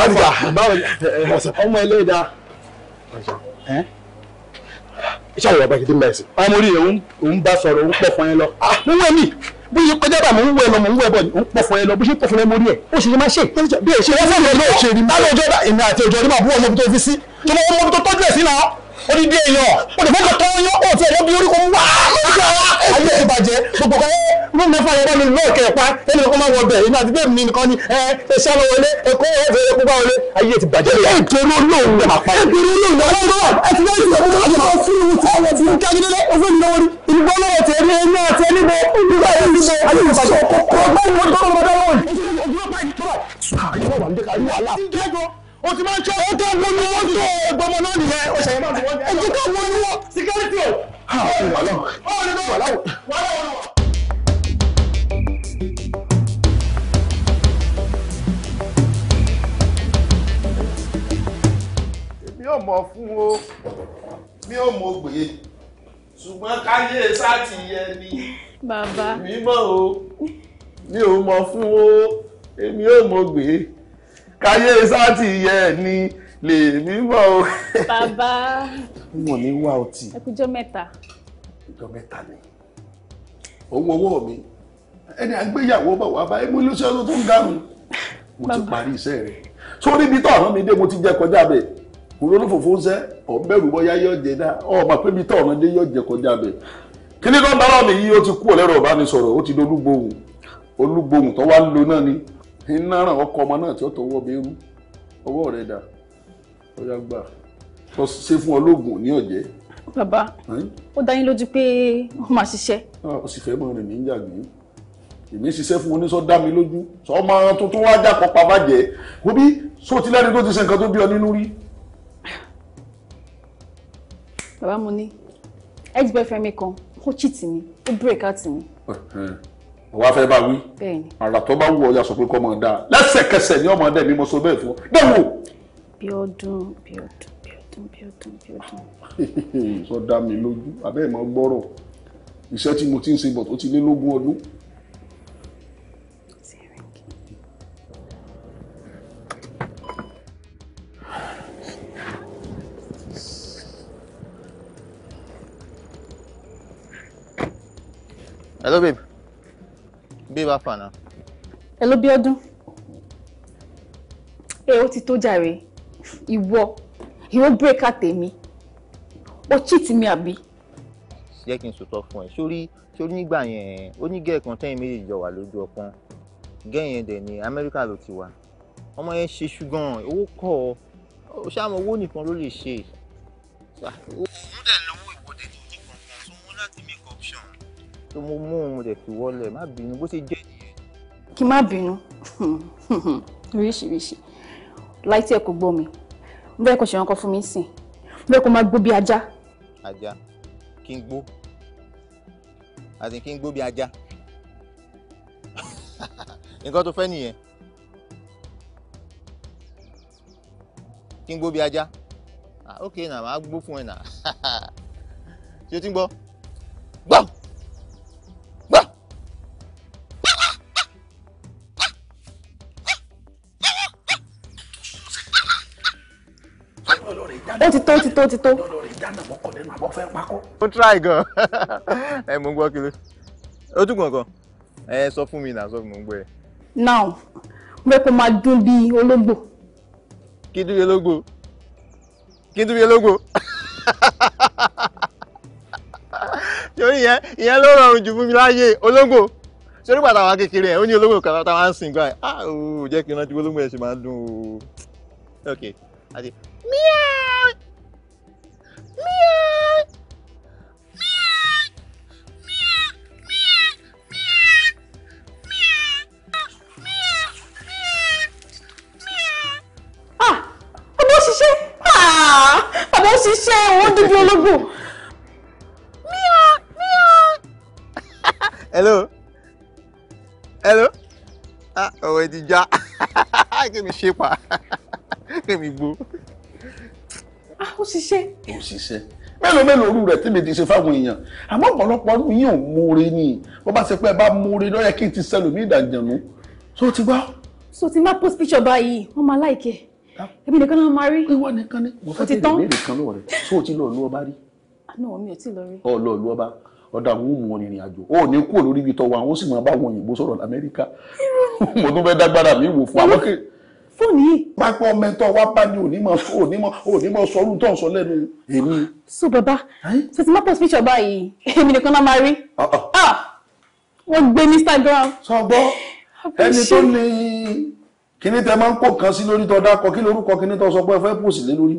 Ọ̀dìjà báwo ọmọ ilé ìdá. Iṣẹ́ àwọn ọba ìdí mẹ́sì. Ọmọ orí rẹ̀ ń bá sọ̀rọ̀ ń pọ̀ fún ẹ lọ. Ah. Mo wẹ̀ mí bí iye kọjá bá mo ń wẹ̀ lọ mo ń wẹ̀ bọ̀ ń pọ̀ fún ẹ lọ bó ṣe pọ̀ fún ẹ mo rí ẹ̀. Ó ṣe má ṣe. Bí èṣe wọ́n fún mi ló ṣe rí mi. Láwọn ọjọ́ èmi àti ọjọ́ ọdún máa bú ọmọ ibi tó fi sí. Kí ló wọ́n mọ ibi tó tọ́jú ẹ̀ sí náà? odidi èèyàn òdìbò kọ̀tọ́ yọ pọ̀ tí ẹ̀rọ bí orí kò wá ọjọ́ ayé ti bàjẹ́ gbogbo kan ló mẹ́fà yẹn bá mi lọ́ọ̀ kẹ̀pa ẹni kan máa wọ bẹ̀ èmi àti bẹ́ẹ̀ mi nìkan ni ẹ ẹ ṣá wọlé ẹkọ ẹ fẹ́ ẹkọ bá wọlé ayé ti bàjẹ́ lọ. ètò olóòwò ètò olóòwò ọlọ́wọ́ àti bẹ́ẹ̀ ti ọ̀gbọ́n àti bá fún un tí wọ́n ti ká gidi ó fún ìnáwó rí ìdìbò ọlọ́wọ́ tẹ̀ ní ẹni náà tẹ̀ níbo ìdìbò ayé ti bọ̀ ayé ti bàjẹ́ ọgbọ́n ìwọ̀n tó lọ́wọ́ o ti máa ń ṣọ́. ó tó wọnú wọn tó gbọmọ náà nìyẹn o ṣẹ̀yìn máa ń wọ́n. èyí tó wọnú wọn. security o. wàhálà wàhálà wàhálà. mi ò mọ̀ fún o mi ò mọ̀ gbé ṣùgbọ́n káyé sáti yẹ ni bàbá mi mọ̀ o mi ò mọ̀ fún o èmi ò mọ̀ gbé. káyé sáàtì yẹ ni lèmi mọ̀ o. bàbá wọn ni wá ọtí. ẹkújọ mẹta ẹkújọ mẹ́ta ni owó owó mi ẹni àgbéyàwó bọ̀ bá ẹmú ilé-iṣẹ́ tó mo ti parí iṣẹ́ rẹ̀ sórí ibi tó àná mi dé mo ti jẹ kọjá ń dá ọ pé ibi tó àná dé kọjá bá mi ó ti kú ọ̀lẹ́rọ̀ mi sọ̀rọ̀ ó ti dolúgbòhùn olúgbòhùn ni iná ràn ọkọ ọmọ náà tí ó tọwọ́ bí rú ọwọ́ rẹ̀ dà ọjà gbà tó ṣe fún ọlọ́gùn ní ọ̀jẹ́. bàbá ó dá yín lójú pé ó máa ṣiṣẹ́. ó sì fẹ́ mọ rìn ní jàgbé èmi ṣiṣẹ́ fún oníṣọ́ dá mi lójú sọ ma tuntun wá jà pọ̀pá bàjẹ́ wo bí sọ ti lẹ́ni tó ti ṣe nǹkan tó bí ọ nínú rí. bàbá mo ní ex-boyfriend mi kan ó cheat mi ó break out mi wàá fẹ́ bá wí àrà tó bá wù ọ́ yà sọ pé kọ́ mọ̀ dáa lẹ́sẹ̀kẹsẹ̀ ni ọmọdé mi mo sọ bẹ́ẹ̀ fún ọ dẹ́wò. bí ọdún bí ọdún bí ọdún bí ọdún bí ọdún. sọ dá mi lójú abẹ́ ẹ̀ mọ́ gbọ́rọ̀ iṣẹ́ tí mo ti ń ṣe bọ̀ tó ti lé lógún ọdún. Hello, babe. Babe Afana. Hello, Bíọ́dún. Ẹ ó ti tó jàre. Ìwọ, ìwọ break out tèmi. O cheat mi àbí? Jẹ́ kí n sòtọ́ fún ẹ. Sórí sórí nígbà yẹn, ó ní gẹ́ẹ̀ kan tẹ́yìn méjì jọ wà lójú ọpọ́n. Gẹ́ẹ̀ yẹn dẹ̀ ní Amẹ́ríkà ló ti wà. Ọmọ yẹn ṣe ṣùgbọ́n owó kọ̀ ọ́. Ṣé àwọn owó nìkan ló lè ṣe? Owó dẹ̀ lọ. tó mo mú òun rẹ̀ fi wọlé má bínú bó ṣe jẹ́ nìyẹn. kí má bínú oríṣiríṣi láì tí ẹ kò gbọ́ mi mo fẹ́ kó ṣe ìrànkọ́ fún mi sìn mo fẹ́ kó máa gbó bí ajá. ajá kí n gbó àti kí n gbó bí ajá nǹkan tó fẹ́ nìyẹn kí n gbó bí ajá ah, ok na màá gbó fún ẹ nà ṣé o ti ń gbọ́ gbọ́. ó ti tó ti tó ti tó. ó try gan ẹ mò ń gbọ́ kiri ojú kankan ẹ sọ fún mi náà sọ fún mi gbọ́ ẹ. now mo fẹ́ kó máa dún bíi ológbò. kí dúró ológbò kí dúró ológbò torí yẹn ìyẹn ló rọrùn jù fún mi láyé ológbò sórí pàtàkì kékeré ẹ ó ní ológbò kan táwọn á ń sìn gbà ẹ ah ooo jẹ́ kí n rántí ológbò yẹn ṣe máa ń dùn ooo ok àti míà. Ah, ṣe pa kí mi gbó ṣiṣẹ́. kò ṣiṣẹ́ mélòó mélòó orú rẹ̀ tèmi ti ṣe fáwọn èèyàn àmọ́ ọ̀pọ̀lọpọ̀ ọdún yìí ò múre ni bó bá ṣe pé ẹ bá múre lọ́yẹ kí n ti sẹ́lò mí ìdàjànú tó ti gbọ́. so ti máa post picture báyìí wọ́n máa láìkè ẹbí nìkan náà máa rí. ìwọ nìkan ni mo fẹ́ tẹ̀lé ìbéèrè kan lọ́wọ́ rẹ̀ so ti lọ́ọ́ lu ọba rí. àná mi ò tí ì lọ rí. ọ lọ lu ọba ọ̀dà àwọn ohun wọn ìrìn àjò ó ní kúrò lórí ibi tọ́wọ́ àwọn ó sì máa bá àwọn òyìnbó sọ̀rọ̀ lamẹ́ríkà mo tún fẹ́ dágbára mi wò fún àwọn kéèké fóònù yìí. pápá ọmọ ẹ̀tọ́ wá bá ní onímọ̀ onímọ̀ onímọ̀ sọ́run tó ń sọ lẹ́nu èmi. so bàbá so ti má post picture báyìí èmi nìkan náà máa rí ah, ah. Ah, wọ́n gbé ní Instagram. sọ gbọ́ ẹni tó ní kíní tẹ máa ń kó kan sí lórí tó dákọ kí lórúkọ kíní tó sọ pé ẹ fẹ́ post lé lórí.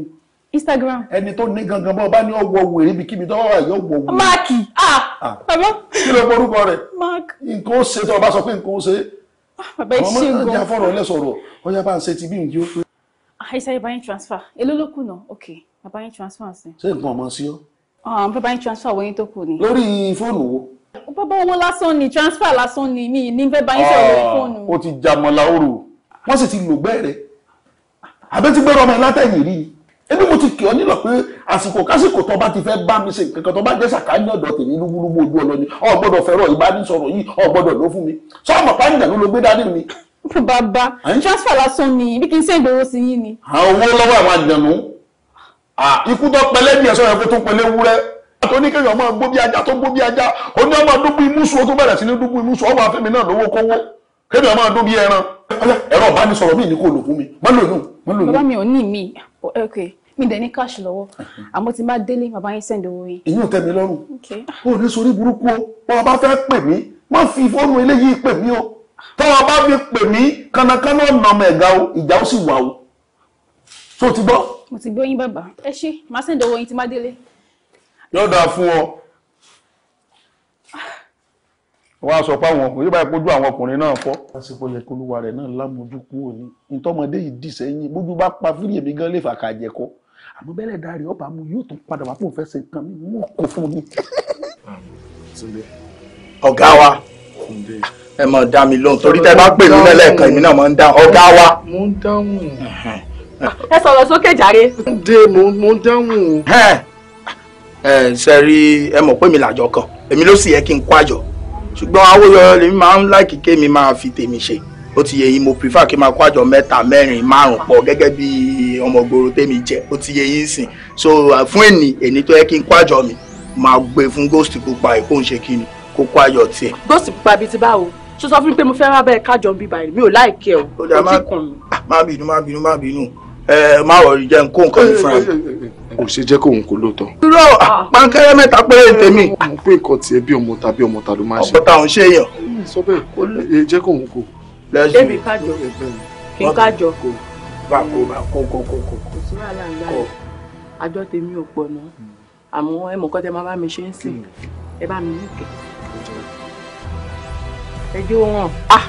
Instagram. ẹni tó ní gangan bọ́ bá ní ọwọ́ wèrè ibi kíbi tó wà yóò wọ̀ wèrè. máàkì ah bàbá. kí ló borúkọ rẹ̀. máàkì. nǹkan ó ṣe tó o bá sọ pé nǹkan ó ṣe é. Ah, bàbá ìṣe gan. ọmọ náà fọ̀rọ̀ lẹ́sọ̀rọ̀ ọjà bá ń ṣe ti bí nìyí ó. àìsàn yìí bá transfer èló ló kù náà ok bàbá yín transfer sí. ṣé nǹkan ọmọ sí ọ. Ah, bàbá yín transfer owó yín tó kù ni. lórí fóònù wo. bàbá owó lásán ni transfer lásán ni mi ní fẹ́ bá yín sọ̀rọ̀ lórí ah, fóònù. ó ti jà mọ́ láòrò wọ́n sì ti lò gbẹ́rẹ̀ àbẹ́tígbẹ́rọ̀ ọmọ ẹ̀ látẹ̀yìn rí i ebi mo ti kì ọ́ nílò pé àsìkò kásìkò tó bá ti fẹ́ bá mi ṣe nǹkan tó bá jẹ́ sàkáàní ọ̀dọ̀ tèmi lúgbúlúgbú ojú ọlọ́ni ò gbọ́dọ̀ fẹ́rọ̀ ìbánisọ̀rọ̀ yìí ò gbọ́dọ̀ ló fún mi sọ́ọ̀mù pàǹdà ló ló gbé dání mi. bàbá transfer lásán ni ibi kì í ṣe ìgbowó sí yín ni. àwọn owó lọ́wọ́ àwọn àjànú ikú tó pẹlẹ́ ní ẹ̀sọ́ yẹn kó tó pẹlẹ́ wúrẹ́ tó ní kéèyàn máa gbó bí ajá tó gbó bí ajá ó ní ọmọ dúbú máa dún bí mi Oh, ok mi dẹ̀ ní cash lọ́wọ́ àmọ́ ti máa délé bàbá yín send owó yín. ìyún tẹ́ mi lọ́rùn o ò ní sori burúkú o wọn bá fẹ́ pè mí má fi fóònù eléyìí pè mí o tọ́wọ́ bá fi pè mí kánnakánná ọ̀nà ọmọ ẹ̀gá o ìjà ó sì wà o so ti gbọ́. mo ti gbọ́ yín bàbá ẹ ṣé màá send owó yín ti máa délé. yóò dáa fún ọ wọ́n á sọ pé àwọn ọkùnrin báyìí kójú àwọn ọkùnrin náà fọ́. lásìkò yẹ kí olúwa rẹ̀ náà lámójú kúrò ní ntọ́mọdé yìí dì sẹ́yìn bójú bá pa fílì èmi gan lè fàkà jẹ̀kọ́ àmọ́ bẹ́lẹ̀ dárí ọba mu yóò tún padà wá fún ìfẹsẹ̀ nǹkan mi mú kó fún mi. ọ̀gá wa ẹ mọ̀ dá mi lóhùn torí tẹ́ bá pè mí lẹ́lẹ́kan èmi náà mọ̀ ń dá ọ̀gá wa. mo ń dáhùn. ẹ sọ̀rọ̀ sókè jàre. dé mo ń dáhùn. ẹ ṣe rí ẹ mọ̀ pé mi làjọ kan èmi ló sì yẹ kí n kó àjọ ṣùgbọ́n awóyọyọ lèmi máa ń láìkí kémi máa fi tèmi ṣe ó ti yẹ yín mo prefer kí n máa kó àjọ mẹ́ta mẹ́rin márùn pọ̀ gẹ́gẹ́ bí ọmọ gbòòrò tèmi jẹ́ ó ti yẹ yín sìn so uh, fún èní èní tó yẹ kí n kó àjọ mi máa gbé fún ghost pupa ẹ̀ kó n ṣe kí ni kó kó àjọ tiẹ̀. ghost pupa bíi ti báwo ṣó sọ fún mi pé mo fẹ́ rà kájọ ń báyìí mi ò láìkí o kò tí kùn mi. Ah, má bínú má bínú má bínú ẹ má wọrí jẹun kó nǹkan mi fúnra mi o ṣe jẹ́ kóun kò lóòótọ́. irọ́ ah. ah, pankẹ́rẹ́ mẹ́ta péré tèmi. mo pé nǹkan tiẹ̀ bí ọmọ tàbí ọmọ ta ló máa ṣe. ọ̀pọ̀ta òun ṣe èèyàn. sọ bẹ́ẹ̀ kó lè jẹ́ kóun kò. débi kájọ kí n kájọ. bá kó bá kó kó kó kó. kò sí wàhálà ńlá yìí àjọ tèmi ò pọ̀ náà àmọ́ ẹ mọ̀ kọ́ tẹ máa bá mi ṣe ń sìn hmm. ẹ bá mi níkẹ́. ẹ jó wọn ah!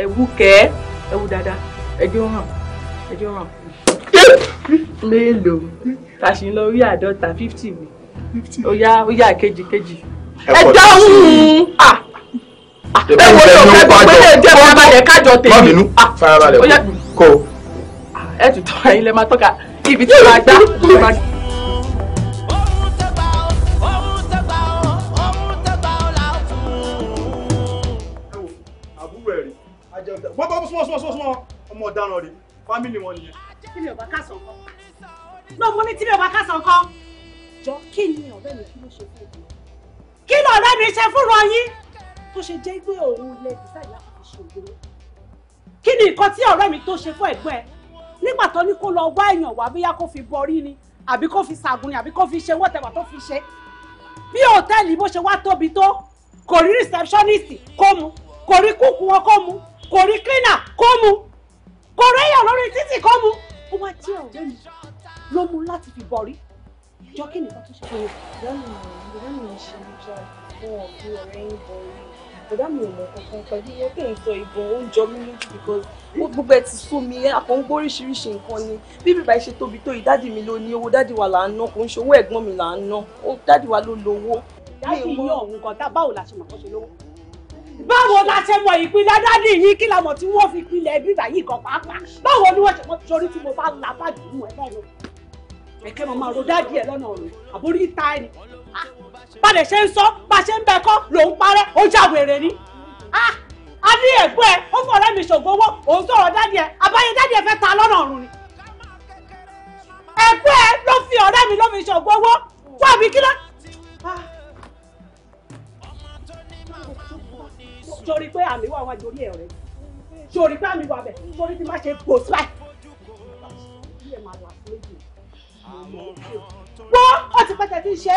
ẹ wú kẹ́ ẹ wú dáadáa ẹ jó wọn ẹ jó wọn mélòó tàṣí lọ rí àádọ́ta fifty mi ó yá ó yá kejì kejì ẹ dáhùn ah. Ah, ẹ wo ló fẹ́ gbọ́ pé lè jẹ́ ah. farabalẹ̀ kájọ tèmi farabalẹ̀ kó ẹ tún tọ́ ayé lẹ́ máa tọ́ka ibi tí wàá gbá wàá gbá. wọ́n bá súnmọ́ súnmọ́ súnmọ́ ọmọ ọ̀daràn rẹ̀ fámìlì wọn nìyẹn tí mi ò bá kásán kan náà mo ní tí mi ò bá kásán kan jọ kí ni ọ̀rẹ́ mi kí ló ṣe fún ìdí kí ni ọ̀rẹ́ mi ṣe fún rọyìn tó ṣe jẹ́ pé òun lè dísáì láti fi ṣe ògbóró kí ni nǹkan tí ọ̀rẹ́ mi tó ṣe fún ẹ̀gbọ́n ẹ nígbà tó ní kó lọ wá èèyàn wá bóyá kó fi bọrí ni àbí kó fi ṣàgùn ni àbí kó fi ṣe wọ́tẹ̀wà tó fi ṣe bí òtẹ́ẹ̀lì bó ṣe wá tóbi tó kò rí receptionist kó mu kò rí kúkú wọn kó mu kò rí cleaner kó mu kò réyàn lórí títì kó mu ó wá jẹ́ ọ̀rẹ́ mi ló mú láti fi bọ̀rí jọ kí nìkan tó ṣe. lẹ́nu lẹ́nu ìṣe ìjà fún ọ̀gbìn ọ̀rẹ́ yín bọ̀rí bọ̀dá mi ò mọ̀ kankan pẹ̀lú wọn kí n sọ ìbọn ó ń lójú because gbogbo ẹ ti sún mi àpò ń gbóríṣiríṣi nǹkan ni bí bíbá ṣe tóbi tó yìí dádì mi ló ní owó dádì wa là ń ná kò ń ṣe owó ẹ̀gbọ́n mi là ń ná dádì wa ló lówó. dádì yín ọ̀hún kan tá báwo la ṣe mọ̀ kọ́ ṣe lówó báwo la ṣe mọ ìpínlẹ̀ dádì yìí kí la mọ̀ tí wọ́n fi pinlẹ̀ bíbà yìí kan pàápàá báwo ni wọ́n ṣe mọ́ sórí tí mo bá la bá mú ẹ lọ́rùn ẹ̀kẹ́ mo máa ro dádì ẹ lọ́nà ọ̀run àbórí ìta ẹ ni ah! bàdẹ̀ ṣe ń sọ bá ṣe ń bẹ kọ́ lòún parẹ́ ó jáwèrè ni ah! a ní ẹ̀gbọ́n ẹ ó fọ̀rẹ́ mi ṣògo owó òun sọ̀rọ̀ dádì ẹ àbáyé dádì ẹ fẹ́ ta lọ́nà ọ̀run ni ẹ̀gbọ́n sori pé àmì wà wájú orí ẹ̀ rẹ̀ sori pé àmì wà bẹ̀ sori tí má ṣe gbò sí báyìí. wọ́n ti pẹ́tẹ́ tí ń ṣe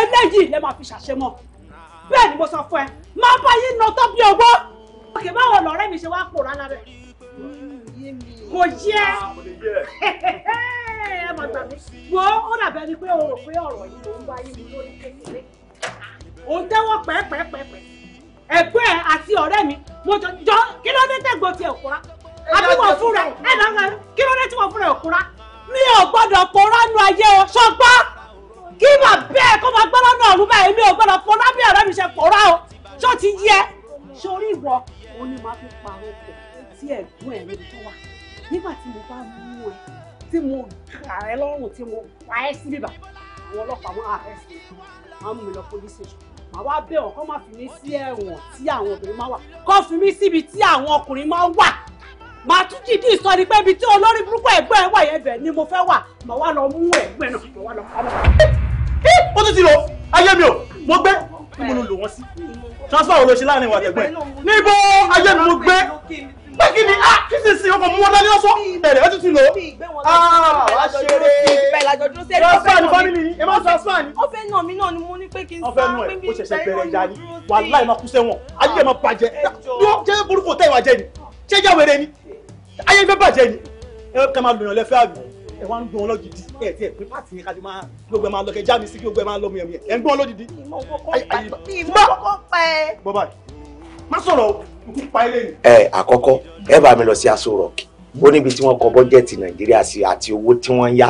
eléyìí lè máa fi ṣàṣemọ̀ bẹ́ẹ̀ ni mo sọ fún ẹ máa bá yín nà tó bí owó. òkè báwo lọ̀rẹ́ mi ṣe wá pòórá lábẹ́ kò yẹ ẹ mọ̀ tàbí wo ó dàbẹ́ ni pé o rò pé ọ̀rọ̀ yìí ló ń bá yín lórí kékeré òun tẹ́wọ́ pẹ́ẹ́pẹ́ẹ́pẹ́ẹ́ ẹ̀gbọ́n ẹ̀ àti ọ̀rẹ́ mi mo jọ kí ló dé tẹ̀gbọ́n tiẹ̀ kúra àbí wọ́n fún rẹ̀ ẹ̀ náà kí ló dé tí wọ́n fún rẹ̀ kúra mi ò gbọ́dọ̀ pòórá nu ayé o ṣọgbọ́ kí mà bẹ́ẹ̀ kó máa gbọ́dọ̀ náà rú báyìí mi ò gbọ́dọ̀ pòórá bí ọ̀rẹ́ mi ṣe pòórá o ṣó ti yẹ sórí ìwọ òun ni màá fi pààrọ̀ pọ̀ tí ẹ̀gbọ́n ẹ̀ mi tó wà nígbà tí mo bá mú ẹ tí mo kà ẹ lọ́rùn tí mo pa ẹ́ sí bíbà àwọn ọlọ́pàá máa arrest mi máa mi lọ police station màá wá bẹ̀ wọ́n kọ́ máa fi mí sí ẹ̀wọ̀n tí àwọn obìnrin máa wà kọ́ fi mí síbi tí àwọn ọkùnrin máa wà màá tún jìdí ìsọ ni pé ibi tí olórí burúkú ẹ̀gbọ́n ẹ̀ wà yẹn bẹ̀ ni mo fẹ́ wà màá wá lọ mú ẹ̀gbọ́n náà màá wá lọ pamọ́. ó tún ti lọ ayé mi ò mo gbé níbo ló lò wọ́n sí transfer wo ló ṣe láàrin ìwà àtẹ̀gbọ́n níbo ayé mi mo gbé pé kí ni ah kí sì sí ọkọ̀ mú wọn dání ọ̀sọ́ bẹ̀rẹ̀ ó ti ti lò ó. ah wá ṣeré transfer ni family yìí ẹ má transfer ni. ọ̀fẹ́ náà mi náà ni mo ní pé kí n sá pé mi ìfẹ́ ìròyìn dúró sí i. wàláì máa kú sẹ́wọ̀n ayé ẹ̀ máa bàjẹ́ jẹ́ burúkú tẹ́ ìwà jẹ́ ni ṣé jẹ́ wẹ̀rẹ̀ ni ayé fẹ́ bàjẹ́ ni ẹ kàn máa lòyàn lẹ́fẹ́ àgbẹ̀ ẹ wá ń gbọ́n lọ́gidi ẹ ti ẹ pé pàtì yẹn kájú máa gbogbo ẹ máa lọ kẹ já mi sí kí gbogbo ẹ máa lọ mi ẹ̀mí ẹ ń gbọ́n lọ́gidi. ìmọ̀ kọ́kọ́ pẹ́. bọ́ báyìí má sọ̀rọ̀ ikú pa ilé ni. ẹ àkọ́kọ́ ẹ bá mi lọ sí Aso Rock ó níbi tí wọ́n kọ bọ́jẹ̀tì Nàìjíríà sí àti owó tí wọ́n ń yá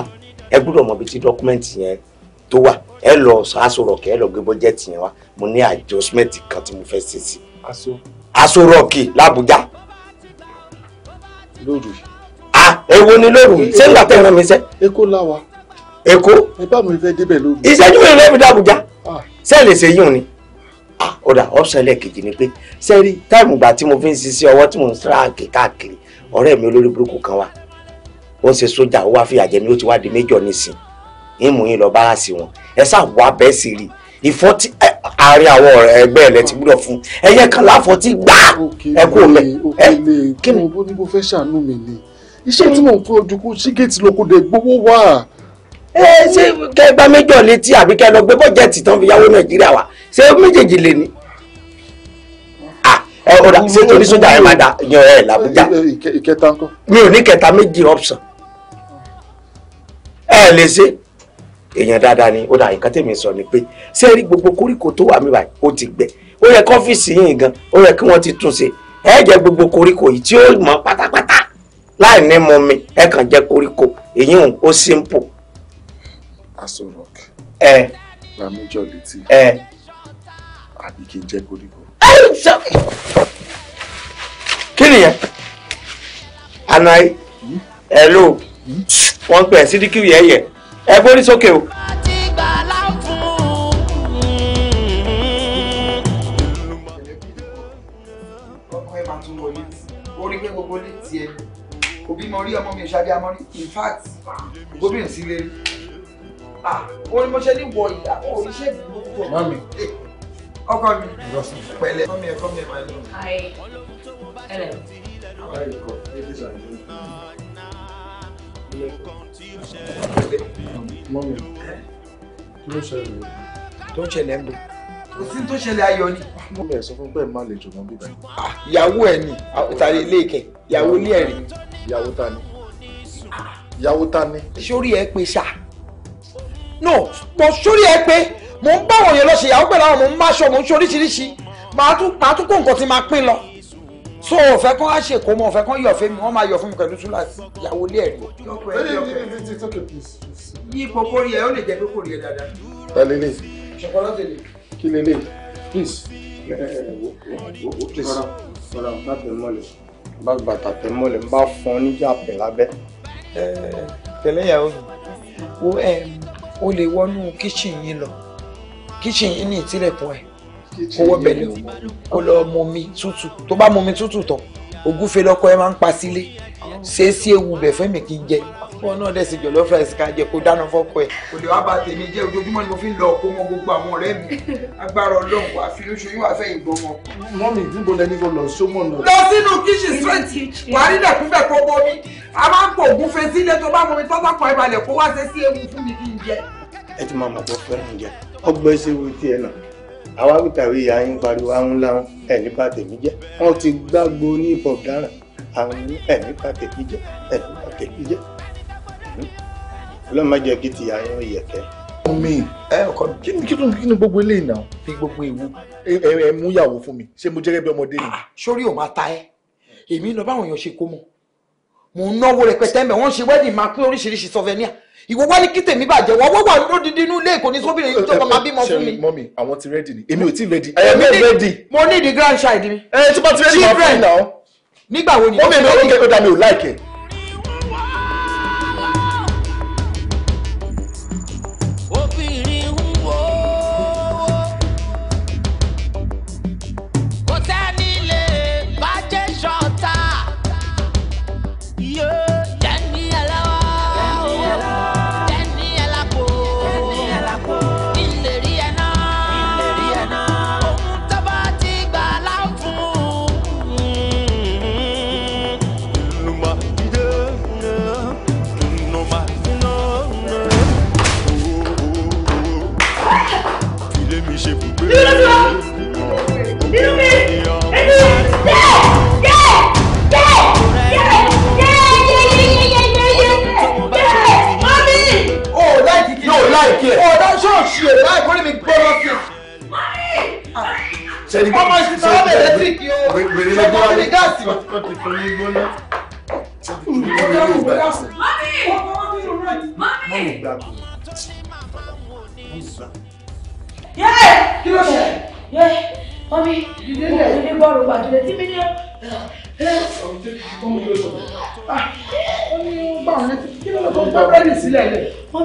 ẹ gbọ́dọ̀ mọ ibi tí dọ́kúmẹ́ǹtì yẹn tó wà ẹ lọ Aso Rock ẹ lọ gbé bọ́jẹ̀tì yẹn wá mo ní adjustment kan tí mo fẹ́ ṣe sí. aṣọ. Aso Rock làbújá. lóru. a èwo ni lóru ṣé ń gbà tẹ́ ẹran mi sẹ́. Èkó láwa. Èkó. ẹ bá mi fẹ́ débẹ̀ lóru. ìṣẹ́jú mi lè fi dàbújá. sẹ́ẹ̀ lè ṣe yíyún ni ọ̀dà ọ̀sán ẹlẹ́ẹ̀kejì ni pé sẹ́rí táìmù gbà tí mo fi ń ṣiṣẹ́ ọwọ́ tí mo ń sáàkì káàkiri ọ̀rẹ́ mi olórí burúkú kan wà ó ń ṣe sójà ó wá fìyà jẹ mí ó ti wá di méjọ nísìn ìmú yín lọ bára sí wọn ẹ sá wà bẹ́ẹ̀ sì rí ìfọ́ tí àárín àwọn ọ̀rẹ́ ẹgbẹ́ ẹ̀ lẹ ti gbúdọ̀ fún ẹyẹ kan láfọ́ tí gbá ẹ kú mẹ ẹ kí ni. ó ní mo fẹ́ ṣàánú mi ni iṣẹ́ tí mò ń fún ojúkú sí géètì lóko dé gbowó wà. ẹ ṣe kẹ méjọ létí àbí lọ gbé bọ́jẹ̀tì tán fi yáwó nàìjíríà wá ṣé méjèèjì lè ní ah, ẹ ọ̀dà ṣé torí sójà ẹ máa da yan ẹ làbújá mi ò ní kẹta méjì option ẹ lè ṣe èèyàn dáadáa ni ó dà nǹkan tèmi sọ ni pé ṣé ẹ rí gbogbo koríko tó wà mí báyìí ó ti gbẹ ó yẹ kọ́fíìsì yìí gan ó yẹ kí wọ́n ti tún ṣe ẹ jẹ gbogbo koríko yìí tí ó mọ pátápátá láì ní mu mi ẹ kàn jẹ koríko èyí ò ó simple. aso rock. ẹ. lamujọ létí. ẹ àbí kí n jẹ́ koríko. kí nìyẹn anayi hmm? hello hmm? wọ́n pẹ̀ sídìkì yẹ̀yẹ̀ ẹ gbórí sókè o. òbí mo rí ọmọ mi ṣáájú amọ́ in fact gómìnà sí rere ah orin mo ṣe ní wọ ìyá oríṣẹ́ ìlú púpọ̀ ọkọ mi pẹ̀lẹ́ come here come here my love. hi hello. how are you come here this time. mọ́mí kí ló ṣẹlẹ̀ tó ṣẹlẹ̀ ń bọ̀ kò sí tó ṣẹlẹ̀ ayọ̀ ni. mọ́mí ẹ̀ sọ fún pé má lè jò mọ́ bíbá. Ah, ìyàwó ẹ̀ ni tàbí ilé ìkẹ́ ìyàwó ilé ẹ̀ rí. ìyàwó ta ni ìyàwó ta ni. sórí ah. ẹ pé ṣá no mo sórí ẹ pé mò ń báwọn yẹn lọ ṣe ìyàwó pẹ̀lú àwọn mò ń máṣọ mò ń ṣe oríṣiríṣi màá tún màá tún kó nǹkan tí màá pín lọ so ọ̀fẹ́ kan á ṣe kó mọ ọ̀fẹ́ kan yọ̀ fẹ́ mi wọ́n máa yọ̀ fún mi pẹ̀lú túláàsì ìyàwó ilé ẹ̀rí. yí gbogbo rí ẹ ó lè jẹ pé kò rí ẹ dáadáa. ẹ lè lè kí lè lè please. please. rọra bá tẹ mọ́lẹ̀ bá bàtà tẹ mọ́lẹ̀ bá fọn níjà pẹ̀ lábẹ́. Eh, tẹ̀lé ìyàwó mi wo o lè wọnú kíchìn yín lọ kitchen yìí ní ìtìlẹ̀kùn ẹ̀ kó wọ́ bẹ̀lẹ̀ o kó lọ mọmi tútù tó bá mọmi tútù tán ogúnfe lọ́kọ ẹ máa ń pa sílé ṣé sí ewu bẹ̀ fẹ́ mi kí n jẹ wọn náà dẹ̀ sì jọ̀lọ́ fúráìsì ká jẹ kó dáná fọ́kọ ẹ̀. kò lè wá bá tèmi jẹ́ ojoojúmọ́ ni mo fi ń lọ ọkọ wọn gbogbo àwọn ọ̀rẹ́ mi agbára ọlọ́run wàá fi lóṣù yín wàá fẹ́ ìbọn wọn. mọ́mì níbo lẹni kò lọ sómọ̀ náà. lọ sínú kíṣìn straight wàá rí dẹ̀kúnfẹ̀ kó bomi a máa ń pò ògúnfe sílé tó bá mọmi tọ́sàkùn ẹ̀ balẹ̀ kó wá ṣe sí ewu fún mi kí n jẹ. ẹ ti máa mọ̀ pé fẹ́ràn jẹ ọgbẹ́ ṣe wo tiẹ̀ náà àwa wìtàwé ìyá yín pariwo àwọn làwọn ẹ̀ní bá tèmi jẹ́ wọ́n ti gbàgbó ní ìbọn dáràn àwọn ẹ̀ní bá tèmi jẹ́ ẹ̀ní bá tèmi jẹ́ hmm. ọlọ́mọ jẹ́ kí ti ìyá yín yẹ̀kẹ́. omi ẹ ọkọ kí ló kí ni gbogbo eléyìí náà fi gbogbo ewu ẹ mú ìyàwó fún mi ṣé mo jẹ́rẹ́ bí ọmọdé ni. Ah, sórí ò máa ta ẹ èmi lọ báwọn èèyàn ṣe kó mọ mò náwó rẹpẹtẹ mẹ wọn ṣe wẹdìn máa pín oríṣiríṣi sọfẹníà ìwọ wá ní kí tèmi bàjẹ́ wọ́n wọ́n wà lódìdí inú ilé ìkòní sóbìnrin tó máa bímọ fún mi. mọ́mí àwọn ti rẹ́dì ni èmi ò tí rẹ́dì. èmi ò rẹ́dì. mo ní ìdí grand child mi. ẹ tí bá ti rẹ́dì máa fún mi náà. nígbà wo ni. mọ́mí mi ò dá mi ò láìkẹ́. ṣe é báyìí kó lè mi gbọ́ lọ́sẹ̀. sẹ́ni ọmọ ìṣúná ọ̀bẹ ẹ̀lẹ́tíríkì o ṣe kó lè gáàsì. yẹ́ẹ̀ kí ló ṣe yẹ́ẹ̀ mọ́mí ìdílé gbọ́rọ̀ gbàdúrà tí mi ní wọ́n mi gbà wọn létí kí ló lọ tó gbá búrẹ́dì sílẹ̀ lẹ̀. wọ́n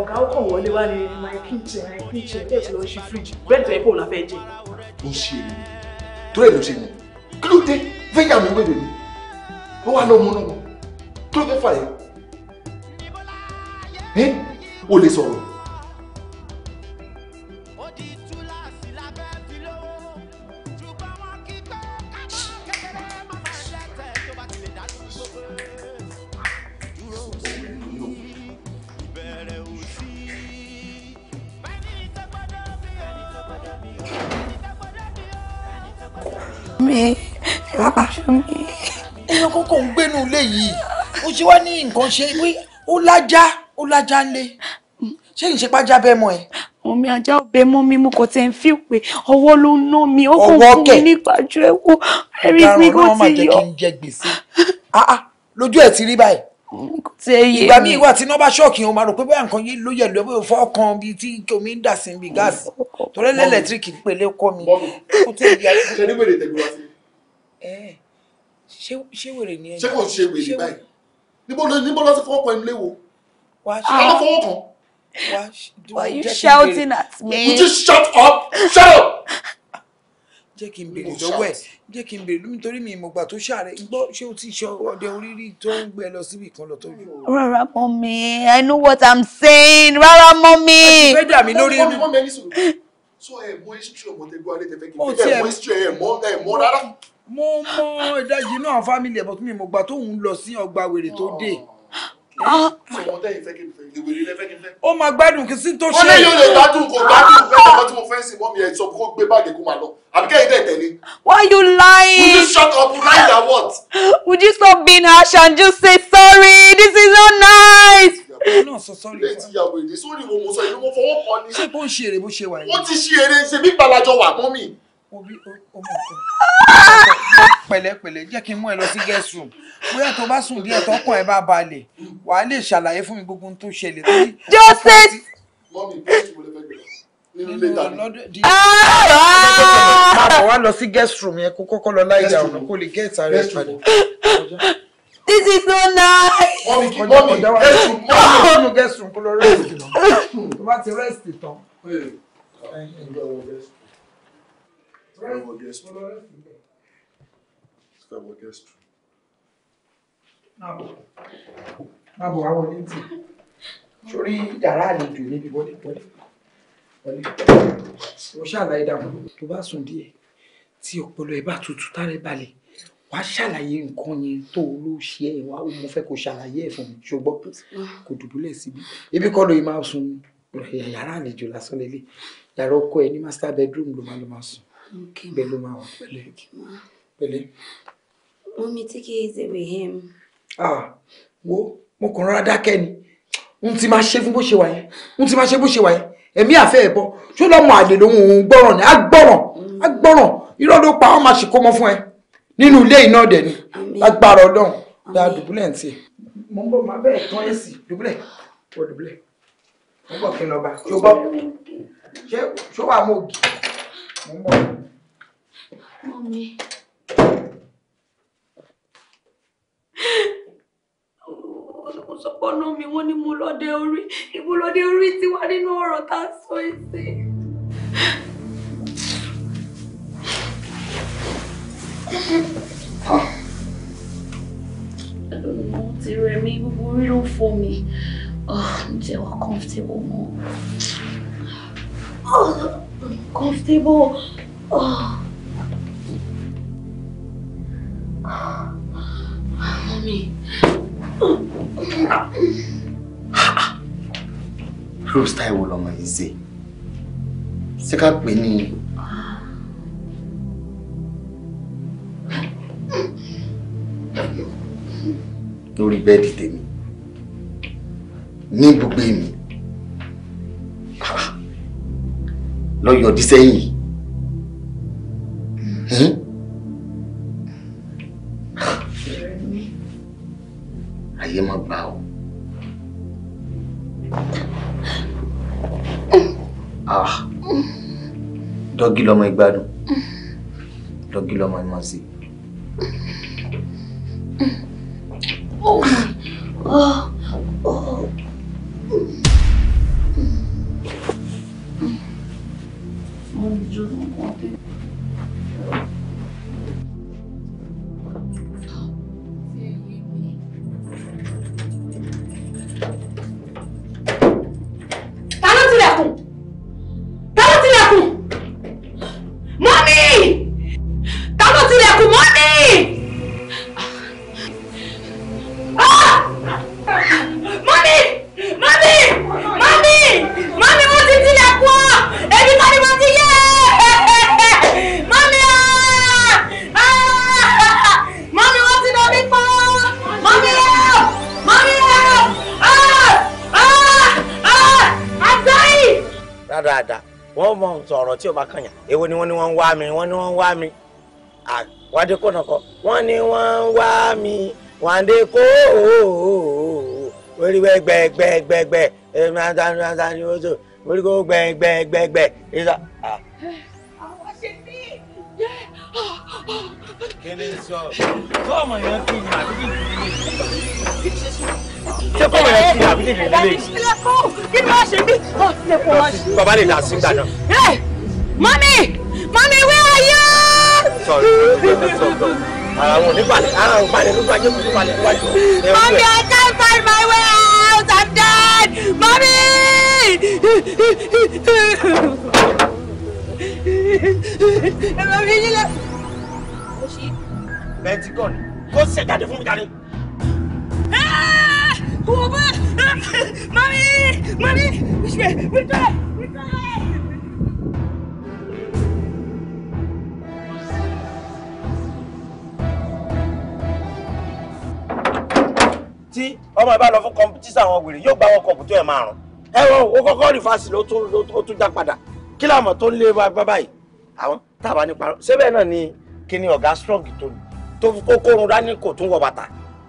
ọ̀gá ó wọlé wá ní my kitchen my kitchen bẹ́ẹ̀ tí lọ ṣe fridge bẹ́ẹ̀ tó yẹ kó o la fẹ́ jẹ. ó ṣe é tó ẹ̀ ló ṣe mọ̀ kí ló dé fẹ́yà mi wéde mi ó wà lọ́mú náà kí ló fẹ́ fà yẹ. ẹ o lè sọ̀rọ̀ ṣé wàá ní nǹkan ṣe pé ó lájá ó lájá ńlé ṣé kì í ṣe pájá bẹ́ẹ̀ mọ́ ẹ. omi ajá ọbẹ̀ mọ́ mi mo kò tẹ̀ ń fi pé ọwọ́ ló ń ná mi ó kò fún mi nípa ju ẹ̀wọ̀ ẹ̀rí mi kò ti yọ. Ah, ah, lójú ẹ̀ ti rí báyìí ìgbà míì wà tí nọ́bà ṣọ́ọ̀kì yẹn o máa rò pé bóyá nǹkan yìí ló yẹ̀lú ẹ̀bí fọ́ọ̀kan bíi tí omi ń dà sí ibi gáàsì torí lẹ́lẹ́tíríkì pèlè kọ́ mi. ṣé wèrè ni ẹ ṣé wèrè báyìí níbo ló níbo fọwọ́ kan ilé wo àwọn ah, fọwọ́ kan. why are you shouting at me. would you shut up shut up. jẹ́ kí n bèrè lọ́wọ́ ẹ̀ jẹ́ kí n bèrè lómi torí mi ìmọ̀gbà tó ṣàárẹ̀ gbọ́ ṣé o ti ṣọ ọdẹ oríire tó ń gbé lọ síbi kan lọ tọ́jú. rárá mọ́mì i know what i'm saying rárá mọ́mì. ẹ ti fẹ́ dà mí lórí inú. so ẹ mọ history ọmọ tẹgbọn alẹ tẹfẹ kí n fẹ ẹ mọ history ẹ mọ rárá mo mọ ìdajì náà fámìlì ẹ̀bọ̀ tó mi mo gbà tóun lọ sí ọgbà wèrè tó dé ah. eh? ó máa gbádùn kí sí tó ṣe. wọ́n lé yóò lè gbádùn kò gbádùn fẹ́ ọkọ tí mo fẹ́ sí mọ́mí ẹ̀ sọ kó gbé báàgì kó máa lọ àbí kẹ́yìn tẹ̀lé. why you lying. would you shut up lie na what. would you stop being harsh and just say sorry this is not nice. náà sọ sọ́ọ̀rì fún wa. ilé ti yàwó èdè sórí wo mo sọ ìlú mo fọwọ́ kọ ni. ṣé bó ń ṣe èrè bó ṣe wà yìí. ó ti ṣe eré ṣe bí gbalajọ wà mọ́mí orí ọmọ pẹ̀lẹ́pẹ̀lẹ́ jẹ́ kí n mú ẹ lọ sí guest room bóyá tó bá sùn díẹ̀ tọkàn ẹ bá balẹ̀ wà á lè ṣàlàyé fún mi gbogbo tó ṣẹlẹ̀. joseph. mọ́mí bẹ́ẹ̀ mo lè wá lọ sí guest room yẹn kó kọ́kọ́ lọ láì dà ọ̀nà kó lè gẹ́ ìta padà. this is so nice. mọ́mí kí mọ́mí guest room mọ́mí guest room kó lọ rẹ́sì tó bá ti rẹ́sì tán. Escravo gesto. Escravo gesto. Máa bọ̀ àwọn ní tì. Sórí yàrá àlejò níbi wọlé wọlé. Wọlé. Mo ṣàlàyé dàbọ̀. Tó bá sùn díẹ̀, tí ọpọlọ ẹ bá tutù tárẹ́ balẹ̀, wàá ṣàlàyé nǹkan yẹn tó o ló ṣe ẹ̀ wá. Mo fẹ́ kó ṣàlàyé ẹ̀ fún mi. Ṣùgbọ́n kò dùbúlẹ̀ síbi. Ibi kọ́ ló yẹ máa sun yàrá àlejò lásán lélẹ̀. Yàrá ọkọ ẹ ní master bedroom ló máa lọ máa sùn bẹ́ẹ̀ ló máa wà pẹ̀lẹ́ pẹ̀lẹ́. mọ́mí tí kì í ṣe wè é mu. wo mo kàn rọra dákẹ́ ni n ti máa ṣe fún bó ṣe wà yẹn n ti máa ṣe bó ṣe wà yẹn ẹ̀mí àfẹ́ ẹ̀bọ ṣó lọ́mọ àlè lòun òun gbọ́ràn ni á gbọ́ràn á mm. gbọ́ràn irọ́ ló pa ọ́n máa ṣìkó mọ́ fún ẹ nínú ilé iná dẹ̀ ni lágbára ọlọ́run gba dùbúlẹ̀ ń tiẹ̀. mo ń bọ̀ máa bẹ́ẹ̀ tán ẹ̀ sí dùbúlẹ̀ wọ dùbúlẹ̀ mo ń bọ̀ kí n lọ bá ṣó bọ́ ṣó wà mo ń bọ̀. mọ̀mí. mo sọ pé ọ̀nà mi wọ́n ní mo lọ́dẹ orí ìbò lọ́dẹ orí ti wá nínú ọ̀rọ̀ tá a sọ èsì. mo ti rẹ̀ mí gbogbo orí ló fọ́ mi ah, mo ti wá comfortable mọ́. Ah comfortable. Oh. oh. Mommy. Rose Taiwo lọmọ yìí ṣe. Ṣé ká pè ní lórí bẹ́ẹ̀dì Need to gbogbo me. lọ yọdí sẹ́yìn hmm? ayé má gbà o. Ah. dọ́gí lọmọ ìgbádùn dọ́gí lọmọ ìmọ̀ sí i. tí ò bá kànyàn èwo ni wọ́n ní wọ́n ń wá mi wọ́n ní wọ́n ń wá mi àwádé kọ̀nà kọ wọ́n ní wọ́n ń wá mi wàndé kó orí gbẹgbẹgbẹgbẹ èmi àtàlù àtàlù oṣù orí kó gbẹgbẹgbẹgbẹ ìṣá. àwọn ṣe bí kí ni sọ kọ́ọ̀mù yẹn kí ni àbí kí ni ṣé kó wẹ̀rẹ̀ sí àbí lè lè lè. kí ni wọ́n ṣe bí. bàbá lè dà sí ìgbà Mommy! Mommy, where are you? Sorry, sorry, sorry. Ara wọn ní balẹ̀, ara wọn balẹ̀ ló gbàjẹ́ kó tó balẹ̀ wájú. Mommy, I can't find my way out, I'm dead! Mommy! Ẹ máa fi yín lẹ. Bẹ́ẹ̀ ti kọ́ ni, kó ṣẹ̀ jáde fún mi jáde. Kò ah! bá! Ah! Mommy! Mommy! Wíṣẹ̀ wíṣẹ̀! tí ọmọ ìbá lọ fún kọmpitísà àwọn wèrè yóò gbá wọn kọ̀ọ̀pù tó ẹ̀ márùn. ẹ wọ o kọ́kọ́ rìfásì ló tún já padà kí làmọ̀ tó ń lé bá báyìí àwọn tábà nípa síbẹ̀ náà ni kíni ọ̀gá strong tó ní tó kókórun dání kò tún wọ bàtà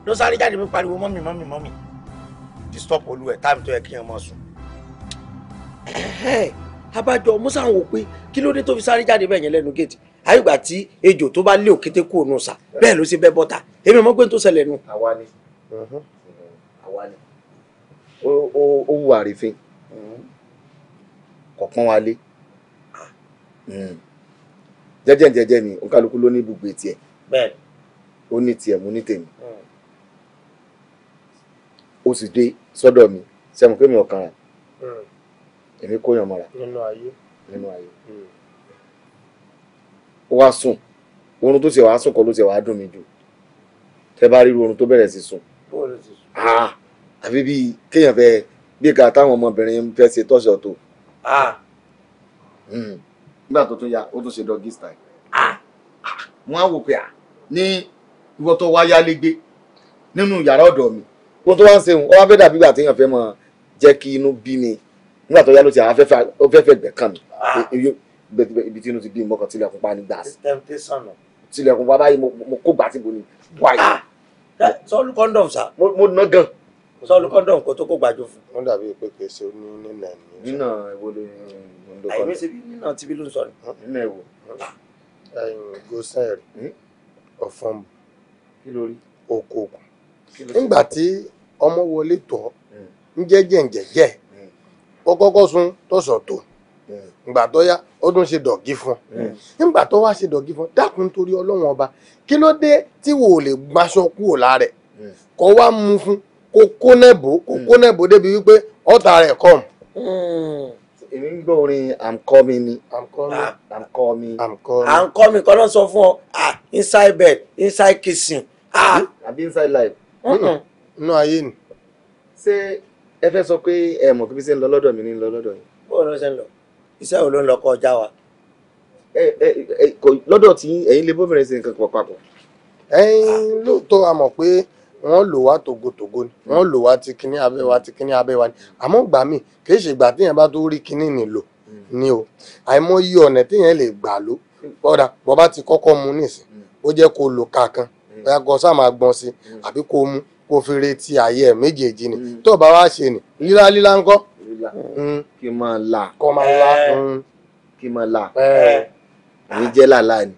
ló sáré jáde mi pariwo mọ́mì mọ́mì mọ́mì disturb olú ẹ̀ táàmì tó yẹ kí yẹn mọ̀ sùn. abájọ musa ń wò pé kí ló dé tó fi sáré jáde bẹ́ẹ̀ yẹn lẹ́nu géètì àyùgbà tí ejò tó bá lé òkété kúrò nù sà bẹ́ẹ̀ ló ṣe bẹ́ bọ́ta èmi mọ̀ pé n tó ṣẹlẹ̀ nù. àwa ni wa ni. o wù àrífín hmm. kọ̀ọ̀kan wa lé hmm. jẹ́jẹ́ jẹ́jẹ́ ni òǹkálukú ló ní ibùgbé tiẹ̀ ó ní tiẹ̀ mú ní tèmi hmm. ó sì dé sọ́dọ̀ mi sẹ́mu pé mi ò kàn án èmi kó yàn mọ́ra nínú ayé nínú ayé ó wá sùn oorun tó ṣe wàá sùn kọ́ ló ṣe wàá dùn mí jù tẹ́ bá rí irú oorun tó bẹ̀rẹ̀ sí sùn. bóòlù ti sùn. Ah! àbí bíi kéèyàn fẹ́ bí ká táwọn ọmọbìnrin fẹ́ ṣe tọ́ṣọ̀ tó. Hmm. nígbà tó tún ya ó tún ṣe dọ́gí style. wọ́n á wò pé à ní ìwọ tó wáyá légbé nínú yàrá ọ̀dọ̀ mi ohun tó wá ń ṣeun ó wá fẹ́ dàbí ìgbà téèyàn fẹ́ mọ jẹ́ kí inú bí mi nígbà tó yá ló ti àwọn afẹ́fẹ́ gbẹ̀ kàn mí ibi tí inú ti bí mi mọ́kàn tilẹ̀kùn pa ní gbàásì tilẹ̀kùn pa báyìí mo kó gbà tí mo ní sọ́ọ́lù kọ́ńdọ̀m sá. mo ná gan-an sọ́ọ́lù kọ́ńdọ̀mù kó tó kó gbàjọ fún. wọ́n dàbí pé kì í ṣe ó ní nínà ní. nínà ewo ló ń lo kọ́ńdọ̀mù. àìmí ṣe bí nínà tibí ló ń sọ ni. nínà ewo. gosẹ́rì ọ̀fọ̀nbù okòògùn nígbà tí ọmọ wọlé tọ̀ ń jẹ́ jẹ̀ǹjẹ̀jẹ̀ ó kọ́kọ́ sun tọ̀sọ̀ tó ìgbà tó yá ọdún ṣe dọ̀gí fún nígbà tó wá ṣe dọ̀gí fún dákun torí ọlọ́wọ́n ọba kí ló dé tí wò lè gbaṣọ kúrò lára ẹ̀ kọ́ wá mú fún kókó nẹ̀bù kókó nẹ̀bù débi wípé ọ̀tá rẹ̀ kọ̀m. Hmm. èmi ń gbọ́ orin i'm coming ni i'm coming ah. i'm coming i'm coming. i'm coming kọ́ ló sọ fún ah inside bed inside kissing ah. àbí inside life. nínú hmm. aye ni. ṣé ẹ fẹ́ sọ pé ẹ mọ̀ lodo ṣe ń lọ lọ́dọ̀ mi ní lọ lọ́dọ̀ yìí. bó o lọ ṣe ń lọ iṣẹ́ wo ló ń lọ kọjá wa. lọ́dọ̀ tí ẹ̀yin lè bóbìnrin ṣe nǹkan papọ̀. ẹ̀yin a mọ̀ pé wọ́n lò wá tògótògó ni wọ́n lò wá ti kíní abẹ́ wa ti kíní abẹ́ wa ni àmọ́ gbà mí kì í ṣe ìgbà téèyàn bá tó rí kíní nílò ni o àìmọye ọ̀nà téèyàn lè gbà ló ọ̀dà bọ́bá ti kọ́kọ́ mu nísìn ó jẹ́ kó lò kankan bóyá kó sáà gbọ́n sí àbí kó mu kó fi retí ayé ẹ̀ méjèèjì ni mm. tó bá wá ṣe ni lílá lílá ńkọ́. Mm. kí n máa la kọ́ máa la eh. mm. kí máa la eh. èyí jẹ́ làlá ni.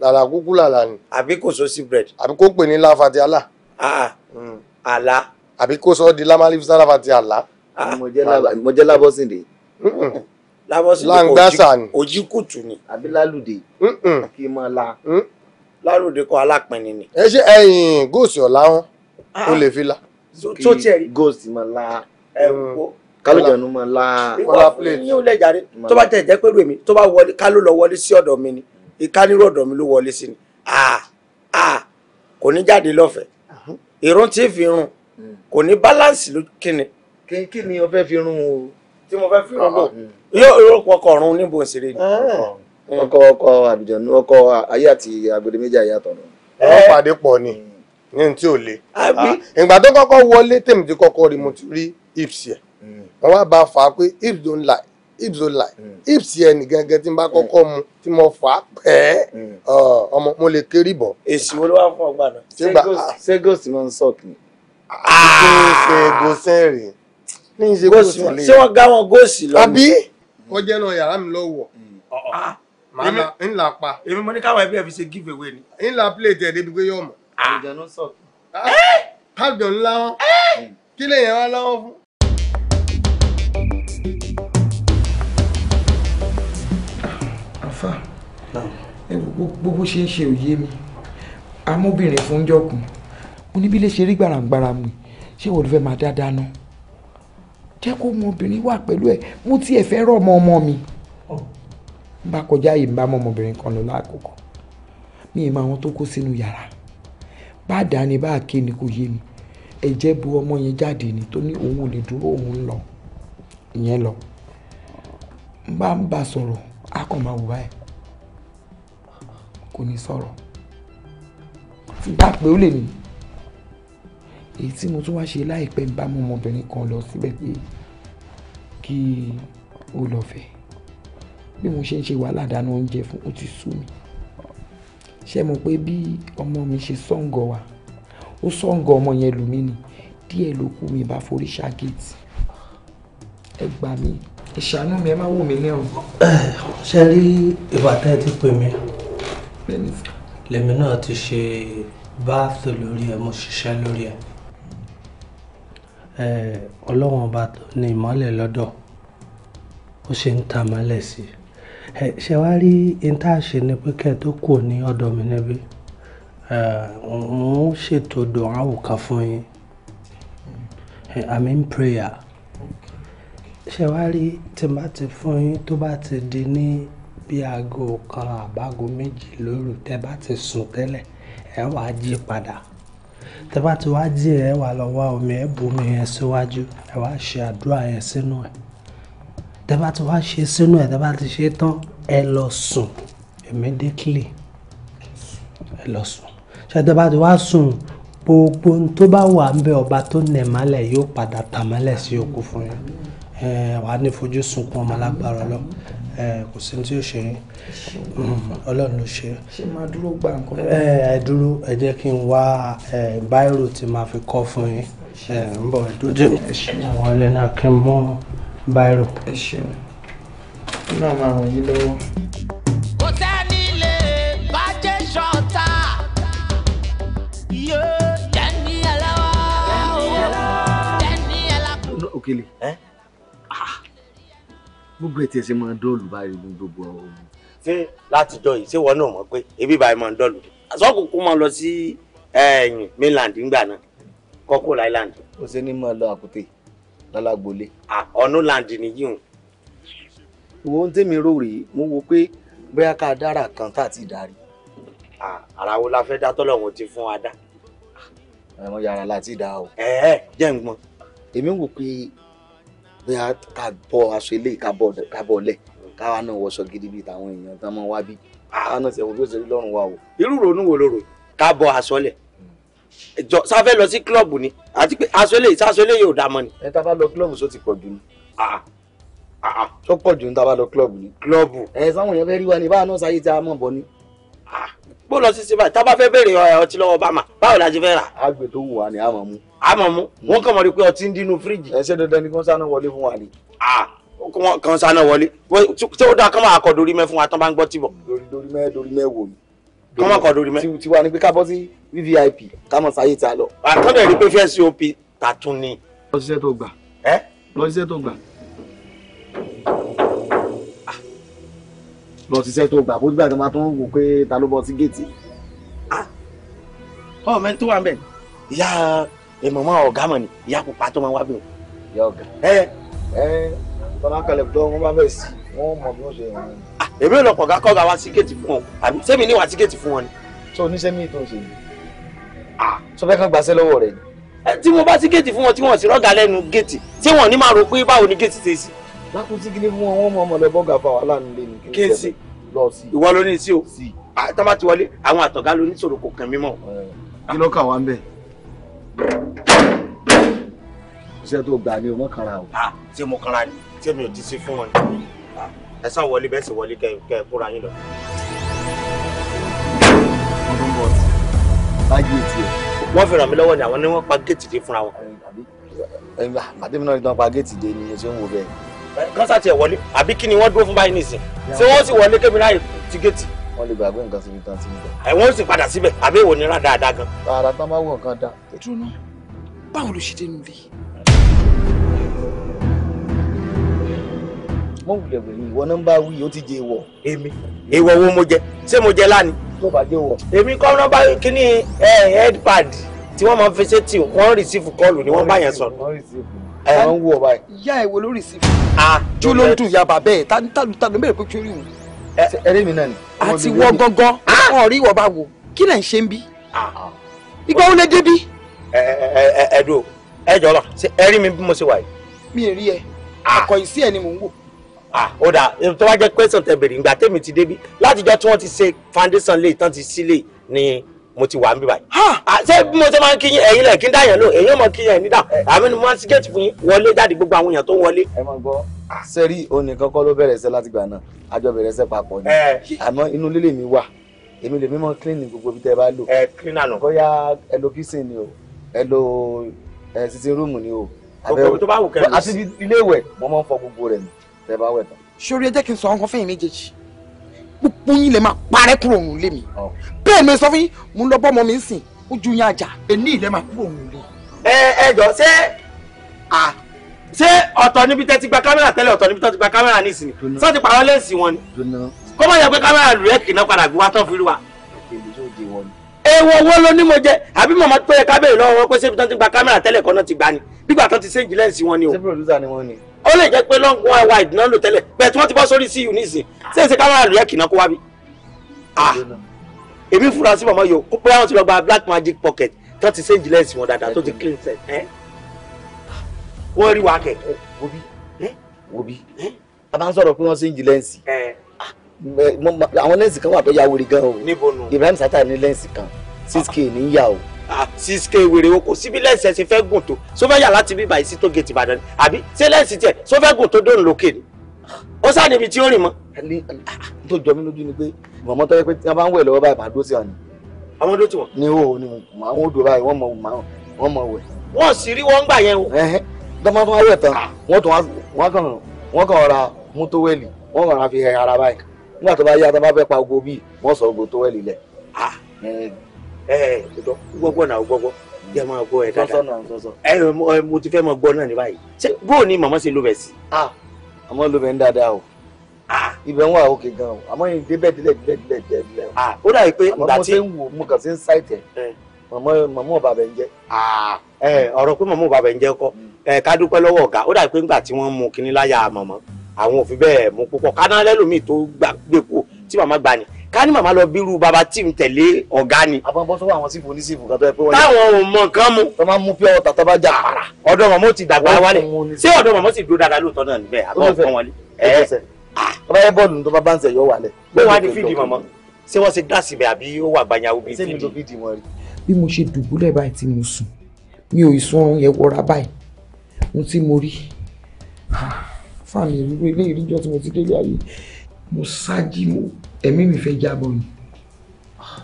làlá kúkú làlá ni. àbí kò sósì bread. àbí kó pè ní láfàdí alá. Ah, ah, mm. àlá. àbí kó sọ di lamali sálàfà ti ah, àlá. mo jẹ́ lábọ́sìndé. láǹgbàsà ni òjìkùtù ni. àbí lálùdè. kí n máa la. lálùdè kọ́ alápẹ̀ni ni. ẹ ṣe ẹyin góòsì ọ̀la wọn o lè fi la. tó tiẹ̀ rí góòsì máa la mm. kálójànú máa la. ìwà yóò lẹ̀ jàre tó bá tẹ̀ jẹ́ pẹ̀lú èmi tó bá wọlé káló lọ wọlé sí ọ̀dọ̀ mi ni ìkánirọ̀ ọ̀dọ̀ mi ló wọlé sí ni kò ní jáde lọ́fẹ̀ẹ́ ìrun tí fi run kò ní balance ló kíni. kí ni o fẹ́ fi run o. tí mo fẹ́ fi run bò ah, mm. yóò yóò kọkọ run níbo ìṣeré ni. ọkọ ọkọ àlùjọ̀nú ọkọ ayé àti agbede méjì ayé àtọ̀nà. Eh. wọ́n pàdé pọ̀ ni mm. ní tí ò le. Ah, ìgbà tó kọ́kọ́ wọlé tèmi ti kọ́kọ́ rí mo ti rí hips yẹn mm. wọ́n wá bá a fà á pé hips don lie hips o lie hips hmm. yẹn ní gẹ́gẹ́ tí n bá kọ́kọ́ hmm. mu tí mo fà á pẹ́ hmm. ọmọ mo lè kéré bọ̀. èsì wo ló wá fún ọgbà náà segos ah. mo ń sọ kì í. segos ẹ̀rìn ní ìṣe kò sí lè. ṣé wọ́n gá wọn góòsì lọ́nà. àbí wọ́n jẹ́ náà yàrá mi lọ́wọ́ ńlá ah, ah. pa. èmi mo ní káwọn ẹbí ẹ fi ṣe give away ni. ńlá plate ẹ̀ débi pé yóò mọ̀. àlùjọ ló sọ. káàdùn ńlá wọn eh! kí lè yẹn wá lọ́wọ́ fún. àfà gbogbo ṣe ń ṣe òye mi amóbìnrin fún jọkùn mo ní bí lè ṣe rí gbàràǹgbàrà mi ṣé wo ló fẹ́ máa dá dáná jẹ́ kó mọ obìnrin wà pẹ̀lú ẹ̀ mo tiẹ̀ fẹ́ rọ̀ ọmọ ọmọ mi n bá kọjá yìí n bá mọ ọmọbìnrin kan lọ lákòókò mi ì mọ àwọn tó kó sínú yàrá bá dání bá ké ni kò yé mi ẹ̀jẹ̀ bu ọmọ yẹn jáde ni tó ní òun ò lè dúró òun lọ ìyẹn lọ n bá ń bá sọ̀rọ̀ á kàn máa wò báyìí kò ní sọ̀rọ̀ ti bá pé ó lè ní èyí tí mo tún wá ṣe láìpẹ́ bá mú ọmọbìnrin kan lọ síbẹ̀ pé kí ó lọ fẹ́ bí mo ṣe ń ṣe wàhálà dáná oúnjẹ fún ó ti sú mi ṣe mọ̀ pé bí ọmọ mi ṣe sọ̀ǹgọ̀ wa ó sọ̀ǹgọ̀ ọmọ yẹn lù mí ni díẹ̀ ló kù mi bá forí ṣá géètì ẹ gbà mí ìṣàánú mi ẹ má wò mí ní ọ̀hún. ṣe rí ìbátan ẹ ti pè mí lèmi náà ti ṣe báàtò lórí ẹ mo ṣiṣẹ́ lórí ẹ ọlọ́run ọba tó ní ìmọ́lẹ̀ lọ́dọ̀ ó ṣe ń ta mọ́lẹ̀ sí i ṣe wá rí níta ṣe ni pé kẹ́ ẹ tó kù ní ọ̀dọ̀ mi níbí n ṣètò dùn áwò kan fún yín i mean prayer ṣé wàá rí tí bá ti fún yín tó bá ti di ní bí aago kan àbáago méjì lóru tẹ́ bá ti sùn tẹ́lẹ̀ ẹ wàá jí padà tẹ́ bá ti wá jí ẹ wàá lọ wá omi ẹ bu omi yẹn síwájú ẹ wàá ṣe àdúrà yẹn sínú ẹ tẹ́ bá ti wá ṣe sínú ẹ tẹ́ bá ti ṣe tán ẹ lọ sùn immediately ẹ lọ sùn ṣé tẹ́ bá ti wá sùn gbogbo tó bá wà ń bẹ ọba tó nẹ̀ mọ́lẹ̀ yóò padà tàmọ́lẹ̀ sí òkú fún yín wà ní fojú sunkún ọmọ lágbára lọ kò sí ní tí ó ṣe yín ọlọ́run ló ṣe. ṣé máa dúró gba nǹkan. ẹ dúró ẹ jẹ́ kí n wá báírò tí màá fi kọ́ fún yín ń bọ̀ dúdú àwọn ilé náà kí n mú báírò. ẹ ṣeun náà máa ràn yín lọ́wọ́. kò Eh? gbogbo ẹ̀ tí ẹ ṣe máa dọ́ọ̀lù báyìí ní gbogbo ọ̀hún. ṣé látijọ́ yìí ṣé wọn náà mọ̀ pé ebi báyìí máa ń dọ́ọ̀lù àsọkùnkùn máa lọ sí ẹ̀yìn eh, mainland ńgbà náà kọ́kọ́ island. ó ṣe ní máa lọ àkùtè lálágbólé. ọ̀nù land nìyí o. wo ohun tèmi rò rèé mo wo pé bóyá ká dára kan tá à ti darí. ara wo la fẹ́ dá tọ́lọ́hún ti fún wa dá. àwọn yàrá la dá o. ẹ̀ẹ́ jẹ́ ń gbọ́n. èmi wò pé bí a ká bọ́ aṣọ ilé ká bọ́ lẹ̀ káwa náà wọṣọ gidi bíi tàwọn èèyàn tán mọ́ wá bí káwa náà ṣẹ̀wọ̀n bí ó ṣe rí lọ́rùn wa o irú ronú wo ló rò ká bọ́ aṣọ lẹ̀ jọ sáfẹ́ lọ sí kílọ̀bù ni àti pé aṣọ ilé ìṣàṣọ ilé yóò dá mọ́ ni. ẹ tá a bá lọ kílọ̀bù só ti pọ̀ jù ni tó ah, ah, ah, pọ̀ jù ní tá a bá lọ kílọ̀bù ni. kílọ̀bù. ẹ sáwọn èèyàn fẹ́ rí wa ní báwa náà sáyé tí a mọ̀ bọ́ ni bó lọ sí sí báyìí tá a bá fẹ́ bèrè eh, ọtí lọ́wọ́ bá mà báwo la ṣe fẹ́ rà àmọ́ mú wọn kàn mọ̀ rí pé ọtí ń dínú fíríjì. ẹ ṣe dandan ni kí wọ́n sáná wọlé fún wa ni. kàn sáná wọlé tí ó dáa kán máa kọ dorí mẹ́ fún wa tán bá ń gbọ́ tìbọ̀. dorí mẹ́ dorí mẹ́ wò ni. kán máa kọ dorí mẹ́. tiwa ni pé ká bọ́ sí vvip ká mọ̀ sáyé ta lọ. àtọ́dẹ̀ rí pé fẹ́ẹ́ cop tàtún ni. lọ ṣiṣẹ́ tó gbà. ẹ lọ ṣiṣẹ́ tó gbà. lọ ṣiṣẹ́ tó gbà bó dìgbà tó máa tó ń wò pé ta ló bọ́ sí géètì ẹ mọ̀ mọ́ ọ̀gá mọ̀ ni ìyá pupa tó máa wá bí wọn. ìyá ọ̀gá. ẹ ẹ tọ́lá kalẹ̀ tó wọ́n bá fẹ́ sí wọ́n mọ̀ bí wọ́n ṣe wọ́n. Ah, èmi ò lọ kọ̀gá kọ́ga wá tíkẹ́ẹ̀tì fún wọn àbí sẹ́mi níwà tíkẹ́ẹ̀tì fún wọn ni. tó o níṣẹ́ míì tó ń ṣe yìí. Ah, tó fẹ́ kàn gbàṣẹ́ lọ́wọ́ rẹ̀ ni. tí mo bá tíkẹ́ẹ̀tì fún wọn tí wọ́n sì rọ́gà lẹ́nu géètì tí wọ́n ní máa rò pé báwo ni géètì ṣe sí. kí ni fún wọn wọn mọ ọmọ lọ́gà fún wàhálà nílé ni. kéèsì ìwọ ló sí o ah, tọ́ba ti wọlé àwọn àtọ̀gá ló sòrò kò kàn mí mọ́. kí ló kà wá ń bẹ̀ iṣẹ́ tó gbà ni o mọ̀ kanra o. ṣé mo kanra ni ṣé mi ò ti ṣe fún wọn ni ẹ sá wọlé bẹ́ẹ̀ sì wọlé kẹ ẹ kóra yín lọ. ọdún bọ̀ sí báyìí etí ẹ. wọ́n fi ràn mí lọ́wọ́ ni àwọn ni wọ́n pa géètì dé fúnra wọn. àti mi náà ni wọ́n pa géètì dé ni ṣé ń wo bẹ́ẹ̀. kọ́sà tiẹ̀ wọlé àbí kí ni wọ́n dúró fún báyìí nìsín ṣé wọ́n sì wọlé kébìnrin àyè ti géètì wọ́n lè gbàgbé nǹkan síbi tán ti ń bọ̀. ẹ̀wọ̀n sì padà síbẹ̀ àbí èwo nira dáadáa gan. tààrà tán bá wọ̀ nǹkan dá. ìdúná báwo ló ṣe dénú lé. mo wulẹ̀ wẹ̀yìn ìwọ náà ń bá wí ó ti jẹ ìwọ. èmi ìwọ wo mo jẹ ṣé mo jẹ lánìí. tó bá jẹ wọ. èmi kọ́ ọ́n bá kíní head pad tí wọ́n máa fi ṣètì wọ́n rìsífù kọ́ọ̀lù ni wọ́n bá yẹn sọ̀rọ̀. wọ́n rìsífù ẹ̀ wọ́n wú ọ ah jù ló ń dùn yaba bẹ́ẹ̀ tálùtálù mẹ́rẹ̀ pé ẹrẹ eh, eh, mi náà ni. àti wọ gangan wọn rí ìwọ bá wo kí lẹ ń ṣe ń bí. Ah! ìgbà wo lè dé bí. ẹdùn eh, ẹjọ lọ ẹ rí mi bí mo ṣe wà yìí. mi ì rí ẹ akọ̀yìn ah! sí ẹ ni mò ń wò. Ah, ó dà tó bá jẹ́ question tẹ bèrè ìgbà tèmi ti débi látijọ́ tí wọ́n ti ṣe foundation lè tán ti sílẹ̀ ni mo ti wà ń bí báyìí. ṣé bí mo ṣe máa ń kíyìn ẹ̀yin lẹ̀ kí n dáyàn lò èyí ò mọ̀ kíyìn ẹ̀ nídà àmì ni mo máa ń ṣíkẹ́ẹ̀tì fún yín wọlé jáde gbogbo àwọn èèyàn tó ń wọlé. ẹ máa gbọ́ sẹ́rí onìkan kọ́ ló bẹ̀rẹ̀ iṣẹ́ láti gbà náà àjọ bẹ̀rẹ̀ iṣẹ́ papọ̀ ni eh. àmọ́ inú lílé mi wà èmi lè mímọ́ cleaning gbogbo ibi tẹ́ bá lò eh, bóyá ẹ lo kitchen ni o ẹ sitting room ni o àti ilé ìwẹ̀ mo máa ń fọ gbogbo rẹ̀ ni tẹ́ bá wẹ̀ tán. sori ẹ jẹ́ kí n sọ ọkàn fẹ́yìn méjèèjì gbogbo yín lè máa parẹ́ kúrò òun lé mi oh. bẹ́ẹ̀ mi sọ fún yín mo ń lọ bọ́ ọmọ mi ń sìn ojú yín ajá èní ìlẹ́ máa kúrò òun lé. ẹ ẹ jọ ṣé ah ṣé ọ̀tọ̀ níbi tẹ́ ti gba kámẹ́rà tẹ́lẹ̀ ọ̀tọ̀ níbi tẹ́ ti gba kámẹ́rà nísìnyí sọ ti pààrọ̀ lẹ́ǹsì wọn ni kó má yẹ pé kámẹ́rà rẹ̀ kìnnà padà gbé wá tán fi rí wa. èèwọ̀ wo ló ní mo jẹ àbí màmá tó yẹ kábẹ́rì lọ́wọ́ wọn pé ṣé ibi tán ti gba kámẹ́rà tẹ́lẹ̀ kan náà ti gbà ni bígbà tán ti ṣéǹjì o. ṣé pòlùsà ni wọ́n ni ó lè jẹ́ pé long one wide náà lò tẹ́lẹ̀ bẹ́ẹ̀ tí wọ́n ti bọ́ sórí sí unison ṣé ah! èmi fura sí màmá yòó kó pé àwọn ti lọ gba black magic pocket tí wọ́n ti ṣéǹjì lẹ́ǹsì wọn dáadáa tó ti clean set wọ́n rí wa kẹ̀kẹ́ wo bí wo bí a bá ń sọ̀rọ̀ pé wọ́n ṣe ń jí lẹ́ǹsì ah, àwọn lẹ́ǹsì kan wà tó ya wèrè gan o Ibrahim Sata ní lẹ́ǹsì kan six k ní yà o. Ah, six k wèrè o kò síbi lẹ́ǹsì ẹ̀ ṣe fẹ́ gùn tó so fẹ́ yà láti bí báyìí sí tó gèètì Ìbàdàn ni àbí ṣé lẹ́ǹsì tiẹ̀ so fẹ́ gùn tó dóòlù lókè ni ó sá níbi tí ó rìn mọ́. ẹni ah, tó jọ mí lójú ni pé mọ̀mọ́ tó yẹ pé tí wọ́n bá ń wẹ̀ lọ́wọ́ báyìí o ni àwọn odò sì rí wọn gbà yẹn o. dọ́mọ́ fún ayé tán wọ́n tún wọ́n kàn wọ́n kàn ra wọ́n kàn ra fi hẹ ara báyìí nígbà tó bá yá tó fẹ́ pa ogo bíi wọ́n sọ ogo tówẹ́lì lẹ̀ gbọ́gbọ́ ah, náà gbọ́gbọ́ máa gbọ́ ẹ dáadáa ẹ mo ti fẹ́ máa gbọ́ náà ní báyìí ṣé màmá ṣe ló bẹ̀ sí. Ah, àmọ́ ló bẹ̀ ọ̀rọ̀ pé mọ̀mọ́ bàbá ń jẹ́ kọ́ ká dúpẹ́ lọ́wọ́ ọ̀gá ó dàbí pé ńgbà tí wọ́n mú kinní láyà mọ̀mọ́ àwọn òfin bẹ́ẹ̀ mú púpọ̀ káná lẹ́lòmíì tó gbé kú tí màmá gbà ní ká ní màmá lọ bírú bàbá tí ń tẹ̀lé ọ̀gá ni. àbọ̀n bọ́ sọ́wọ́ àwọn sífù oníṣìfù kan tó yẹ pé wọ́n yà. táwọn ò mọ nǹkan mu. tó máa ń mú pé ọ̀tà tó bá jà para. ọ̀dọ̀ mọ̀mọ́ ti dàgbà wálé ṣé ọ̀dọ̀ mọ̀mọ́ sì dúró bí mo ṣe dùbúlẹ̀ báyìí tí mo sùn mi ò ìsunrun yẹn wọra báyìí ohun tí mo rí fáàmì ìrúgbó ilé ìríjọ tí mo ti délé ayé mo ṣáájú mo ẹ̀mí mi fẹ́ jábọ̀ ni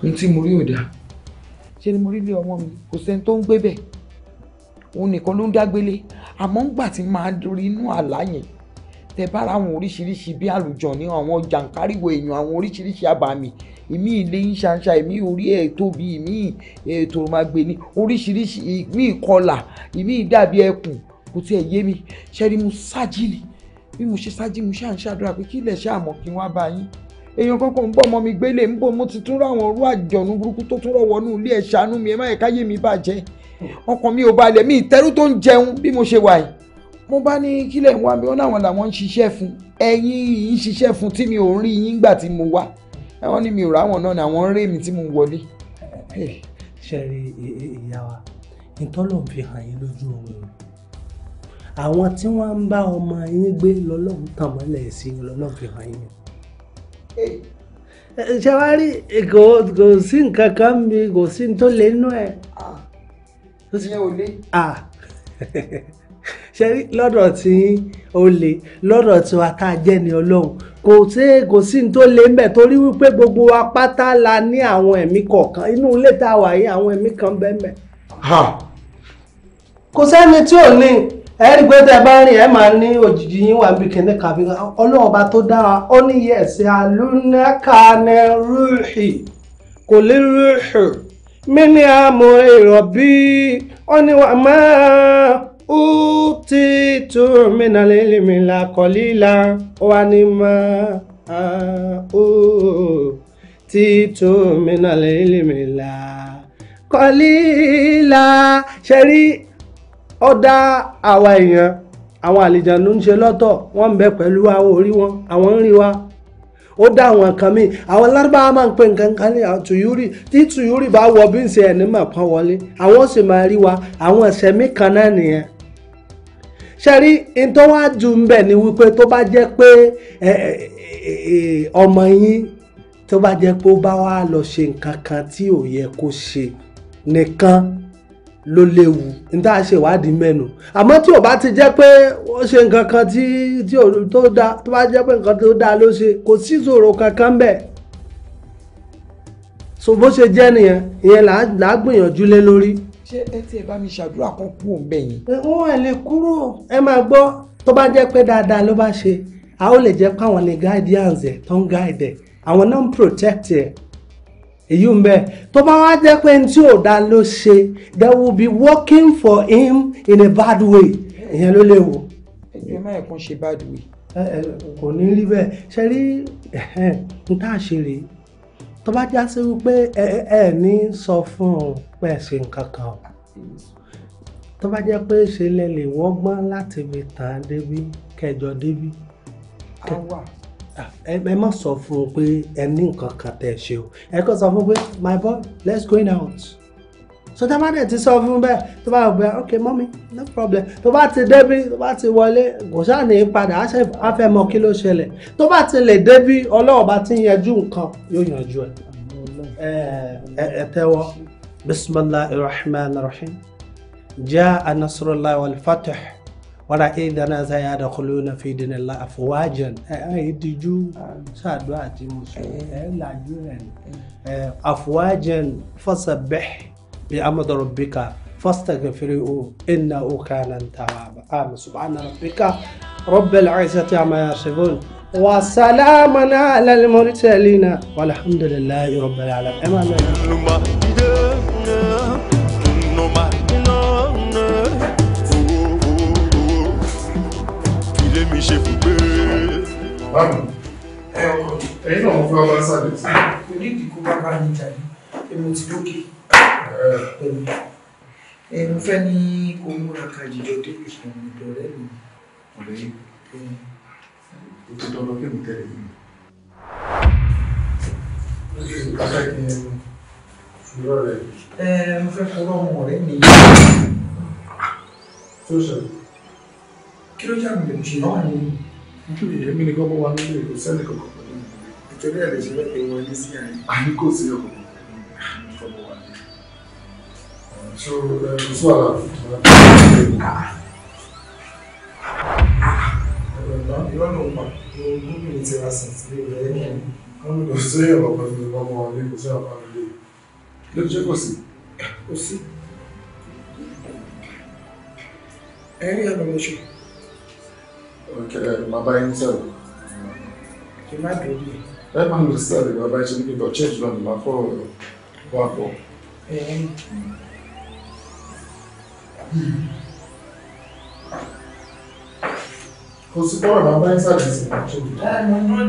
ohun tí mo rí ò dáa ṣe ni mo rí ilé ọmọ mi kò sẹ́ni tó ń gbé bẹ̀ òun nìkan ló ń dágbélé àmọ́ ńgbà tí màá rí inú àlá yẹn tẹ bára àwọn oríṣiríṣi bí àlùjọ ní àwọn jàǹkáríwò èèyàn àwọn oríṣiríṣi àbàmì ìmí ilé ń ṣanṣa ìmí orí ẹ̀ tóbi ìmí tòròmàgbè ni oríṣiríṣi ìmí ìkọlà ìmí dàbí ẹkùn kò tiẹ̀ yé mi ṣẹ́ni mo ṣáàjì ni bí mo ṣe ṣáàjì mo ṣáà ń ṣàdúrà pé kí ilẹ̀ ṣáàmọ̀ kí wọ́n á bá yín èèyàn kankan ń bọ̀ ọmọ mi gbélé ń bọ̀ mo ti tún ráwọn orú àjọ̀nù burúkú tó tún rọ̀wọ́ nù ilé ẹ̀ ṣàánú mi ẹ má yẹ káyé mi bàjẹ́ ọkàn mi ò balẹ̀ mi ìtẹ́rú tó ń jẹun bí mo ṣe wà yìí mo bá ní kílẹ̀ ń wá mi wọn náà wọn làwọn ń ṣiṣẹ́ fún ẹ̀yin yìí fún tí mi ò ń rí yín gbà tí mo wá wọ́n ní mi ò ráwọn náà ni àwọn ń rí mi tí mo wọlé. ṣẹ́rí ìyá wa ìtọ́lọ̀ ń fi hàn yín lójú oorun àwọn tí wọ́n ń bá ọmọ yín gbé lọ́lọ́run tàn mọ́lẹ̀ sí i lọ́lọ́run fi hàn yín. ṣé wàá rí kò sí nǹkan kan mi kò sí tó lé nú ẹ. Ah. ó ò lé. ṣe rí lọ́dọ̀ tí ó le lọ́dọ̀ tí wa tá a jẹ́ ni ọlọ́run kò sí kò sí ní tó le mbẹ̀ torí wípé gbogbo wa pátá la ní àwọn ẹ̀mí kọ̀ọ̀kan inú ilé tá a wà yìí àwọn ẹ̀mí kan bẹ́ẹ̀ mẹ́. kò sẹ́ni tí ò ní ẹ̀rí pé tẹ́ bá rìn ẹ̀ máa ní òjijì yín wà bí kìnìún kàbí ọlọ́run ọba tó dára ó ní yẹ̀sẹ̀ alúnákàánẹ rúùhì kò lè rúùhì mí ní àmọ́ èrò bíi ó ní wàá máa. utito minalelimila kolila wanima utito minalelimila kolila ṣẹ́rí ọ̀dà àwa èèyàn àwọn àlìjànú ń ṣe lọ́tọ̀ wọ́n ń bẹ pẹ̀lú àwọn orí wọn àwọn ń rí wa ó dá àwọn kan míì àwọn lárúbáwá máa ń pè nǹkan kan ní tùyúrì tí tùyúrì bá wọ bí ń ṣe ẹ̀ ní màpá wọlé àwọn sì máa rí wa àwọn ìṣẹ̀mí kan náà nìyẹn ṣẹ́rí ìtọ́wájú ń bẹ̀ ni wípé tó bá jẹ́ pé ọmọ yín tó bá jẹ́ pé ó bá wá lọ ṣe nǹkan kan tí ò yẹ kó ṣe nìkan ló léwu níta ṣe ìwádìí mẹ́nu àmọ́ tí ò bá ti jẹ́ pé ó ṣe nǹkan kan tí tó da tó bá jẹ́ pé nǹkan tó da ló ṣe kò sí ìṣòro kankan bẹ́ẹ̀ so bó ṣe jẹ́ nìyẹn ìyẹn là á gbìyànjú lé lórí ṣé ẹ ti ẹ bá mi ṣàdúrà kan kú òun bẹ́ẹ̀ yẹn. wọn ẹ lè kúrò ẹ máa gbọ́ tó bá jẹ́ pé dáadáa ló bá ṣe a ó lè jẹ́ pé àwọn ni guidance ẹ̀ tó ń guide ẹ̀ àwọn náà ń protect ẹ̀ èyí ń bẹ tó bá wá jẹ́ pé ní ò dá ló ṣe they will be working for him in a bad way ìyẹn ló léwu. ẹgbẹ́ máa ẹ̀kan ṣe bad way. kò ní rí bẹ́ẹ̀ ṣe rí n tá a ṣe rèé tó bá já sí wípé ẹ ẹ ní sọ fún un pé ṣe nǹkan kan o tó bá jẹ́ pé ṣe lẹ lè wọ́gbọ́n láti fi tàn án débi kẹjọ débi. ẹ má sọ fún un pé ẹ ní nǹkan kan tẹ̀ ṣe o ẹ kàn sọ fún un pé my boy let's go in out so tẹ́ bá dẹ̀ ti sọ fún bẹ́ẹ̀ tó bá gbé ok mọ́mí no problem tó bá ti débí tó bá ti wọlé kò sáà ní padà á fẹ́ mọ kí ló ṣẹlẹ̀ tó bá ti lè débí ọlọ́wọ́ bá ti yanjú nǹkan yóò yanjú ẹ̀ ẹ tẹ́wọ́ bisimilahi rahman rahim jaa nasrullah wal fatah wàrà ìdá náà sáyà àdàkọlù náà fi dín nílá àfọwájàn ẹ ẹ ìdíjú ṣàdúrà àti mùsùlùmí ẹ làjú ẹ àfọwájàn fasabbih. بأمد ربك فاستغفره إنه كان توابا آمين سبحان ربك رب العزة عما يصفون وسلاما على المرسلين والحمد لله رب العالمين Báwo, ẹ̀yin náà mo fẹ́ ọba sáde. Kò ní ìdíkú bá bá mi jáde, èmi ti dókè pẹ̀lú eh, ẹ mo fẹ́ ní kó múra ka jìjọ débi kan ọ̀dọ̀ rẹ mi. ọ̀dọ̀ yìí o ti tọ́ lọ kí mi tẹ̀lé mi. ẹ mo fẹ́ fọwọ́ ọmọ rẹ mi. tó sọ kí ni. nítorí èmi nìkan bọ́ wa nílé kò sẹ́ni kankan pẹ̀lú mi. ìtòlẹ́ ẹ̀ lè ṣe fẹ́ pé wọlé sí so ẹ kò sí wàhálà. ẹ̀rọ ìrọ́ ló ń pa gómìnà ti ra sìn sí ilé rẹ̀ wọ́n lò sí ọ̀rọ̀ pẹ̀lú ọmọ ilé kò sí àpá ilé ló jẹ́ kò sí. kò sí. ẹ̀rí ẹ̀rọ ló ṣe. ọ̀kẹ́rẹ́ bàbá yín sọ̀rọ̀. kì má dùn mí. ẹ máa lọ sí àlè bàbá yín ṣe ní pípọ̀ church lọ́nà máa fọ́ ọ̀rọ̀ wà pọ̀. ẹ̀ẹ́n kò sí bọ́ọ̀lù bàbá ń ṣàdìsí àjọ ìdá. ẹ mo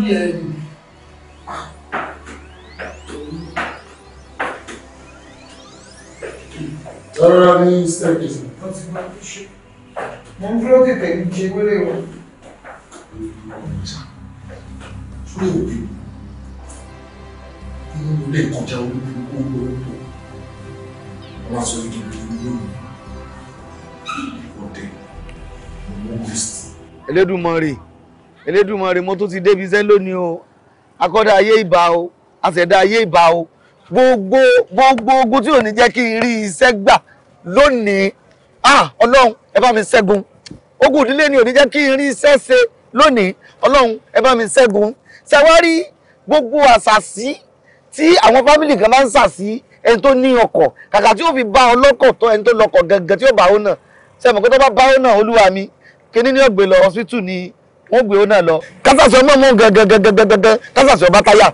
ní staircase. wọ́n ti máa ń ṣe. mo ń dúró tètè ní ṣe wéré wọn. ṣé òbí inú ilé ìkọjá orí burúkú lórí tó wọ́n á sọ ìdìbò lónìí òde mo mú kristi. Elédùmarè Elédùmarè mo tó ti débi iṣẹ́ lónìí o akọ́dá ayé ìbà o àṣẹ̀dá ayé ìbà o gbogbo gbogbo ogun tí ò ní jẹ́ kí n rí iṣẹ́ gbà lónìí ah ọlọ́run ẹ bá mi ṣẹ́gun ogun ìdílé ni ò ní jẹ́ kí n rí iṣẹ́ ṣe lónìí ọlọ́run ẹ bá mi ṣẹ́gun ṣàwárí gbogbo àṣàṣì tí àwọn fámìlì kan bá ń ṣàṣì ẹni tó ní ọkọ̀ kàkà tí ó fi bá ọlọ́kọ̀ tó ẹni tó lọ́kọ̀ gangan tí ó bá ó náà ṣe mọ̀ pé tó bá bá ó náà olúwa mi kíní ní ọ̀gbẹ́ lọ hospital ni wọ́n gbé ó náà lọ. kásàsì ọmọ mú gẹ́gẹ́gẹ́gẹ́gẹ́ kásàsì ọba táyà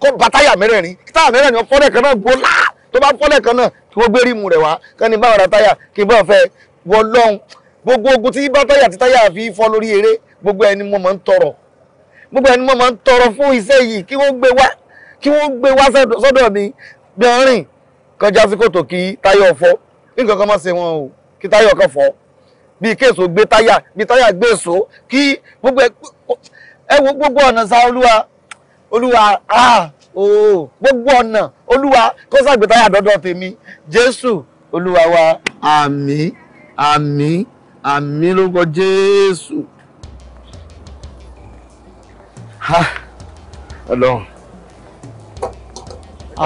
kó ba táyà mẹ́rẹ̀ẹ̀rin táyà mẹ́rẹ̀ẹ̀rin ọ̀fọ́lẹ̀ kan náà gbó lá tó bá fọ́lẹ̀ kan náà kí wọ́n gbé rímù rẹ̀ wá kán ní báwọn ra táyà kí báwọn fẹ́ wọ lọ́hùn gbogbo ogun tí bá táyà tí táyà fi fọ́ lórí eré gbogbo ẹni mo máa ń tọrọ gbogbo ẹni mo máa ń tọrọ fún iṣẹ́ yìí kí wọ́n gbé wá kí wọ́n gbé wá sọ́dọ̀ mi gbẹ̀rín kọjá sí kí táyà ọ̀fọ́ nǹkan kan má ṣe wọn o kí táyà ọkàn fọ́ bíi kéèso gbé táyà bíi táyà gbé èso kí gbogbo ẹ wo gbogbo ọ̀nà sa olúwa olúwa ah ooo gbogbo ọ̀nà olúwa kó sàgbé táyà dọ́dọ̀ tèmi jésù olúwa wa àmín àmín àmín lórúkọ jésù. ọlọ́run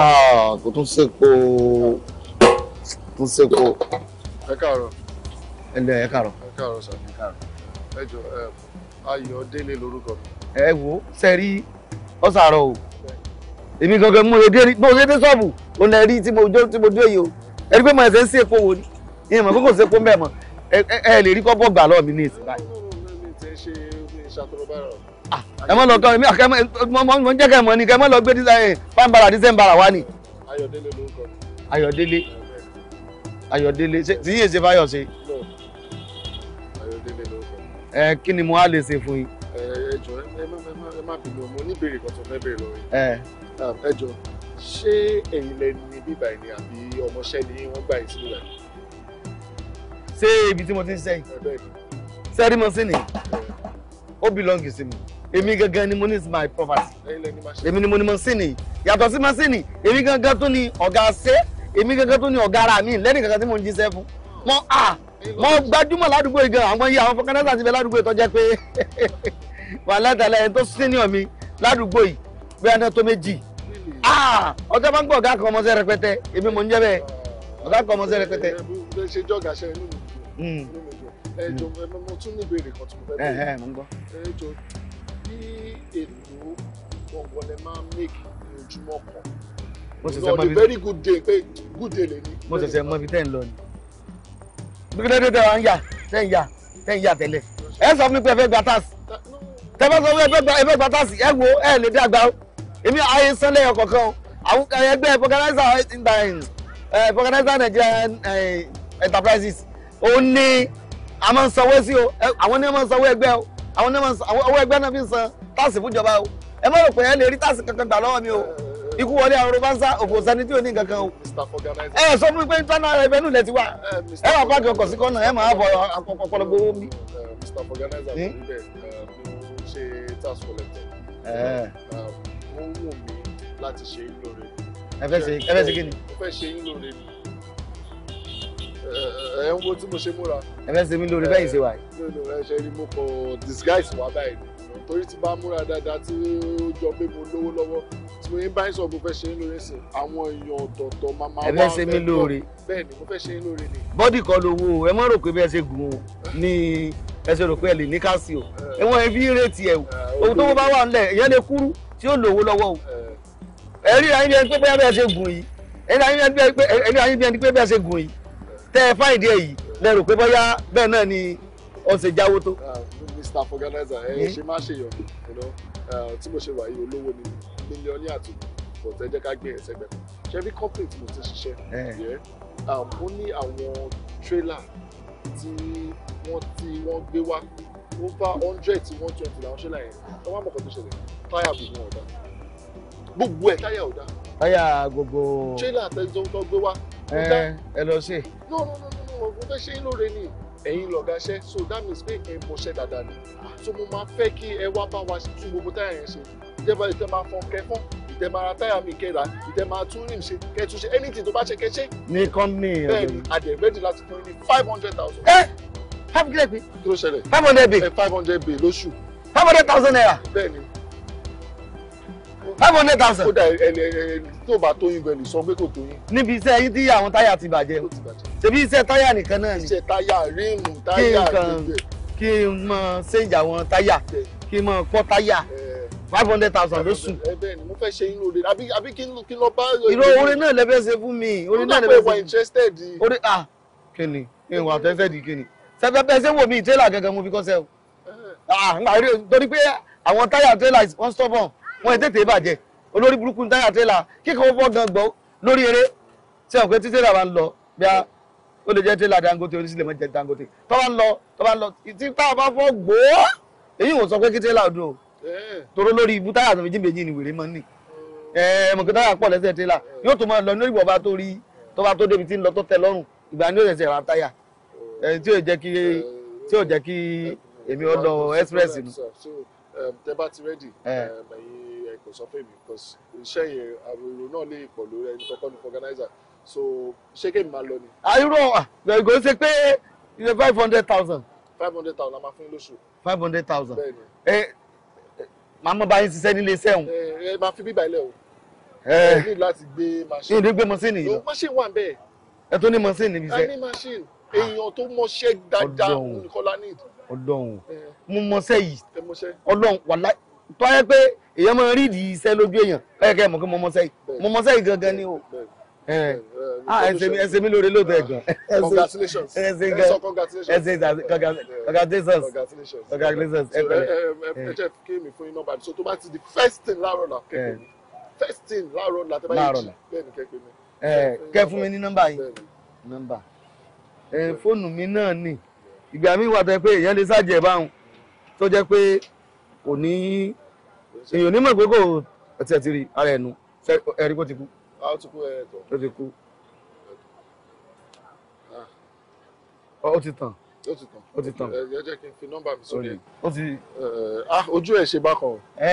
ah, kò tún ṣe kó tún ṣe kó. ẹ káàárọ̀. ẹ lẹ ẹ káàárọ̀. ẹ káàárọ̀ sà. ẹ káàárọ̀. ẹ jọ ẹ Ayọ̀délé lorúkọ mi. ẹ wo o èmi gangan mo ṣe dé mo ṣe dé ṣọ́ọ̀bù òun náà rí tí mo jó tí mo dé yìí o ẹ rí pé mo ẹsẹ̀ ń sí epo wo ni ìyẹn mọ̀ pé kò sí epo mbẹ́ ah, mọ̀ Ayọ̀délé tí yìí ṣe Fáyọ̀ṣe. Ayọ̀délé ló sọ. ẹ kí ni mo á lè ṣe fún yín. ẹ ẹ jọ ẹ má ẹ má ẹ má bínú mo ní ìbéèrè kan tó fẹ́ béèrè lọ yìí. ẹ ẹ jọ ṣé ẹ̀yin lẹ ní bíbá ẹni àbí ọmọọṣẹ́ ni wọ́n gbà yín sílẹ̀. ṣé ibi tí mo ti ń ṣe yìí. sẹ́rí mo sí ni ó bìlọ́ǹgì sí mi èmi gangan ni mo ní my property èmi ni mo ní mo sí ni yàtọ̀ sí mo sí ni èmi gangan tó ni ọ̀gá ṣe èmi kankan tó ní ọ̀gá ara mi lẹ́nì kankan tí mo ń jíṣẹ́ fún mọ́ à mọ́ gbajúmọ̀ ládùúgbò yìí gan àwọn yìí àwọn fọkànlẹ́sà ti bẹ ládùúgbò yìí tó jẹ́ pé wà látàlẹ́ ẹni tó senior mi ládùúgbò yìí bí ẹni tó méjì ọjọ́ bá ń gbọ́ ọ̀gá kan ọmọọṣẹ́ rẹpẹtẹ èmi mò ń jẹ́ bẹ́ẹ̀ ọ̀gá kan ọmọọṣẹ́ rẹpẹtẹ. ẹ ṣe jọ́gà ṣe mo ṣẹ̀ṣẹ̀ mọ ibi very good day pé good day lè ní. mo ṣẹ̀ṣẹ̀ mọ ibi tẹ́ ń lọ ni. gbẹdẹdẹ tẹ ń yà tẹ ń yà tẹ ń yà tẹ́lẹ̀ ẹ sọ fún mi pé ẹ fẹ́ gba táàsì tẹ bá sọ fún mi ẹ fẹ́ gba táàsì ẹ wo ẹ lè dé àgbà o èmi ayé sanlẹ̀ ọ̀kọ̀ọ̀kan o ẹgbẹ́ organizer Nigeria enterprises ó ní a máa ń sanwó sí o àwọn ní a máa ń sanwó ẹgbẹ́ o àwọn ní a máa ń sanwó ẹgbẹ́ náà fi ń san táàsì fúnjọba o ẹ má rò pé ẹ lè rí táàsì kankan gbà lọ́wọ́ mi o ikú wọlé àwọn rọbánsá òfò sanití ò ní nǹkan kan o. ẹ sọ fún mi pé internal revenue lẹ ti wà ẹ wà pàkì ọkọ̀ sí kọ́nà ẹ máa fọ ọpọlọ gbowó mi. Mr. Organizer mi ṣe tax collector mo ń wù mí láti ṣe yín lóore. ẹ fẹ́ ṣe ẹ fẹ́ ṣe kí ni. mo fẹ́ ṣe yín lóore ni ẹ ń wo tí mo ṣe múra. ẹ fẹ́ ṣe mí lóore bẹ́ẹ̀ ṣe wà. mi ṣe ni mo kọ disguise wà báyìí torí ti bá múra dáadáa tí ó jọ pé mo lówó lọ́wọ́ tí mo yín bá ń sọ mo fẹ́ ṣe é lóore sí àwọn èèyàn ọ̀tọ̀ọ̀tọ̀ máa máa wá ọ̀tọ̀ ẹ bẹ́ẹ̀ ni mo fẹ́ ṣe é lóore ni. bọ́dì kan lówó ẹ má rò pé bí ẹ ṣe gùn o ní ẹ ṣe rò pé ẹ lè ní káàsì o eh. ẹ̀wọ̀n ẹ fi ń retí ẹ o eh, ohun tó bá wà ńlẹ̀ ìyẹn lè kúrú tí ó lówó lọ́wọ́ o eh. ẹ rí ayé bí ẹni pé bẹ́ẹ̀ ṣe gùn yìí ẹ rí ayé bí ẹni pé bẹ́ẹ̀ ṣe gùn yìí tẹ́ ẹ fáìdí ẹ̀ yìí lẹ rò staff organizer ẹ ṣe má ṣe yọ uh, tí mo ṣe wà yìí olówó ni mílíọ̀nì àtúntò kò tẹ́ jẹ́ ká gbé ẹ̀sẹ̀ gbẹ̀rẹ̀ ṣe bí mo ti ṣiṣẹ́ eh. yẹ um, ní àwọn trailer tí wọ́n tí wọ́n gbé wá over hundred tí wọ́n twenty làwọn trailer yẹn ẹ wá mọ̀kàn tó ṣẹlẹ̀ táyà gbogbo ọ̀dà gbogbo ẹ̀ táyà ọ̀dà. táyà gbogbo. trailer àtẹ̀sọ́ tó gbé wá. ẹ eh, ẹ lọ sí. no no no no mo fẹ́ ṣe é lóore ni ẹ̀yin lọ̀gáṣẹ́ so that means pé ẹ̀ mọṣẹ́ dáadáa ni so mo máa fẹ́ kí ẹ wá bá wa tún gbogbo táyà yẹn ṣe ìjẹba ìtẹ́ máa fọn kẹfọ́n ìtẹ́ máa ra táyà mi kẹ́ra ìtẹ́ máa tún rìn ṣe kẹ́tún ṣe anything tó bá ṣe kẹ́ṣẹ́. ní kọ́mínì ọ̀gbìn bẹ́ẹ̀ ni adẹ̀ láti fún ní five hundred thousand. ẹ five hundred bi. kí ló ṣẹlẹ̀ five hundred bi. five hundred bi lóṣù. five hundred thousand naira. bẹ́ẹ̀ ni five hundred thousand. kódà ẹni ẹni tó bá tóyin gan ni sọ pé kò tóyin. níbi iṣẹ́ yín tí àwọn táyà ti bàjẹ́ ṣebí iṣẹ́ táyà nìkan náà ni. iṣẹ́ táyà ríìmù táyà gbígbẹ. kí n mọ ṣèǹjà àwọn táyà kí n mọ pọ́ táyà five hundred thousand lóṣù. ẹ bẹ́ẹ̀ ni mo fẹ́ ṣe irú oore àbí àbí kí n kí n lọ bá. irọ́ oore náà lẹ́fẹ́ ṣe fún mi oore náà lẹ́fẹ́ ṣe fún mi. mo náà wà interested. oore ah kí ni ìwà tẹ́fẹ́ di kí ni sẹfẹfẹ ṣé wò mí tẹ́lá gẹ́gẹ́ mo fi kọ́ sẹ́ ah, o. torí pé àwọn táyà tẹ́lá wọ́n wọn ẹ tètè bàjẹ́ olórí burúkú ní táyà tẹ́là kíkọ́ fọ́ gan gbọ́ lórí eré tí àwọn pé tí tẹ́là bá ń lọ bí a ó lè jẹ́ tẹ́là Dangote oníṣìlẹ̀ mọ́ jẹ́ Dangote tó bá ń lọ tó bá ń lọ tí táyà bá fọ́ gbòó èyí wò sọ pé kí tẹ́là dùn o tòró lórí ibú táyà tó fi jí méjì ni wèrè mọ́ nì mọ̀kí táyà pọ̀ lẹ́sẹ̀ tẹ́là yóò tó máa lọ lórí ìwọ̀ba tó rí tó bá tó débi tí ń lọ tó tẹ lọ́rùn ìgbà ni ó ṣẹ̀ṣẹ̀ ra táyà tí ò jẹ́ kí tí ò jẹ́ kí èmi ọ̀dọ̀ express mi. tẹ bá kò sọ pé mi because iṣẹ́ yẹn èrò náà lè pọ̀ lórí ẹni tó kọ́ ní organizer so ṣé kéèmí máa lọ ni. àyúrò gbẹ̀gbẹ̀ ah, ó ṣe pé five hundred thousand. five hundred thousand a máa fún lóṣù. five hundred thousand. bẹ́ẹ̀ni. ẹ màá mọ báyìí ṣiṣẹ́ nílé iṣẹ́ òun. ẹ ẹ máa fi bíbà ilẹ̀ o. ẹ ẹ ní láti gbé machine. ní ìdí gbé machine yìí lọ. machine wà bẹ́ẹ̀. ẹ tó ní machine níbi iṣẹ́. a ní machine èèyàn tó mọṣẹ́ dáadáa nìkan la ní. ọdọ òun mo mọṣẹ́ yìí ọlọ́run wàlá tó ayẹ pé èèyàn máa rí ìdí iṣẹ́ lójú èèyàn kẹ́kẹ́ mọ̀ kí mo mọ sẹ́yìn mo mọ sẹ́yìn gangan ni o ẹsẹ̀ ah, mi lóore lóòótọ́ ẹ̀gbọ́n congratulations ẹsẹ̀ congratulations congratulations ẹ pẹ̀lẹ́. ẹ jẹ́ kí mi fún yín nọ́mbà so tó bá ti di first thing láàárọ̀ là kẹ́kẹ́ mi first thing láàárọ̀ là tẹ́ bá yẹ jì bẹ́ẹ̀ ni kẹ́kẹ́ mi. kẹ́ fún mi ní nọ́mbà yìí nọ́mbà fóònù mi náà ni ìgbà mi wà tẹ́ pé èèyàn lè ṣàjẹ̀ báwọn tó jẹ́ pé kò ní èyàn onímọ̀ pé kò ọtí ẹ̀ ti rí ara ẹ̀ nu ẹ̀rí kó ti kú. ó ti kú ẹ̀ tọ̀. ó ti kú. Ah. ó ti tàn. ó ti tàn. ẹ jẹ́ kí n fi nọ́mbà mi sórí ẹ̀. ó ti. Ah, ojú ẹ̀ ṣe bákan o. ẹ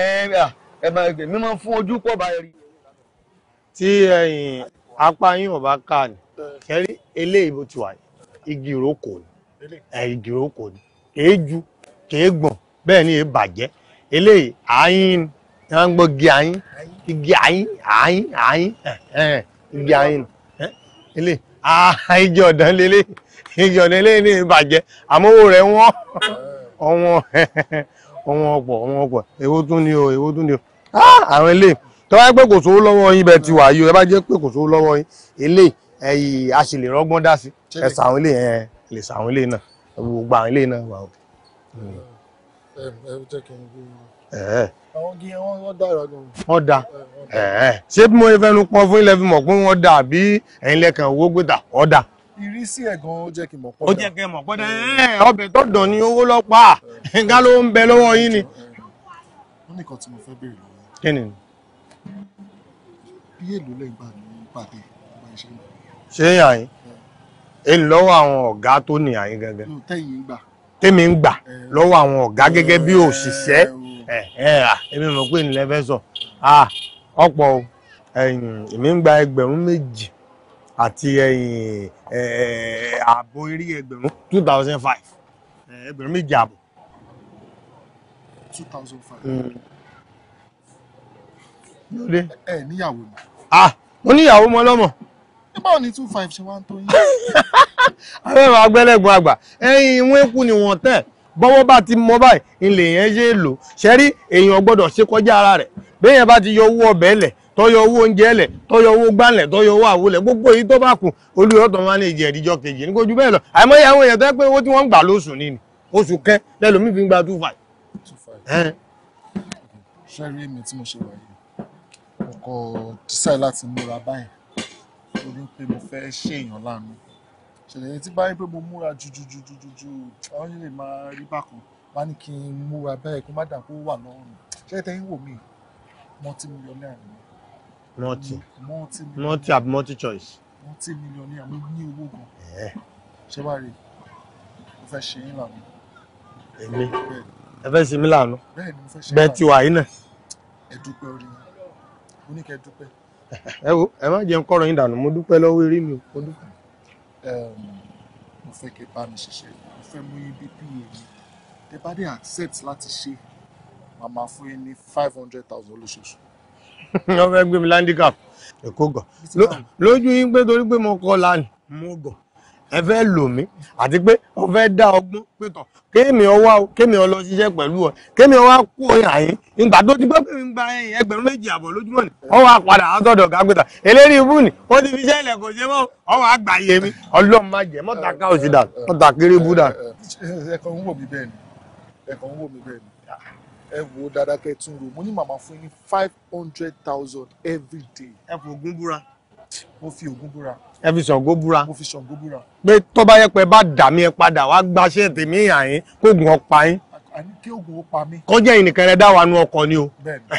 ẹ bá ẹgbẹ́ mi máa ń fún ojú pọ̀ bá tí ẹ̀yin apá yín ò bá ká ni kẹrí eléyìí bó ti wà igi ìrókò ni igi ìrókò ni kèé ju kèé gbọ̀n bẹ́ẹ̀ ni èé bàjẹ́ eléyìí àyín ni wọ́n ń gbọ́ gi àyín igi àyín àyín àyín igi àyín eléyìí ah, igi ọ̀dàn lélẹ̀ igi ọ̀dàn lélẹ̀ ní ìbàjẹ́ àmówó rẹ̀ wọ́n ọ̀wọ́n ọ̀wọ́n ọ̀pọ̀ ọ̀wọ́n ọ̀pọ̀ èwo tún ni o èwo tún ni o ah, àwọn eléyìí tó bá jẹ́ pé kò sówó lọ́wọ́ yín bẹ́ẹ̀ ti wà yìí o ẹ bá jẹ́ pé kò sówó lọ́wọ́ yín eléyìí ẹyì a sì lè rọ́gbọ́n dá sí ẹ̀sà àwọn ilé yẹn lè sàwọn ilé náà gbogbo àwọn ilé náà wà ó ẹ ẹ jẹ́ ṣé bí mo fẹ́ nu pọn fún ilẹ̀ fi mọ̀ pé wọ́n da àbí ẹ̀yin lẹ́kàn owó gbéta ọ̀ da. ìrísí ẹ̀ gan ó jẹ́ kí n mọ̀ pọ́dà. ó jẹ́ kí n mọ̀ pọ́dà tó dàn ní owó lọ́pàá nǹkan ló ń bẹ lọ́wọ́ yín ni. wọ́n nìkan tí mo fẹ́ béèrè lọ́wọ́. kí ni. bí èlò lè gbà ní pàdé ṣé àyín èlò lọ́wọ́ àwọn ọ̀gá tó ní àyín gẹ́gẹ́. tẹ́yìn gbà tèmi ń gbà eh. lọ́wọ́ àwọn ọ̀gá gẹ́gẹ́ bí eh. òṣìṣẹ́ eh, ah, èmi mọ̀ pé nílẹ̀ fẹ́ sọ ah, ọ̀pọ̀ èmi ń gba ẹgbẹ̀rún méjì àti ààbò eré ẹgbẹ̀rún two thousand five ẹgbẹ̀rún méjì ààbò. two thousand five. Hmm. lóde. ẹ níyàwó mi. ah mo níyàwó mọ lọ́mọ báwo ni two five ṣe wá ń tó yín. abẹ́rẹ́ agbẹ́lẹ́gbọ̀n àgbà ẹ̀yìn ìwọ̀n eku ni wọ́n tẹ̀ bọ́wọ́ bá ti mọ báyìí ilé yẹn ṣe lò ṣẹ́rí èèyàn gbọ́dọ̀ ṣe kọjá ara rẹ̀ béèyàn bá ti yọ owó ọbẹ̀ lẹ̀ tọ́yọ owó oúnjẹ lẹ̀ tọ́yọ owó gbálẹ̀ tọ́yọ owó àwolẹ̀ gbogbo èyí tó bá kù olùyọ̀tọ̀ máa ní ìjẹ́ ìdíjọ́ kejì ní kò jù lọ àìmọye àwọn èèyàn tó yẹ pé owó tí wọ́n ń gbà lóṣù ni ni oṣù kẹ lẹ́lòmí fi ń gba two five. ṣẹ́rí èmi tí mo ṣe wà yìí mo láti múra báyìí torí pé mo fẹ́ ṣèyàn lánàá ṣẹlẹ̀ yẹn tí bá pé mo múra jujujujuju àwọn yẹn lè máa rí bákan má ní kí n múra bẹ́ẹ̀ kó má dà wà lọ́rùn ṣé tẹ́yìn wò mí multi millionaire ni. multi multi àbí multi choice. multi millionaire mo ní owó gan. ṣé wàá rí mo fẹ́ ṣe yín lánàá. èmi ẹ fẹ́ ṣe mí lánàá bẹ́ẹ̀ tí wàá yín náà. ẹ dúpẹ́ orí mo ní kẹ́ ẹ dúpẹ́ ẹ wo ẹ má jẹun kọrọ yín dànù mo dúpẹ́ lọ́wọ́ eré mi mo dúpẹ́. mo fẹ́ kí ẹ bá mi ṣiṣẹ́ mo fẹ́ mú yín bí pa mi tẹ bá dé accept láti ṣe màá máa fún yín ní five hundred thousand olóṣooṣù. wọ́n fẹ́ gbé mi landicap èkó gan lójú yín pé torí pé mo kọ́ lánìí mo gàn. Efe lomi ati pe àti pé wọ́n fẹ́ dá ọgbọ́n pé tọ̀ kéèmì ọwá o kéèmì ọ lọ ṣiṣẹ́ pẹ̀lú ọ kéèmì ọwá kú ọyàn ìgbà tó ti bọ́pẹ̀ mi gba ẹyìn ẹgbẹ̀rún méjì abo lójúmọ́ ni wọ́n wá padà àtọ̀dọ̀ kápẹ́tà ibú ni ó ti fi iṣẹ́ ilẹ̀ kò ṣe mi ọlọ́run má jẹ́ mọ́ta ká òsì dà kéré bú dà. ń bẹ́ẹ̀ ni ń wò mo ní màmá fún five hundred thousand every day. ẹ mo fi Ògún búra. ẹ fi Ṣàngó búra. mo fi Ṣàngó búra. pé tó bá yẹ pé bá dà mí ẹ padà wá gbaṣẹ́ tèmi ìyà yín kóògùn ọ̀pá yín. àní kí oògùn ó pa mí. kọjá ìnìkan rẹ dá wa nu ọkọ ni o.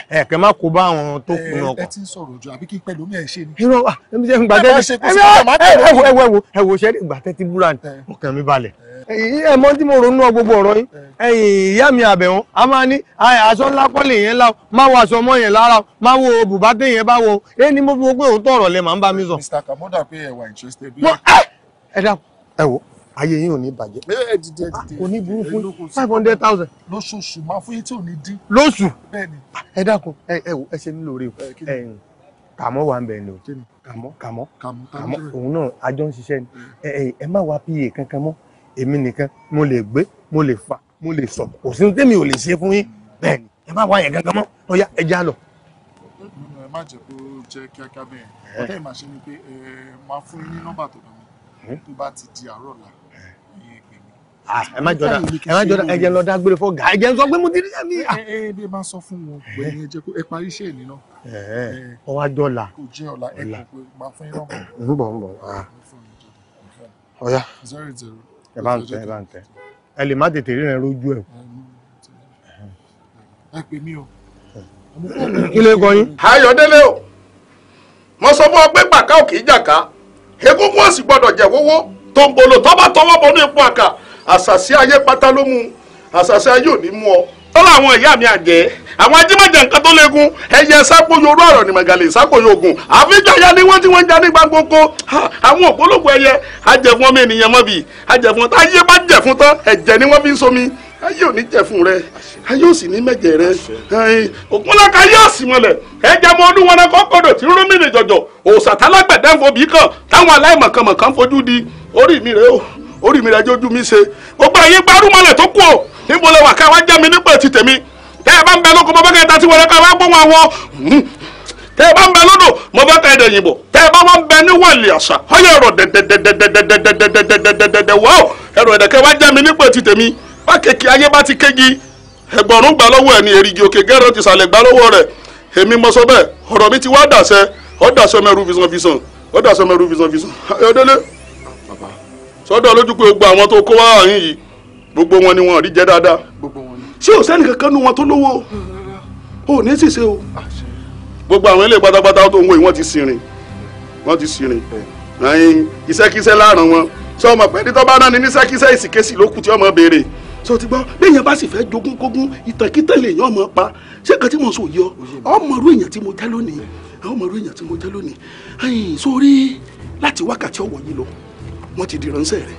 ẹ kẹ má kó bá àwọn tó kù ọkọ. ẹ ti ń sọ̀rọ̀ jù àbí kí pẹ̀lú mi ẹ̀ ṣe ni. irọ́ ẹ ẹ ẹ wo ẹ wo ẹ wo ṣẹ́ ẹ mọ tí mo ronú gbogbo ọ̀rọ̀ yín ẹ̀yin ìyá mi àbẹ̀wọ̀n a máa ní aṣọ ńlá kọ́lé yẹn láwọ máa wo aṣọ ọmọ yẹn lára máa wo bùbátẹ́ yẹn bá wo ẹ ní mo fi wo pé òótọ́ ọ̀rọ̀ lẹ máa ń bá mi sọ. Mr. Kamoda pé ẹ wà interested bí. ẹ dá ẹ wò ayé yín ò ní bàjẹ́. bẹ́ẹ̀ kò ní burú fún five hundred thousand. lóṣooṣù máa fún yín tí ò ní dín. lóṣù ẹ dákun ẹ ẹ wò ẹ ṣe nílò rè o kàmọ́ wà ń bẹ̀ ni o kàmọ́ kàmọ́ kàmọ́ òun náà àjọ ń ṣiṣẹ́ ni mm. ẹ ẹ má wá pa kankan mọ́ èmi nìkan mo lè gbé mo lè fà mo lè sọ kò sí tèmi ò lè ṣe fún yín bẹ́ẹ̀ ni ẹ má wá yẹn gangan mọ́ ó yá ẹ já lọ. ẹ má jẹ́ kó jẹ́ kíákíá bẹ́ẹ̀ ọ̀tẹ́ ìmọ̀ ṣe ni pé ẹ máa fún yín ní nọ́mbà tó dùn mí tó bá ti di àárọ̀ ọ̀la ẹ má jọdá ẹ má jọdá ẹ jẹ́ lọ dágbére fọ gà ẹ jẹ́ sọ pé mo ti rí ẹmí. ẹ ẹ bí ẹ bá sọ fún wọn pé ẹ jẹ́ kó ẹ parí iṣẹ́ ìní náà. ọ wá jọlá kò jẹ ọlá ẹ kò pé máa fún yín náà. ń bọ̀ ń bọ̀ ọ̀ya. zero zero ẹ bá ń tẹ ẹ bá ń tẹ ẹ lè má tètè ríran lójú ẹ. ẹ pè mí o. kí lè kọ yín. ayọ̀délé o mo sọ fún ọ pé pàká ò kì í jàká egungun òsì gbọ́dọ̀ jẹ wọ́wọ́ tòǹbòlò tó bá tọwọ́ bọnú ipò àkà àṣàṣì ayé pátá ló mú àṣàṣì ayé ò ní mú ọ tọ́lá àwọn ìyá mi àjẹ́ àwọn ajímọ̀jẹ̀ nǹkan tó léegun ẹyẹ sápòyò orú ọ̀rọ̀ ní màgàlè sápòyò ogun àfijàyà ni wọ́n ti wọ́n ń jà nígbà gbogbo àwọn ògbólógbò ẹyẹ ajẹ̀fún ọmọ ènìyàn mọ́ bì ajẹ̀fún tá ayé bá jẹ̀fún tán ẹ̀jẹ̀ ni wọ́n fi ń somi ayé ò ní jẹ̀fún rẹ ayé ò sì ní mẹ̀jẹ̀ rẹ ògúnlọ́ka ayé ò sì mọ̀lẹ̀ ẹ̀jẹ̀ mọ ọdún wọn kọ́ kọ́dọ̀ tí rómìnì jọ̀jọ̀ òòsàtàlágbẹ̀dẹ́ ń fobi kàn táwọn aláìmọ̀kànmọ̀kàn fojú di orí mi rẹ o orí mi rẹ jójú mi ṣe gbogbo ayé gbárùmọ̀lẹ̀ tó kù o níbo lẹ wà ká wá tẹ́ ẹ bá ń bẹ lóko mo fẹ́ kẹ́ ẹ ta sí wẹrẹ ká ẹ bá gbóhùn àwọn hmm. tẹ́ ẹ bá ń bẹ lódò mo fẹ́ kẹ́ ẹ dẹ̀yìn bọ̀ tẹ́ ẹ bá wọn bẹ ní wàlẹ̀ àṣà ọyẹ ẹ̀rọ dẹ̀dẹ̀dẹ̀dẹ̀dẹ̀dẹ̀dẹ̀dẹ̀dẹ̀dẹ̀ wọ́ọ̀ ẹ̀rọ ẹ̀dẹ̀kẹ́ wá jẹ́ mi nípò ti tèmi wá kéèké ayé bá ti kéji ẹgbọ̀rún gbà lọ́wọ́ ẹ̀ ní òkè gẹ́rọ ti sàlẹ̀ gbà lọ́wọ́ rẹ̀ èmi mọ sọ bẹ́ẹ̀ ọ̀rọ̀ mi ti wá dàṣẹ ọ̀ dàṣẹ mẹ́rù fìsàn fìsàn ọ̀ dàṣẹ mẹ́rù fìsàn fìsàn ayọ̀dẹ́lẹ̀ sọ́dọ̀ lójú pé gbogbo àwọn tó kó wá àyìn yìí gbogbo wọn ni wọn rí jẹ dáadáa. gbogbo ṣé ò sẹ́ni kankan nu wọn tó lówó o ní ṣìṣe o. gbogbo àwọn ilé pátápátá tó ń wo yìí wọ́n ti sinrin wọ́n ti sinrin ẹ̀yin iṣẹ́kíṣẹ́ láàrán wọn sọ ma pé nítorí bá náni níṣẹ́kíṣẹ́ ìsìkèsì ló kù tí ọmọ béèrè sọ ti gbọ́ léèyàn bá sì fẹ́ jogún kógún ìtàkìtàn lèèyàn ọmọ pa ṣé kan tí mo sọ yọ ọmọrú èèyàn tí mo já lónìí ọmọrú èèyàn tí mo já lónìí ẹ̀yin sórí láti wákàtí ọ̀wọ̀ yìí lọ wọ́n ti di ránṣẹ́ rẹ̀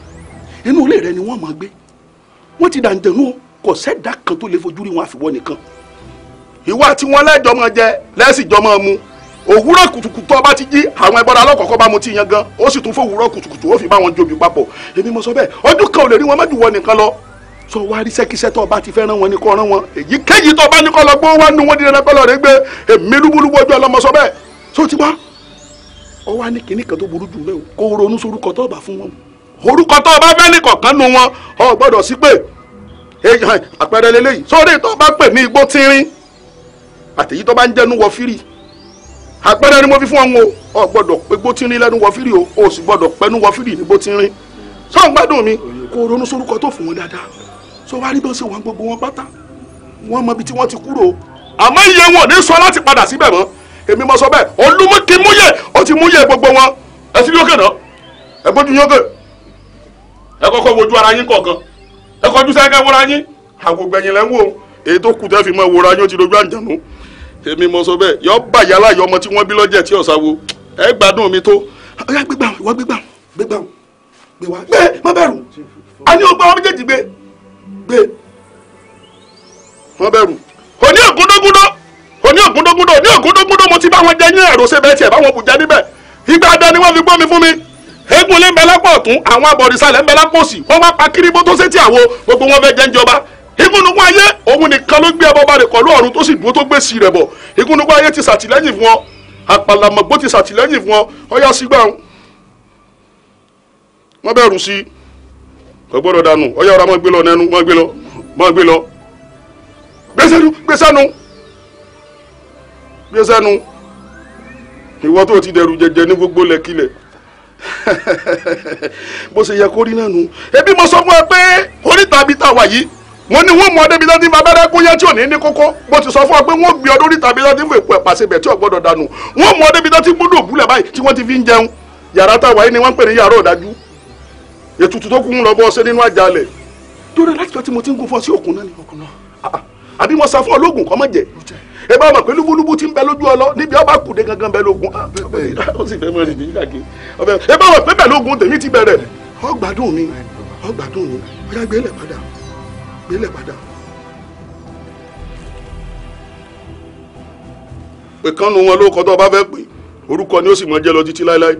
inú ilé rẹ̀ ni wọ́n máa gbé wọ́n ti dàǹdẹ̀nú o kò sẹ́dá kan tó lè fojú rí wọn àfiwọ́ nìkan ìwà tí wọ́n lẹ́jọ́ mọ jẹ lẹ́sìn jọ mọ mu òwúrọ̀ kùtùkùtù ọba ti jí àwọn ẹbọra alákọ̀ọ́kọ́ bá mu ti yan gan ó sì tún fún òwúrọ̀ kùtùkùtù ó fi bá wọn jobi papọ̀ èmi mo sọ bẹ́ẹ̀ ọdún kan ò lè rí wọn mẹ́jù wọ nìkan lọ sọ wá rí sẹ́kísẹ́ tó ọba ti fẹ́ rán wọn ní kọ́ rán wọn èyíkéyìí tó ọba ní kọ́ lọ gbó wá nu wọn dídẹ́rẹ́ kọ́lọ́ rẹ gbé èmi lúbúlúbú ọjọ́ ọlọ́mọ sọ bẹ́ẹ̀ sọ ti wá ọ wá ní kinní kan tó burú jù bẹ́ẹ̀ kó ronú sórúkọ tó ọba fún wọn orúkọ tó ọba fẹ́ ní kọ̀ọ̀kan nu wọn ọ gbọ́dọ̀ sí pé àpẹẹrẹ lélẹ́yìí sórí tó bá pè ní igbó tínrín àtẹ̀yí tó bá ń jẹ́nu wọ fírì àpẹẹrẹ ni mo fi fún ọ̀hún o ọ gbọ́dọ̀ pé igbó tínrín lẹ́nu wọ fírì o o sì gbọ́dọ̀ pẹ́nu wọ fírì ní igbó tínrín sọ́n gbádùn mi kó ronú sórúkọ tó fún wọn dáadáa sọ wá rí bí wọ́n ṣe wọ́n gbogbo wọn pátá wọ́n mọ tí wọ́n ti kúrò àmọ́ iye wọn ò ní sọ láti padà síbẹ̀ mọ́ èmi mọ sọ bẹ́ẹ̀ olúmọ́kì múyẹ̀ ó ti múyẹ̀ gbogbo wọn ẹ ti yókè náà ẹ bójú yókè ẹ kọ́kọ́ wojú ara yín kọ̀ọ̀kan ẹ kọjú sẹ́kẹ́ wúra yín àgùgbẹ̀yìn lẹ́ ń wò èyí tó kù tẹ́ fi mọ ìwòra yín ó ti dojú àǹjànú èmi mọ sọ bẹ́ẹ̀ yọ bàyà láyọ ọmọ tí wọ́n bí lọ́jẹ̀ tí ọ̀sà wo ẹ gbádùn mi tó ọyá gbégbà wọ́n gbégbà gbégbà gbé wa gbé má bẹ̀rù a ní ọgbà wọn méjèèjì gbé gbé má bẹ̀rù òní ògúndógúndó òní ògúndógúndó òní ògúndógúndó mo ti bá wọn jẹ yín ẹ̀rọ ṣe bẹ́ẹ̀ tiẹ̀ báwọn bùjá níbẹ̀ ìgbà adá ni fi gbọ́ mi fún mi eégún lé ń bẹ lápò ọ̀tún àwọn abọ̀rìṣàlẹ̀ ń bẹ lápò òsì wọ́n wá pa kíríbó tó sétí àwo gbogbo wọn fẹ́ jẹ́ ń jọba igúnnugún ayé òun nìkan ló gbé ẹbọba rẹ̀ kọ̀lú ọ̀run tó sì dúró tó gbé sí rẹ̀ bọ̀ igúnnugún ayé ti sàtìlẹ́yìn fún ọ àpàlàmọ̀gbó ti sàtìlẹ́yìn fún ọ ọyá sígbà wọn bẹ̀rù sí i kò gbọ́dọ̀ dànù ọyá ọ̀rá mọ́ gbé lọ nẹ́nu mọ́ gbé lọ mọ́ gbé lọ gbèsèlú gbèsènu gbèsènu ìwọ tó ti dẹrù jẹjẹ ní gbogbo lẹ́kílẹ̀ bó ṣe yẹ kó rí náà nu ebi mo sọ fún ẹ pé oríta bíi tàwa yìí wọn ní wọn mọ débi láti fi abẹ́rẹ́ kún yẹn tí ò ní ní kókó bó ti sọ fún ọ pé wọn gbé ọdún oríta bíi láti fi èpo ẹ̀pà síbẹ̀ tí ò gbọ́dọ̀ dànù wọn mọ débi láti gbọ́dọ̀ òbúlẹ̀ báyìí tí wọ́n ti fi ń jẹun yàrá tàwa yìí ni wọ́n ń pè ní yàrá ọ̀dájú ètùtù tó kún lọ bọ́ ṣe nínú àjálẹ̀ torí láti tọ́ tí mo ti ń gún fọ́ sí òkun náà ní ọkùnrin náà ah, ah. àbí mo sá fún ológun kọ́ mọ̀ jẹ́ ẹ bá mọ̀ pé lúbúlúbú ti ń bẹ lójú ọlọ níbi ọba kùdé gangan bẹ lógun ah, ó sì fẹ́ mọ rìn ní ìdàgé ẹ bá mọ̀ pé bẹ lógun tèmi ti bẹ̀rẹ̀ ọgbàdùn mi ọgbàdùn mi ọjà gbélé padà gbélé padà. pé kánú wọn ló kọ tó o bá fẹ́ pè orúkọ ni ó sì mọ jẹ́ lọ títí láéláé.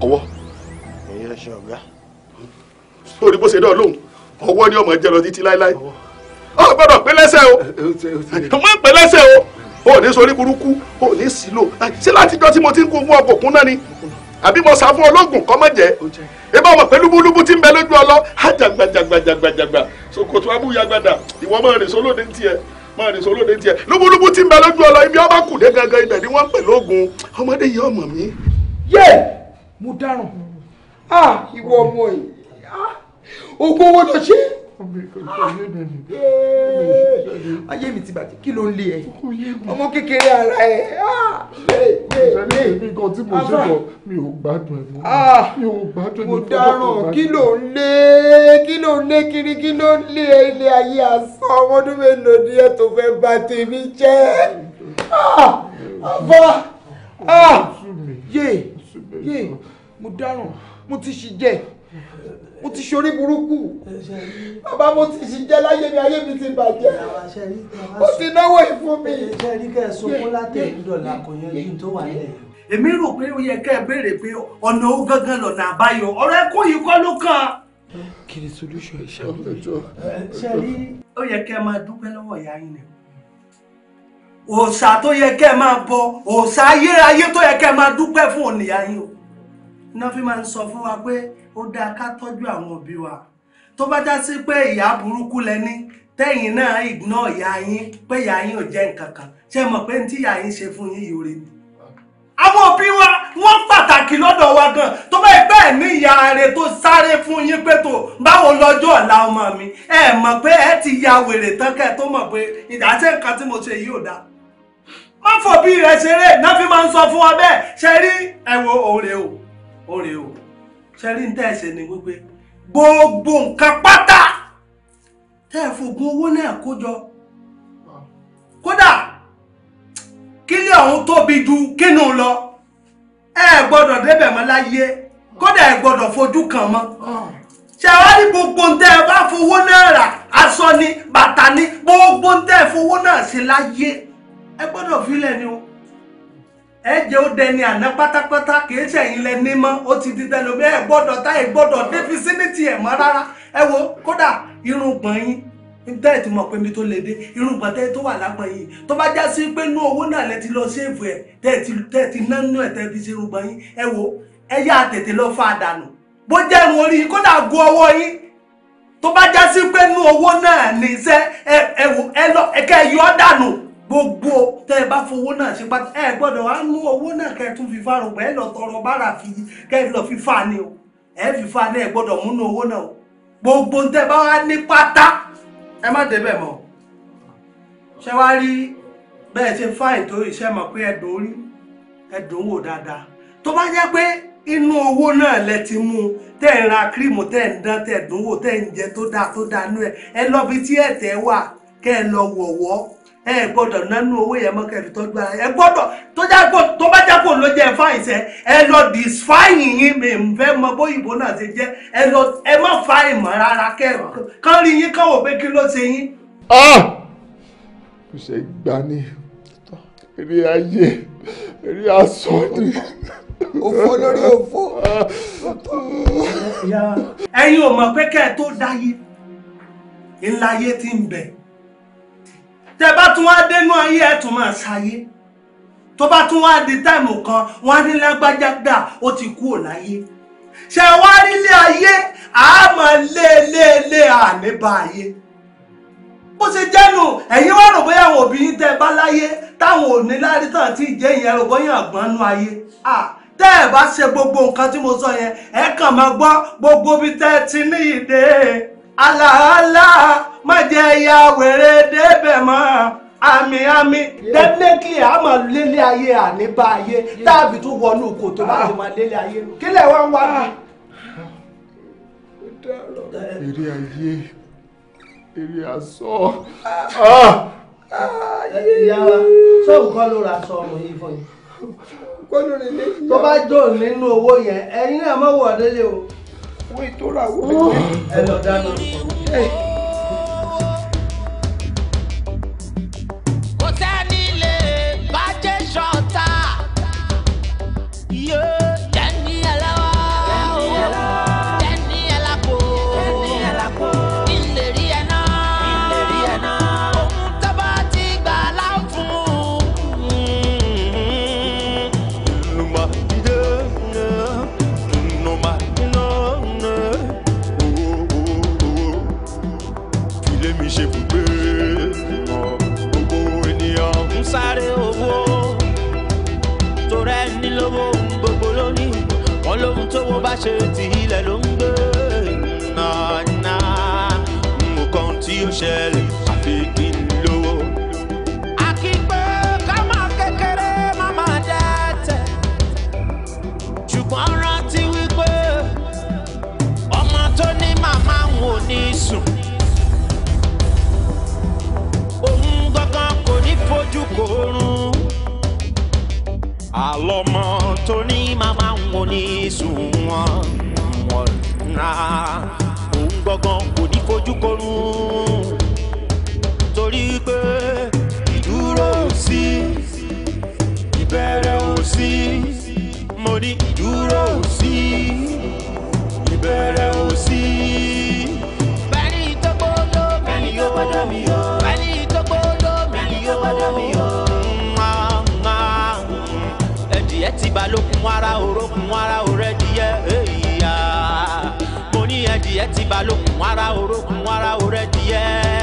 ọwọ́. èyí ẹ ṣe ọ̀gá. sórí bó ṣe dán lóhùn ọwọ́ ni ọmọ jẹ lọ títí láéláé ọ gbọ́dọ̀ pé lẹ́sẹ̀ o má pé lẹ́sẹ̀ o ò ní sorí burúkú ò ní sílò ṣé látijọ́ tí mo ti ń kó fún ọkọ̀ kún náà ni àbí mo sá fún ológun kọ́ mọ̀ jẹ́ ibà ọmọ pẹ̀lú lúbúlúbú tí ń bẹ lójú ọlọ́ àjàgbàjàgbàjàgbàjàgbà ṣòkòtò abúyagbàdà ìwọ máa rìn sólóde ní tiẹ̀ máa rìn sólóde ní tiẹ̀ lúbúlúbú tí ń bẹ lójú ọlọ́ ibi ọba kù dé gangan ibẹ̀ ni wọ́n ń pè lógun ọmọdé yìí ọmọ mi. yé mo dáràn ah ìwọ ọmọ yìí ah ogún owó lọ ṣe. ayé mi ti bàjẹ́ kí ló ń lé ẹ ọmọ kékeré ara ẹ. ẹni ah. kan tí mo ṣe bọ̀ mi ò gbádùn ẹ̀ ah. mi ò gbádùn ẹ̀ mo dáràn kí ló ń lé kí ló ń lé kiri kí ló ń lé ilé ayé asán ọmọdún mélòó ni ẹ tó fẹ́ bà tèmi jẹ́ ah. àbá yé yé mo dáràn mo ti ṣì jẹ́ mo ti ṣorí burúkú bàbá mo ti ṣì jẹ́ láyé mi ayé mi ti bàjẹ́ ó ti náwó ìfún mi. ṣe rí kẹ́ ẹ sunkún látẹ̀yìn dọ̀là kò yanjú tó wà lẹ̀. èmi rò pé ó yẹ ká ẹ béèrè pé ọ̀nà ó gángan lọ́nà àbáyọ ọ̀rọ̀ ẹ̀kọ́ yìí kọ́ ló kàn. kí ni solution ìṣàkóso. ṣe rí ó yẹ kẹ́ ẹ máa dúpẹ́ lọ́wọ́ ìyá yín ni òòṣà tó yẹ kẹ́ ẹ máa bọ òòṣà ayérayé tó yẹ kẹ́ ẹ máa dúpẹ́ fún òníyá yín o iná fi máa ń sọ fún wa pé ó dáa ká tọ́jú àwọn òbí wa tó bá já sí pé ìyá burúkú lẹni tẹ́yìn náà ignore ìyá yín pé ìyá yín ò jẹ́ nǹkan kan ṣe mọ̀ pé ní tí ìyá yín ṣe fún yín yòrè ni àwọn òbí wa wọ́n pàtàkì lọ́dọ̀ wa gan tó bá ẹgbẹ́ ní ìyá rẹ̀ tó sáré fún yín pé tó báwo lọ́jọ́ ọ̀la ọmọ mi ẹ mọ̀ pé ẹ ti ya wèrè tán kẹ́ tó mọ̀ pé ìdásẹ́ nǹkan tí mo ṣe yìí ò dáa má fòbí rẹ̀ ṣeré náà fi máa ń sọ fún wa bẹ́ẹ̀ ṣe rí ẹ̀wọ̀ òrè o òrè o ṣẹ́rí ń tẹ̀sẹ̀ ni wípé gbogbo nǹkan pátá tẹ́ ẹ fògùn owó náà kó jọ kódà kílẹ̀ ọ̀hún tóbi ju kínú lọ ẹ gbọ́dọ̀ débẹ̀ mọ́ láyé kódà ẹ gbọ́dọ̀ fojú kàn mọ́ ṣàwárí gbogbo ń tẹ́ ẹ bá fowó náà rà aṣọ ni bàtà ni gbogbo ń tẹ́ ẹ fowó náà ṣe láyé ẹ gbọ́dọ̀ fílẹ̀ ni o ẹjẹ ó dẹni àná pátápátá kìí ṣẹyìn lẹ ní mọ ó ti di tẹlẹ ẹ gbọ́dọ̀ tá ẹ gbọ́dọ̀ dé fisílítì ẹ mọ rárá ẹ wo kódà irun gbọn yín tẹ ẹ ti mọ pé mi tó lè dé irun gbọn tẹ tó wà lápọn yìí tó bá já sí pé inú owó náà lẹ ti lọ ṣéèfù ẹ tẹ ẹ ti tẹ ẹ ti ná nínú ẹ tẹ fi ṣe irun gbọn yín ẹ wo ẹ yá tètè lọ fa àdànù bó jẹ́ ìwọ̀n orí kódà gun ọwọ́ yín tó bá já sí pé inú owó náà ní iṣẹ́ ẹ ẹ wo ẹ lọ ẹ kẹ́ yọ ọ́ dànù gbogbo tẹ́ ẹ bá fowó náà ṣe pátá ẹ gbọ́dọ̀ á mú owó náà kẹ́ ẹ tún fi fa rògbà ẹ lọ tọrọ bára fi kẹ́ lọ fi fa ni o ẹ fi fa ni ẹ gbọ́dọ̀ múnú owó náà o gbogbo tẹ́ ẹ bá wá ní pátá ẹ má débẹ̀ mọ́ ṣé wàá rí bẹ́ẹ̀ ṣe fáìn tó iṣẹ́ mọ̀ pé ẹ̀dùn orí ẹ̀dùn wò dáadáa tó bá jẹ́ pé inú owó náà lẹ ti mú un tẹ́ ẹ̀ ra kírìmù tẹ́ ẹ̀ ń dán tẹ́ ẹ̀ dùn wò tẹ́ ẹ̀ ń jẹ tó dáa tó dáa nú ẹ̀ ẹ lọ bí tí ẹ̀tẹ̀ wà kẹ́ ẹ lọ wọ̀wọ́ ẹ gbọ́dọ̀ nánú owó yẹn mọ kẹrì tọjú ara ẹ gbọ́dọ̀ tó já kó tó bá já kó ló jẹ fáyìn sẹ ẹ lọ disfáyìn yín mi n fẹ́ mọ bóyìnbó náà ṣe jẹ ẹ lọ ẹ má fáyìn mọ rárá kẹ kán rí yín kán wò pé kí ló ṣe yín. kò ṣe gbà ní eré ayé eré asọ ni. òfò lórí òfò. ẹ̀yin ò mọ̀ pé kẹ́ ẹ tó dáyé ńlá ayé ti ń bẹ tẹ bá tún wá dénú ayé ẹ tún máa ṣayé tó bá tún wá di táìmù kan wọn á ní lágbájá dà ó ti kú ò láyé ṣe wá nílé ayé àmọ́ léèléèlé àníbá ayé bó ṣe jẹ́nu ẹ̀yin wá rò bóyá àwọn òbí yín tẹ́ bá láyé táwọn òní lárí tàn tí ìjẹ́ ìyẹn rò bóyá àgbọ̀n nú ayé tẹ́ ẹ̀ bá ṣe gbogbo nǹkan tí mo sọ yẹn ẹ̀ kàn máa gbọ́ gbogbo bí tẹ́ ti ní ìdè aláàlá má jẹ́ ya wèrè débẹ̀ mọ́ àmì àmì definitely a máa lélé ayé àníbá ayé tàbí tó wọnú kò tó bá ti ah. máa lélé ayé kílẹ̀ wá ń wá. èrè ah. ayé èrè asọ. Ah. ìyá wa ṣé nǹkan ló ra aṣọ ọmọ yìí fún yín. tó bá jò nínú owó yẹn ẹ̀yin náà mọ̀ wọ̀ délé o. owó ìtura wo. Oh. ẹ lọ dáná. yeah. ṣe ti ilẹ̀ ló ń gbé nànà nǹkan tí ó ṣẹlẹ̀ àfi kí n lówó. àkì kama kekere mama kékeré má máa dẹ́tẹ̀ ṣùgbọ́n rántí wípé ọmọ tó ní màmá ń wò ní sùn. òun gangan kò ní fojú kò rún àlọ́mọ tó ní màmá kò ní sùn wọn wọn ra òun gangan kò ní fojú korun torí pé ìdúró ò sí ìbẹ̀rẹ̀ ò sí mo ní ìdúró ò sí ìbẹ̀rẹ̀ ò sí. bẹ́ẹ̀ni tó gbọ́dọ̀ bẹ́ẹ̀ni yóò gbọ́dọ̀ mi yóò. ti balókun ara orókun ara òrẹ́dìyẹ èyíyá mo ní ẹdìyẹ ti balókun ara orókun ara òrẹ́dìyẹ.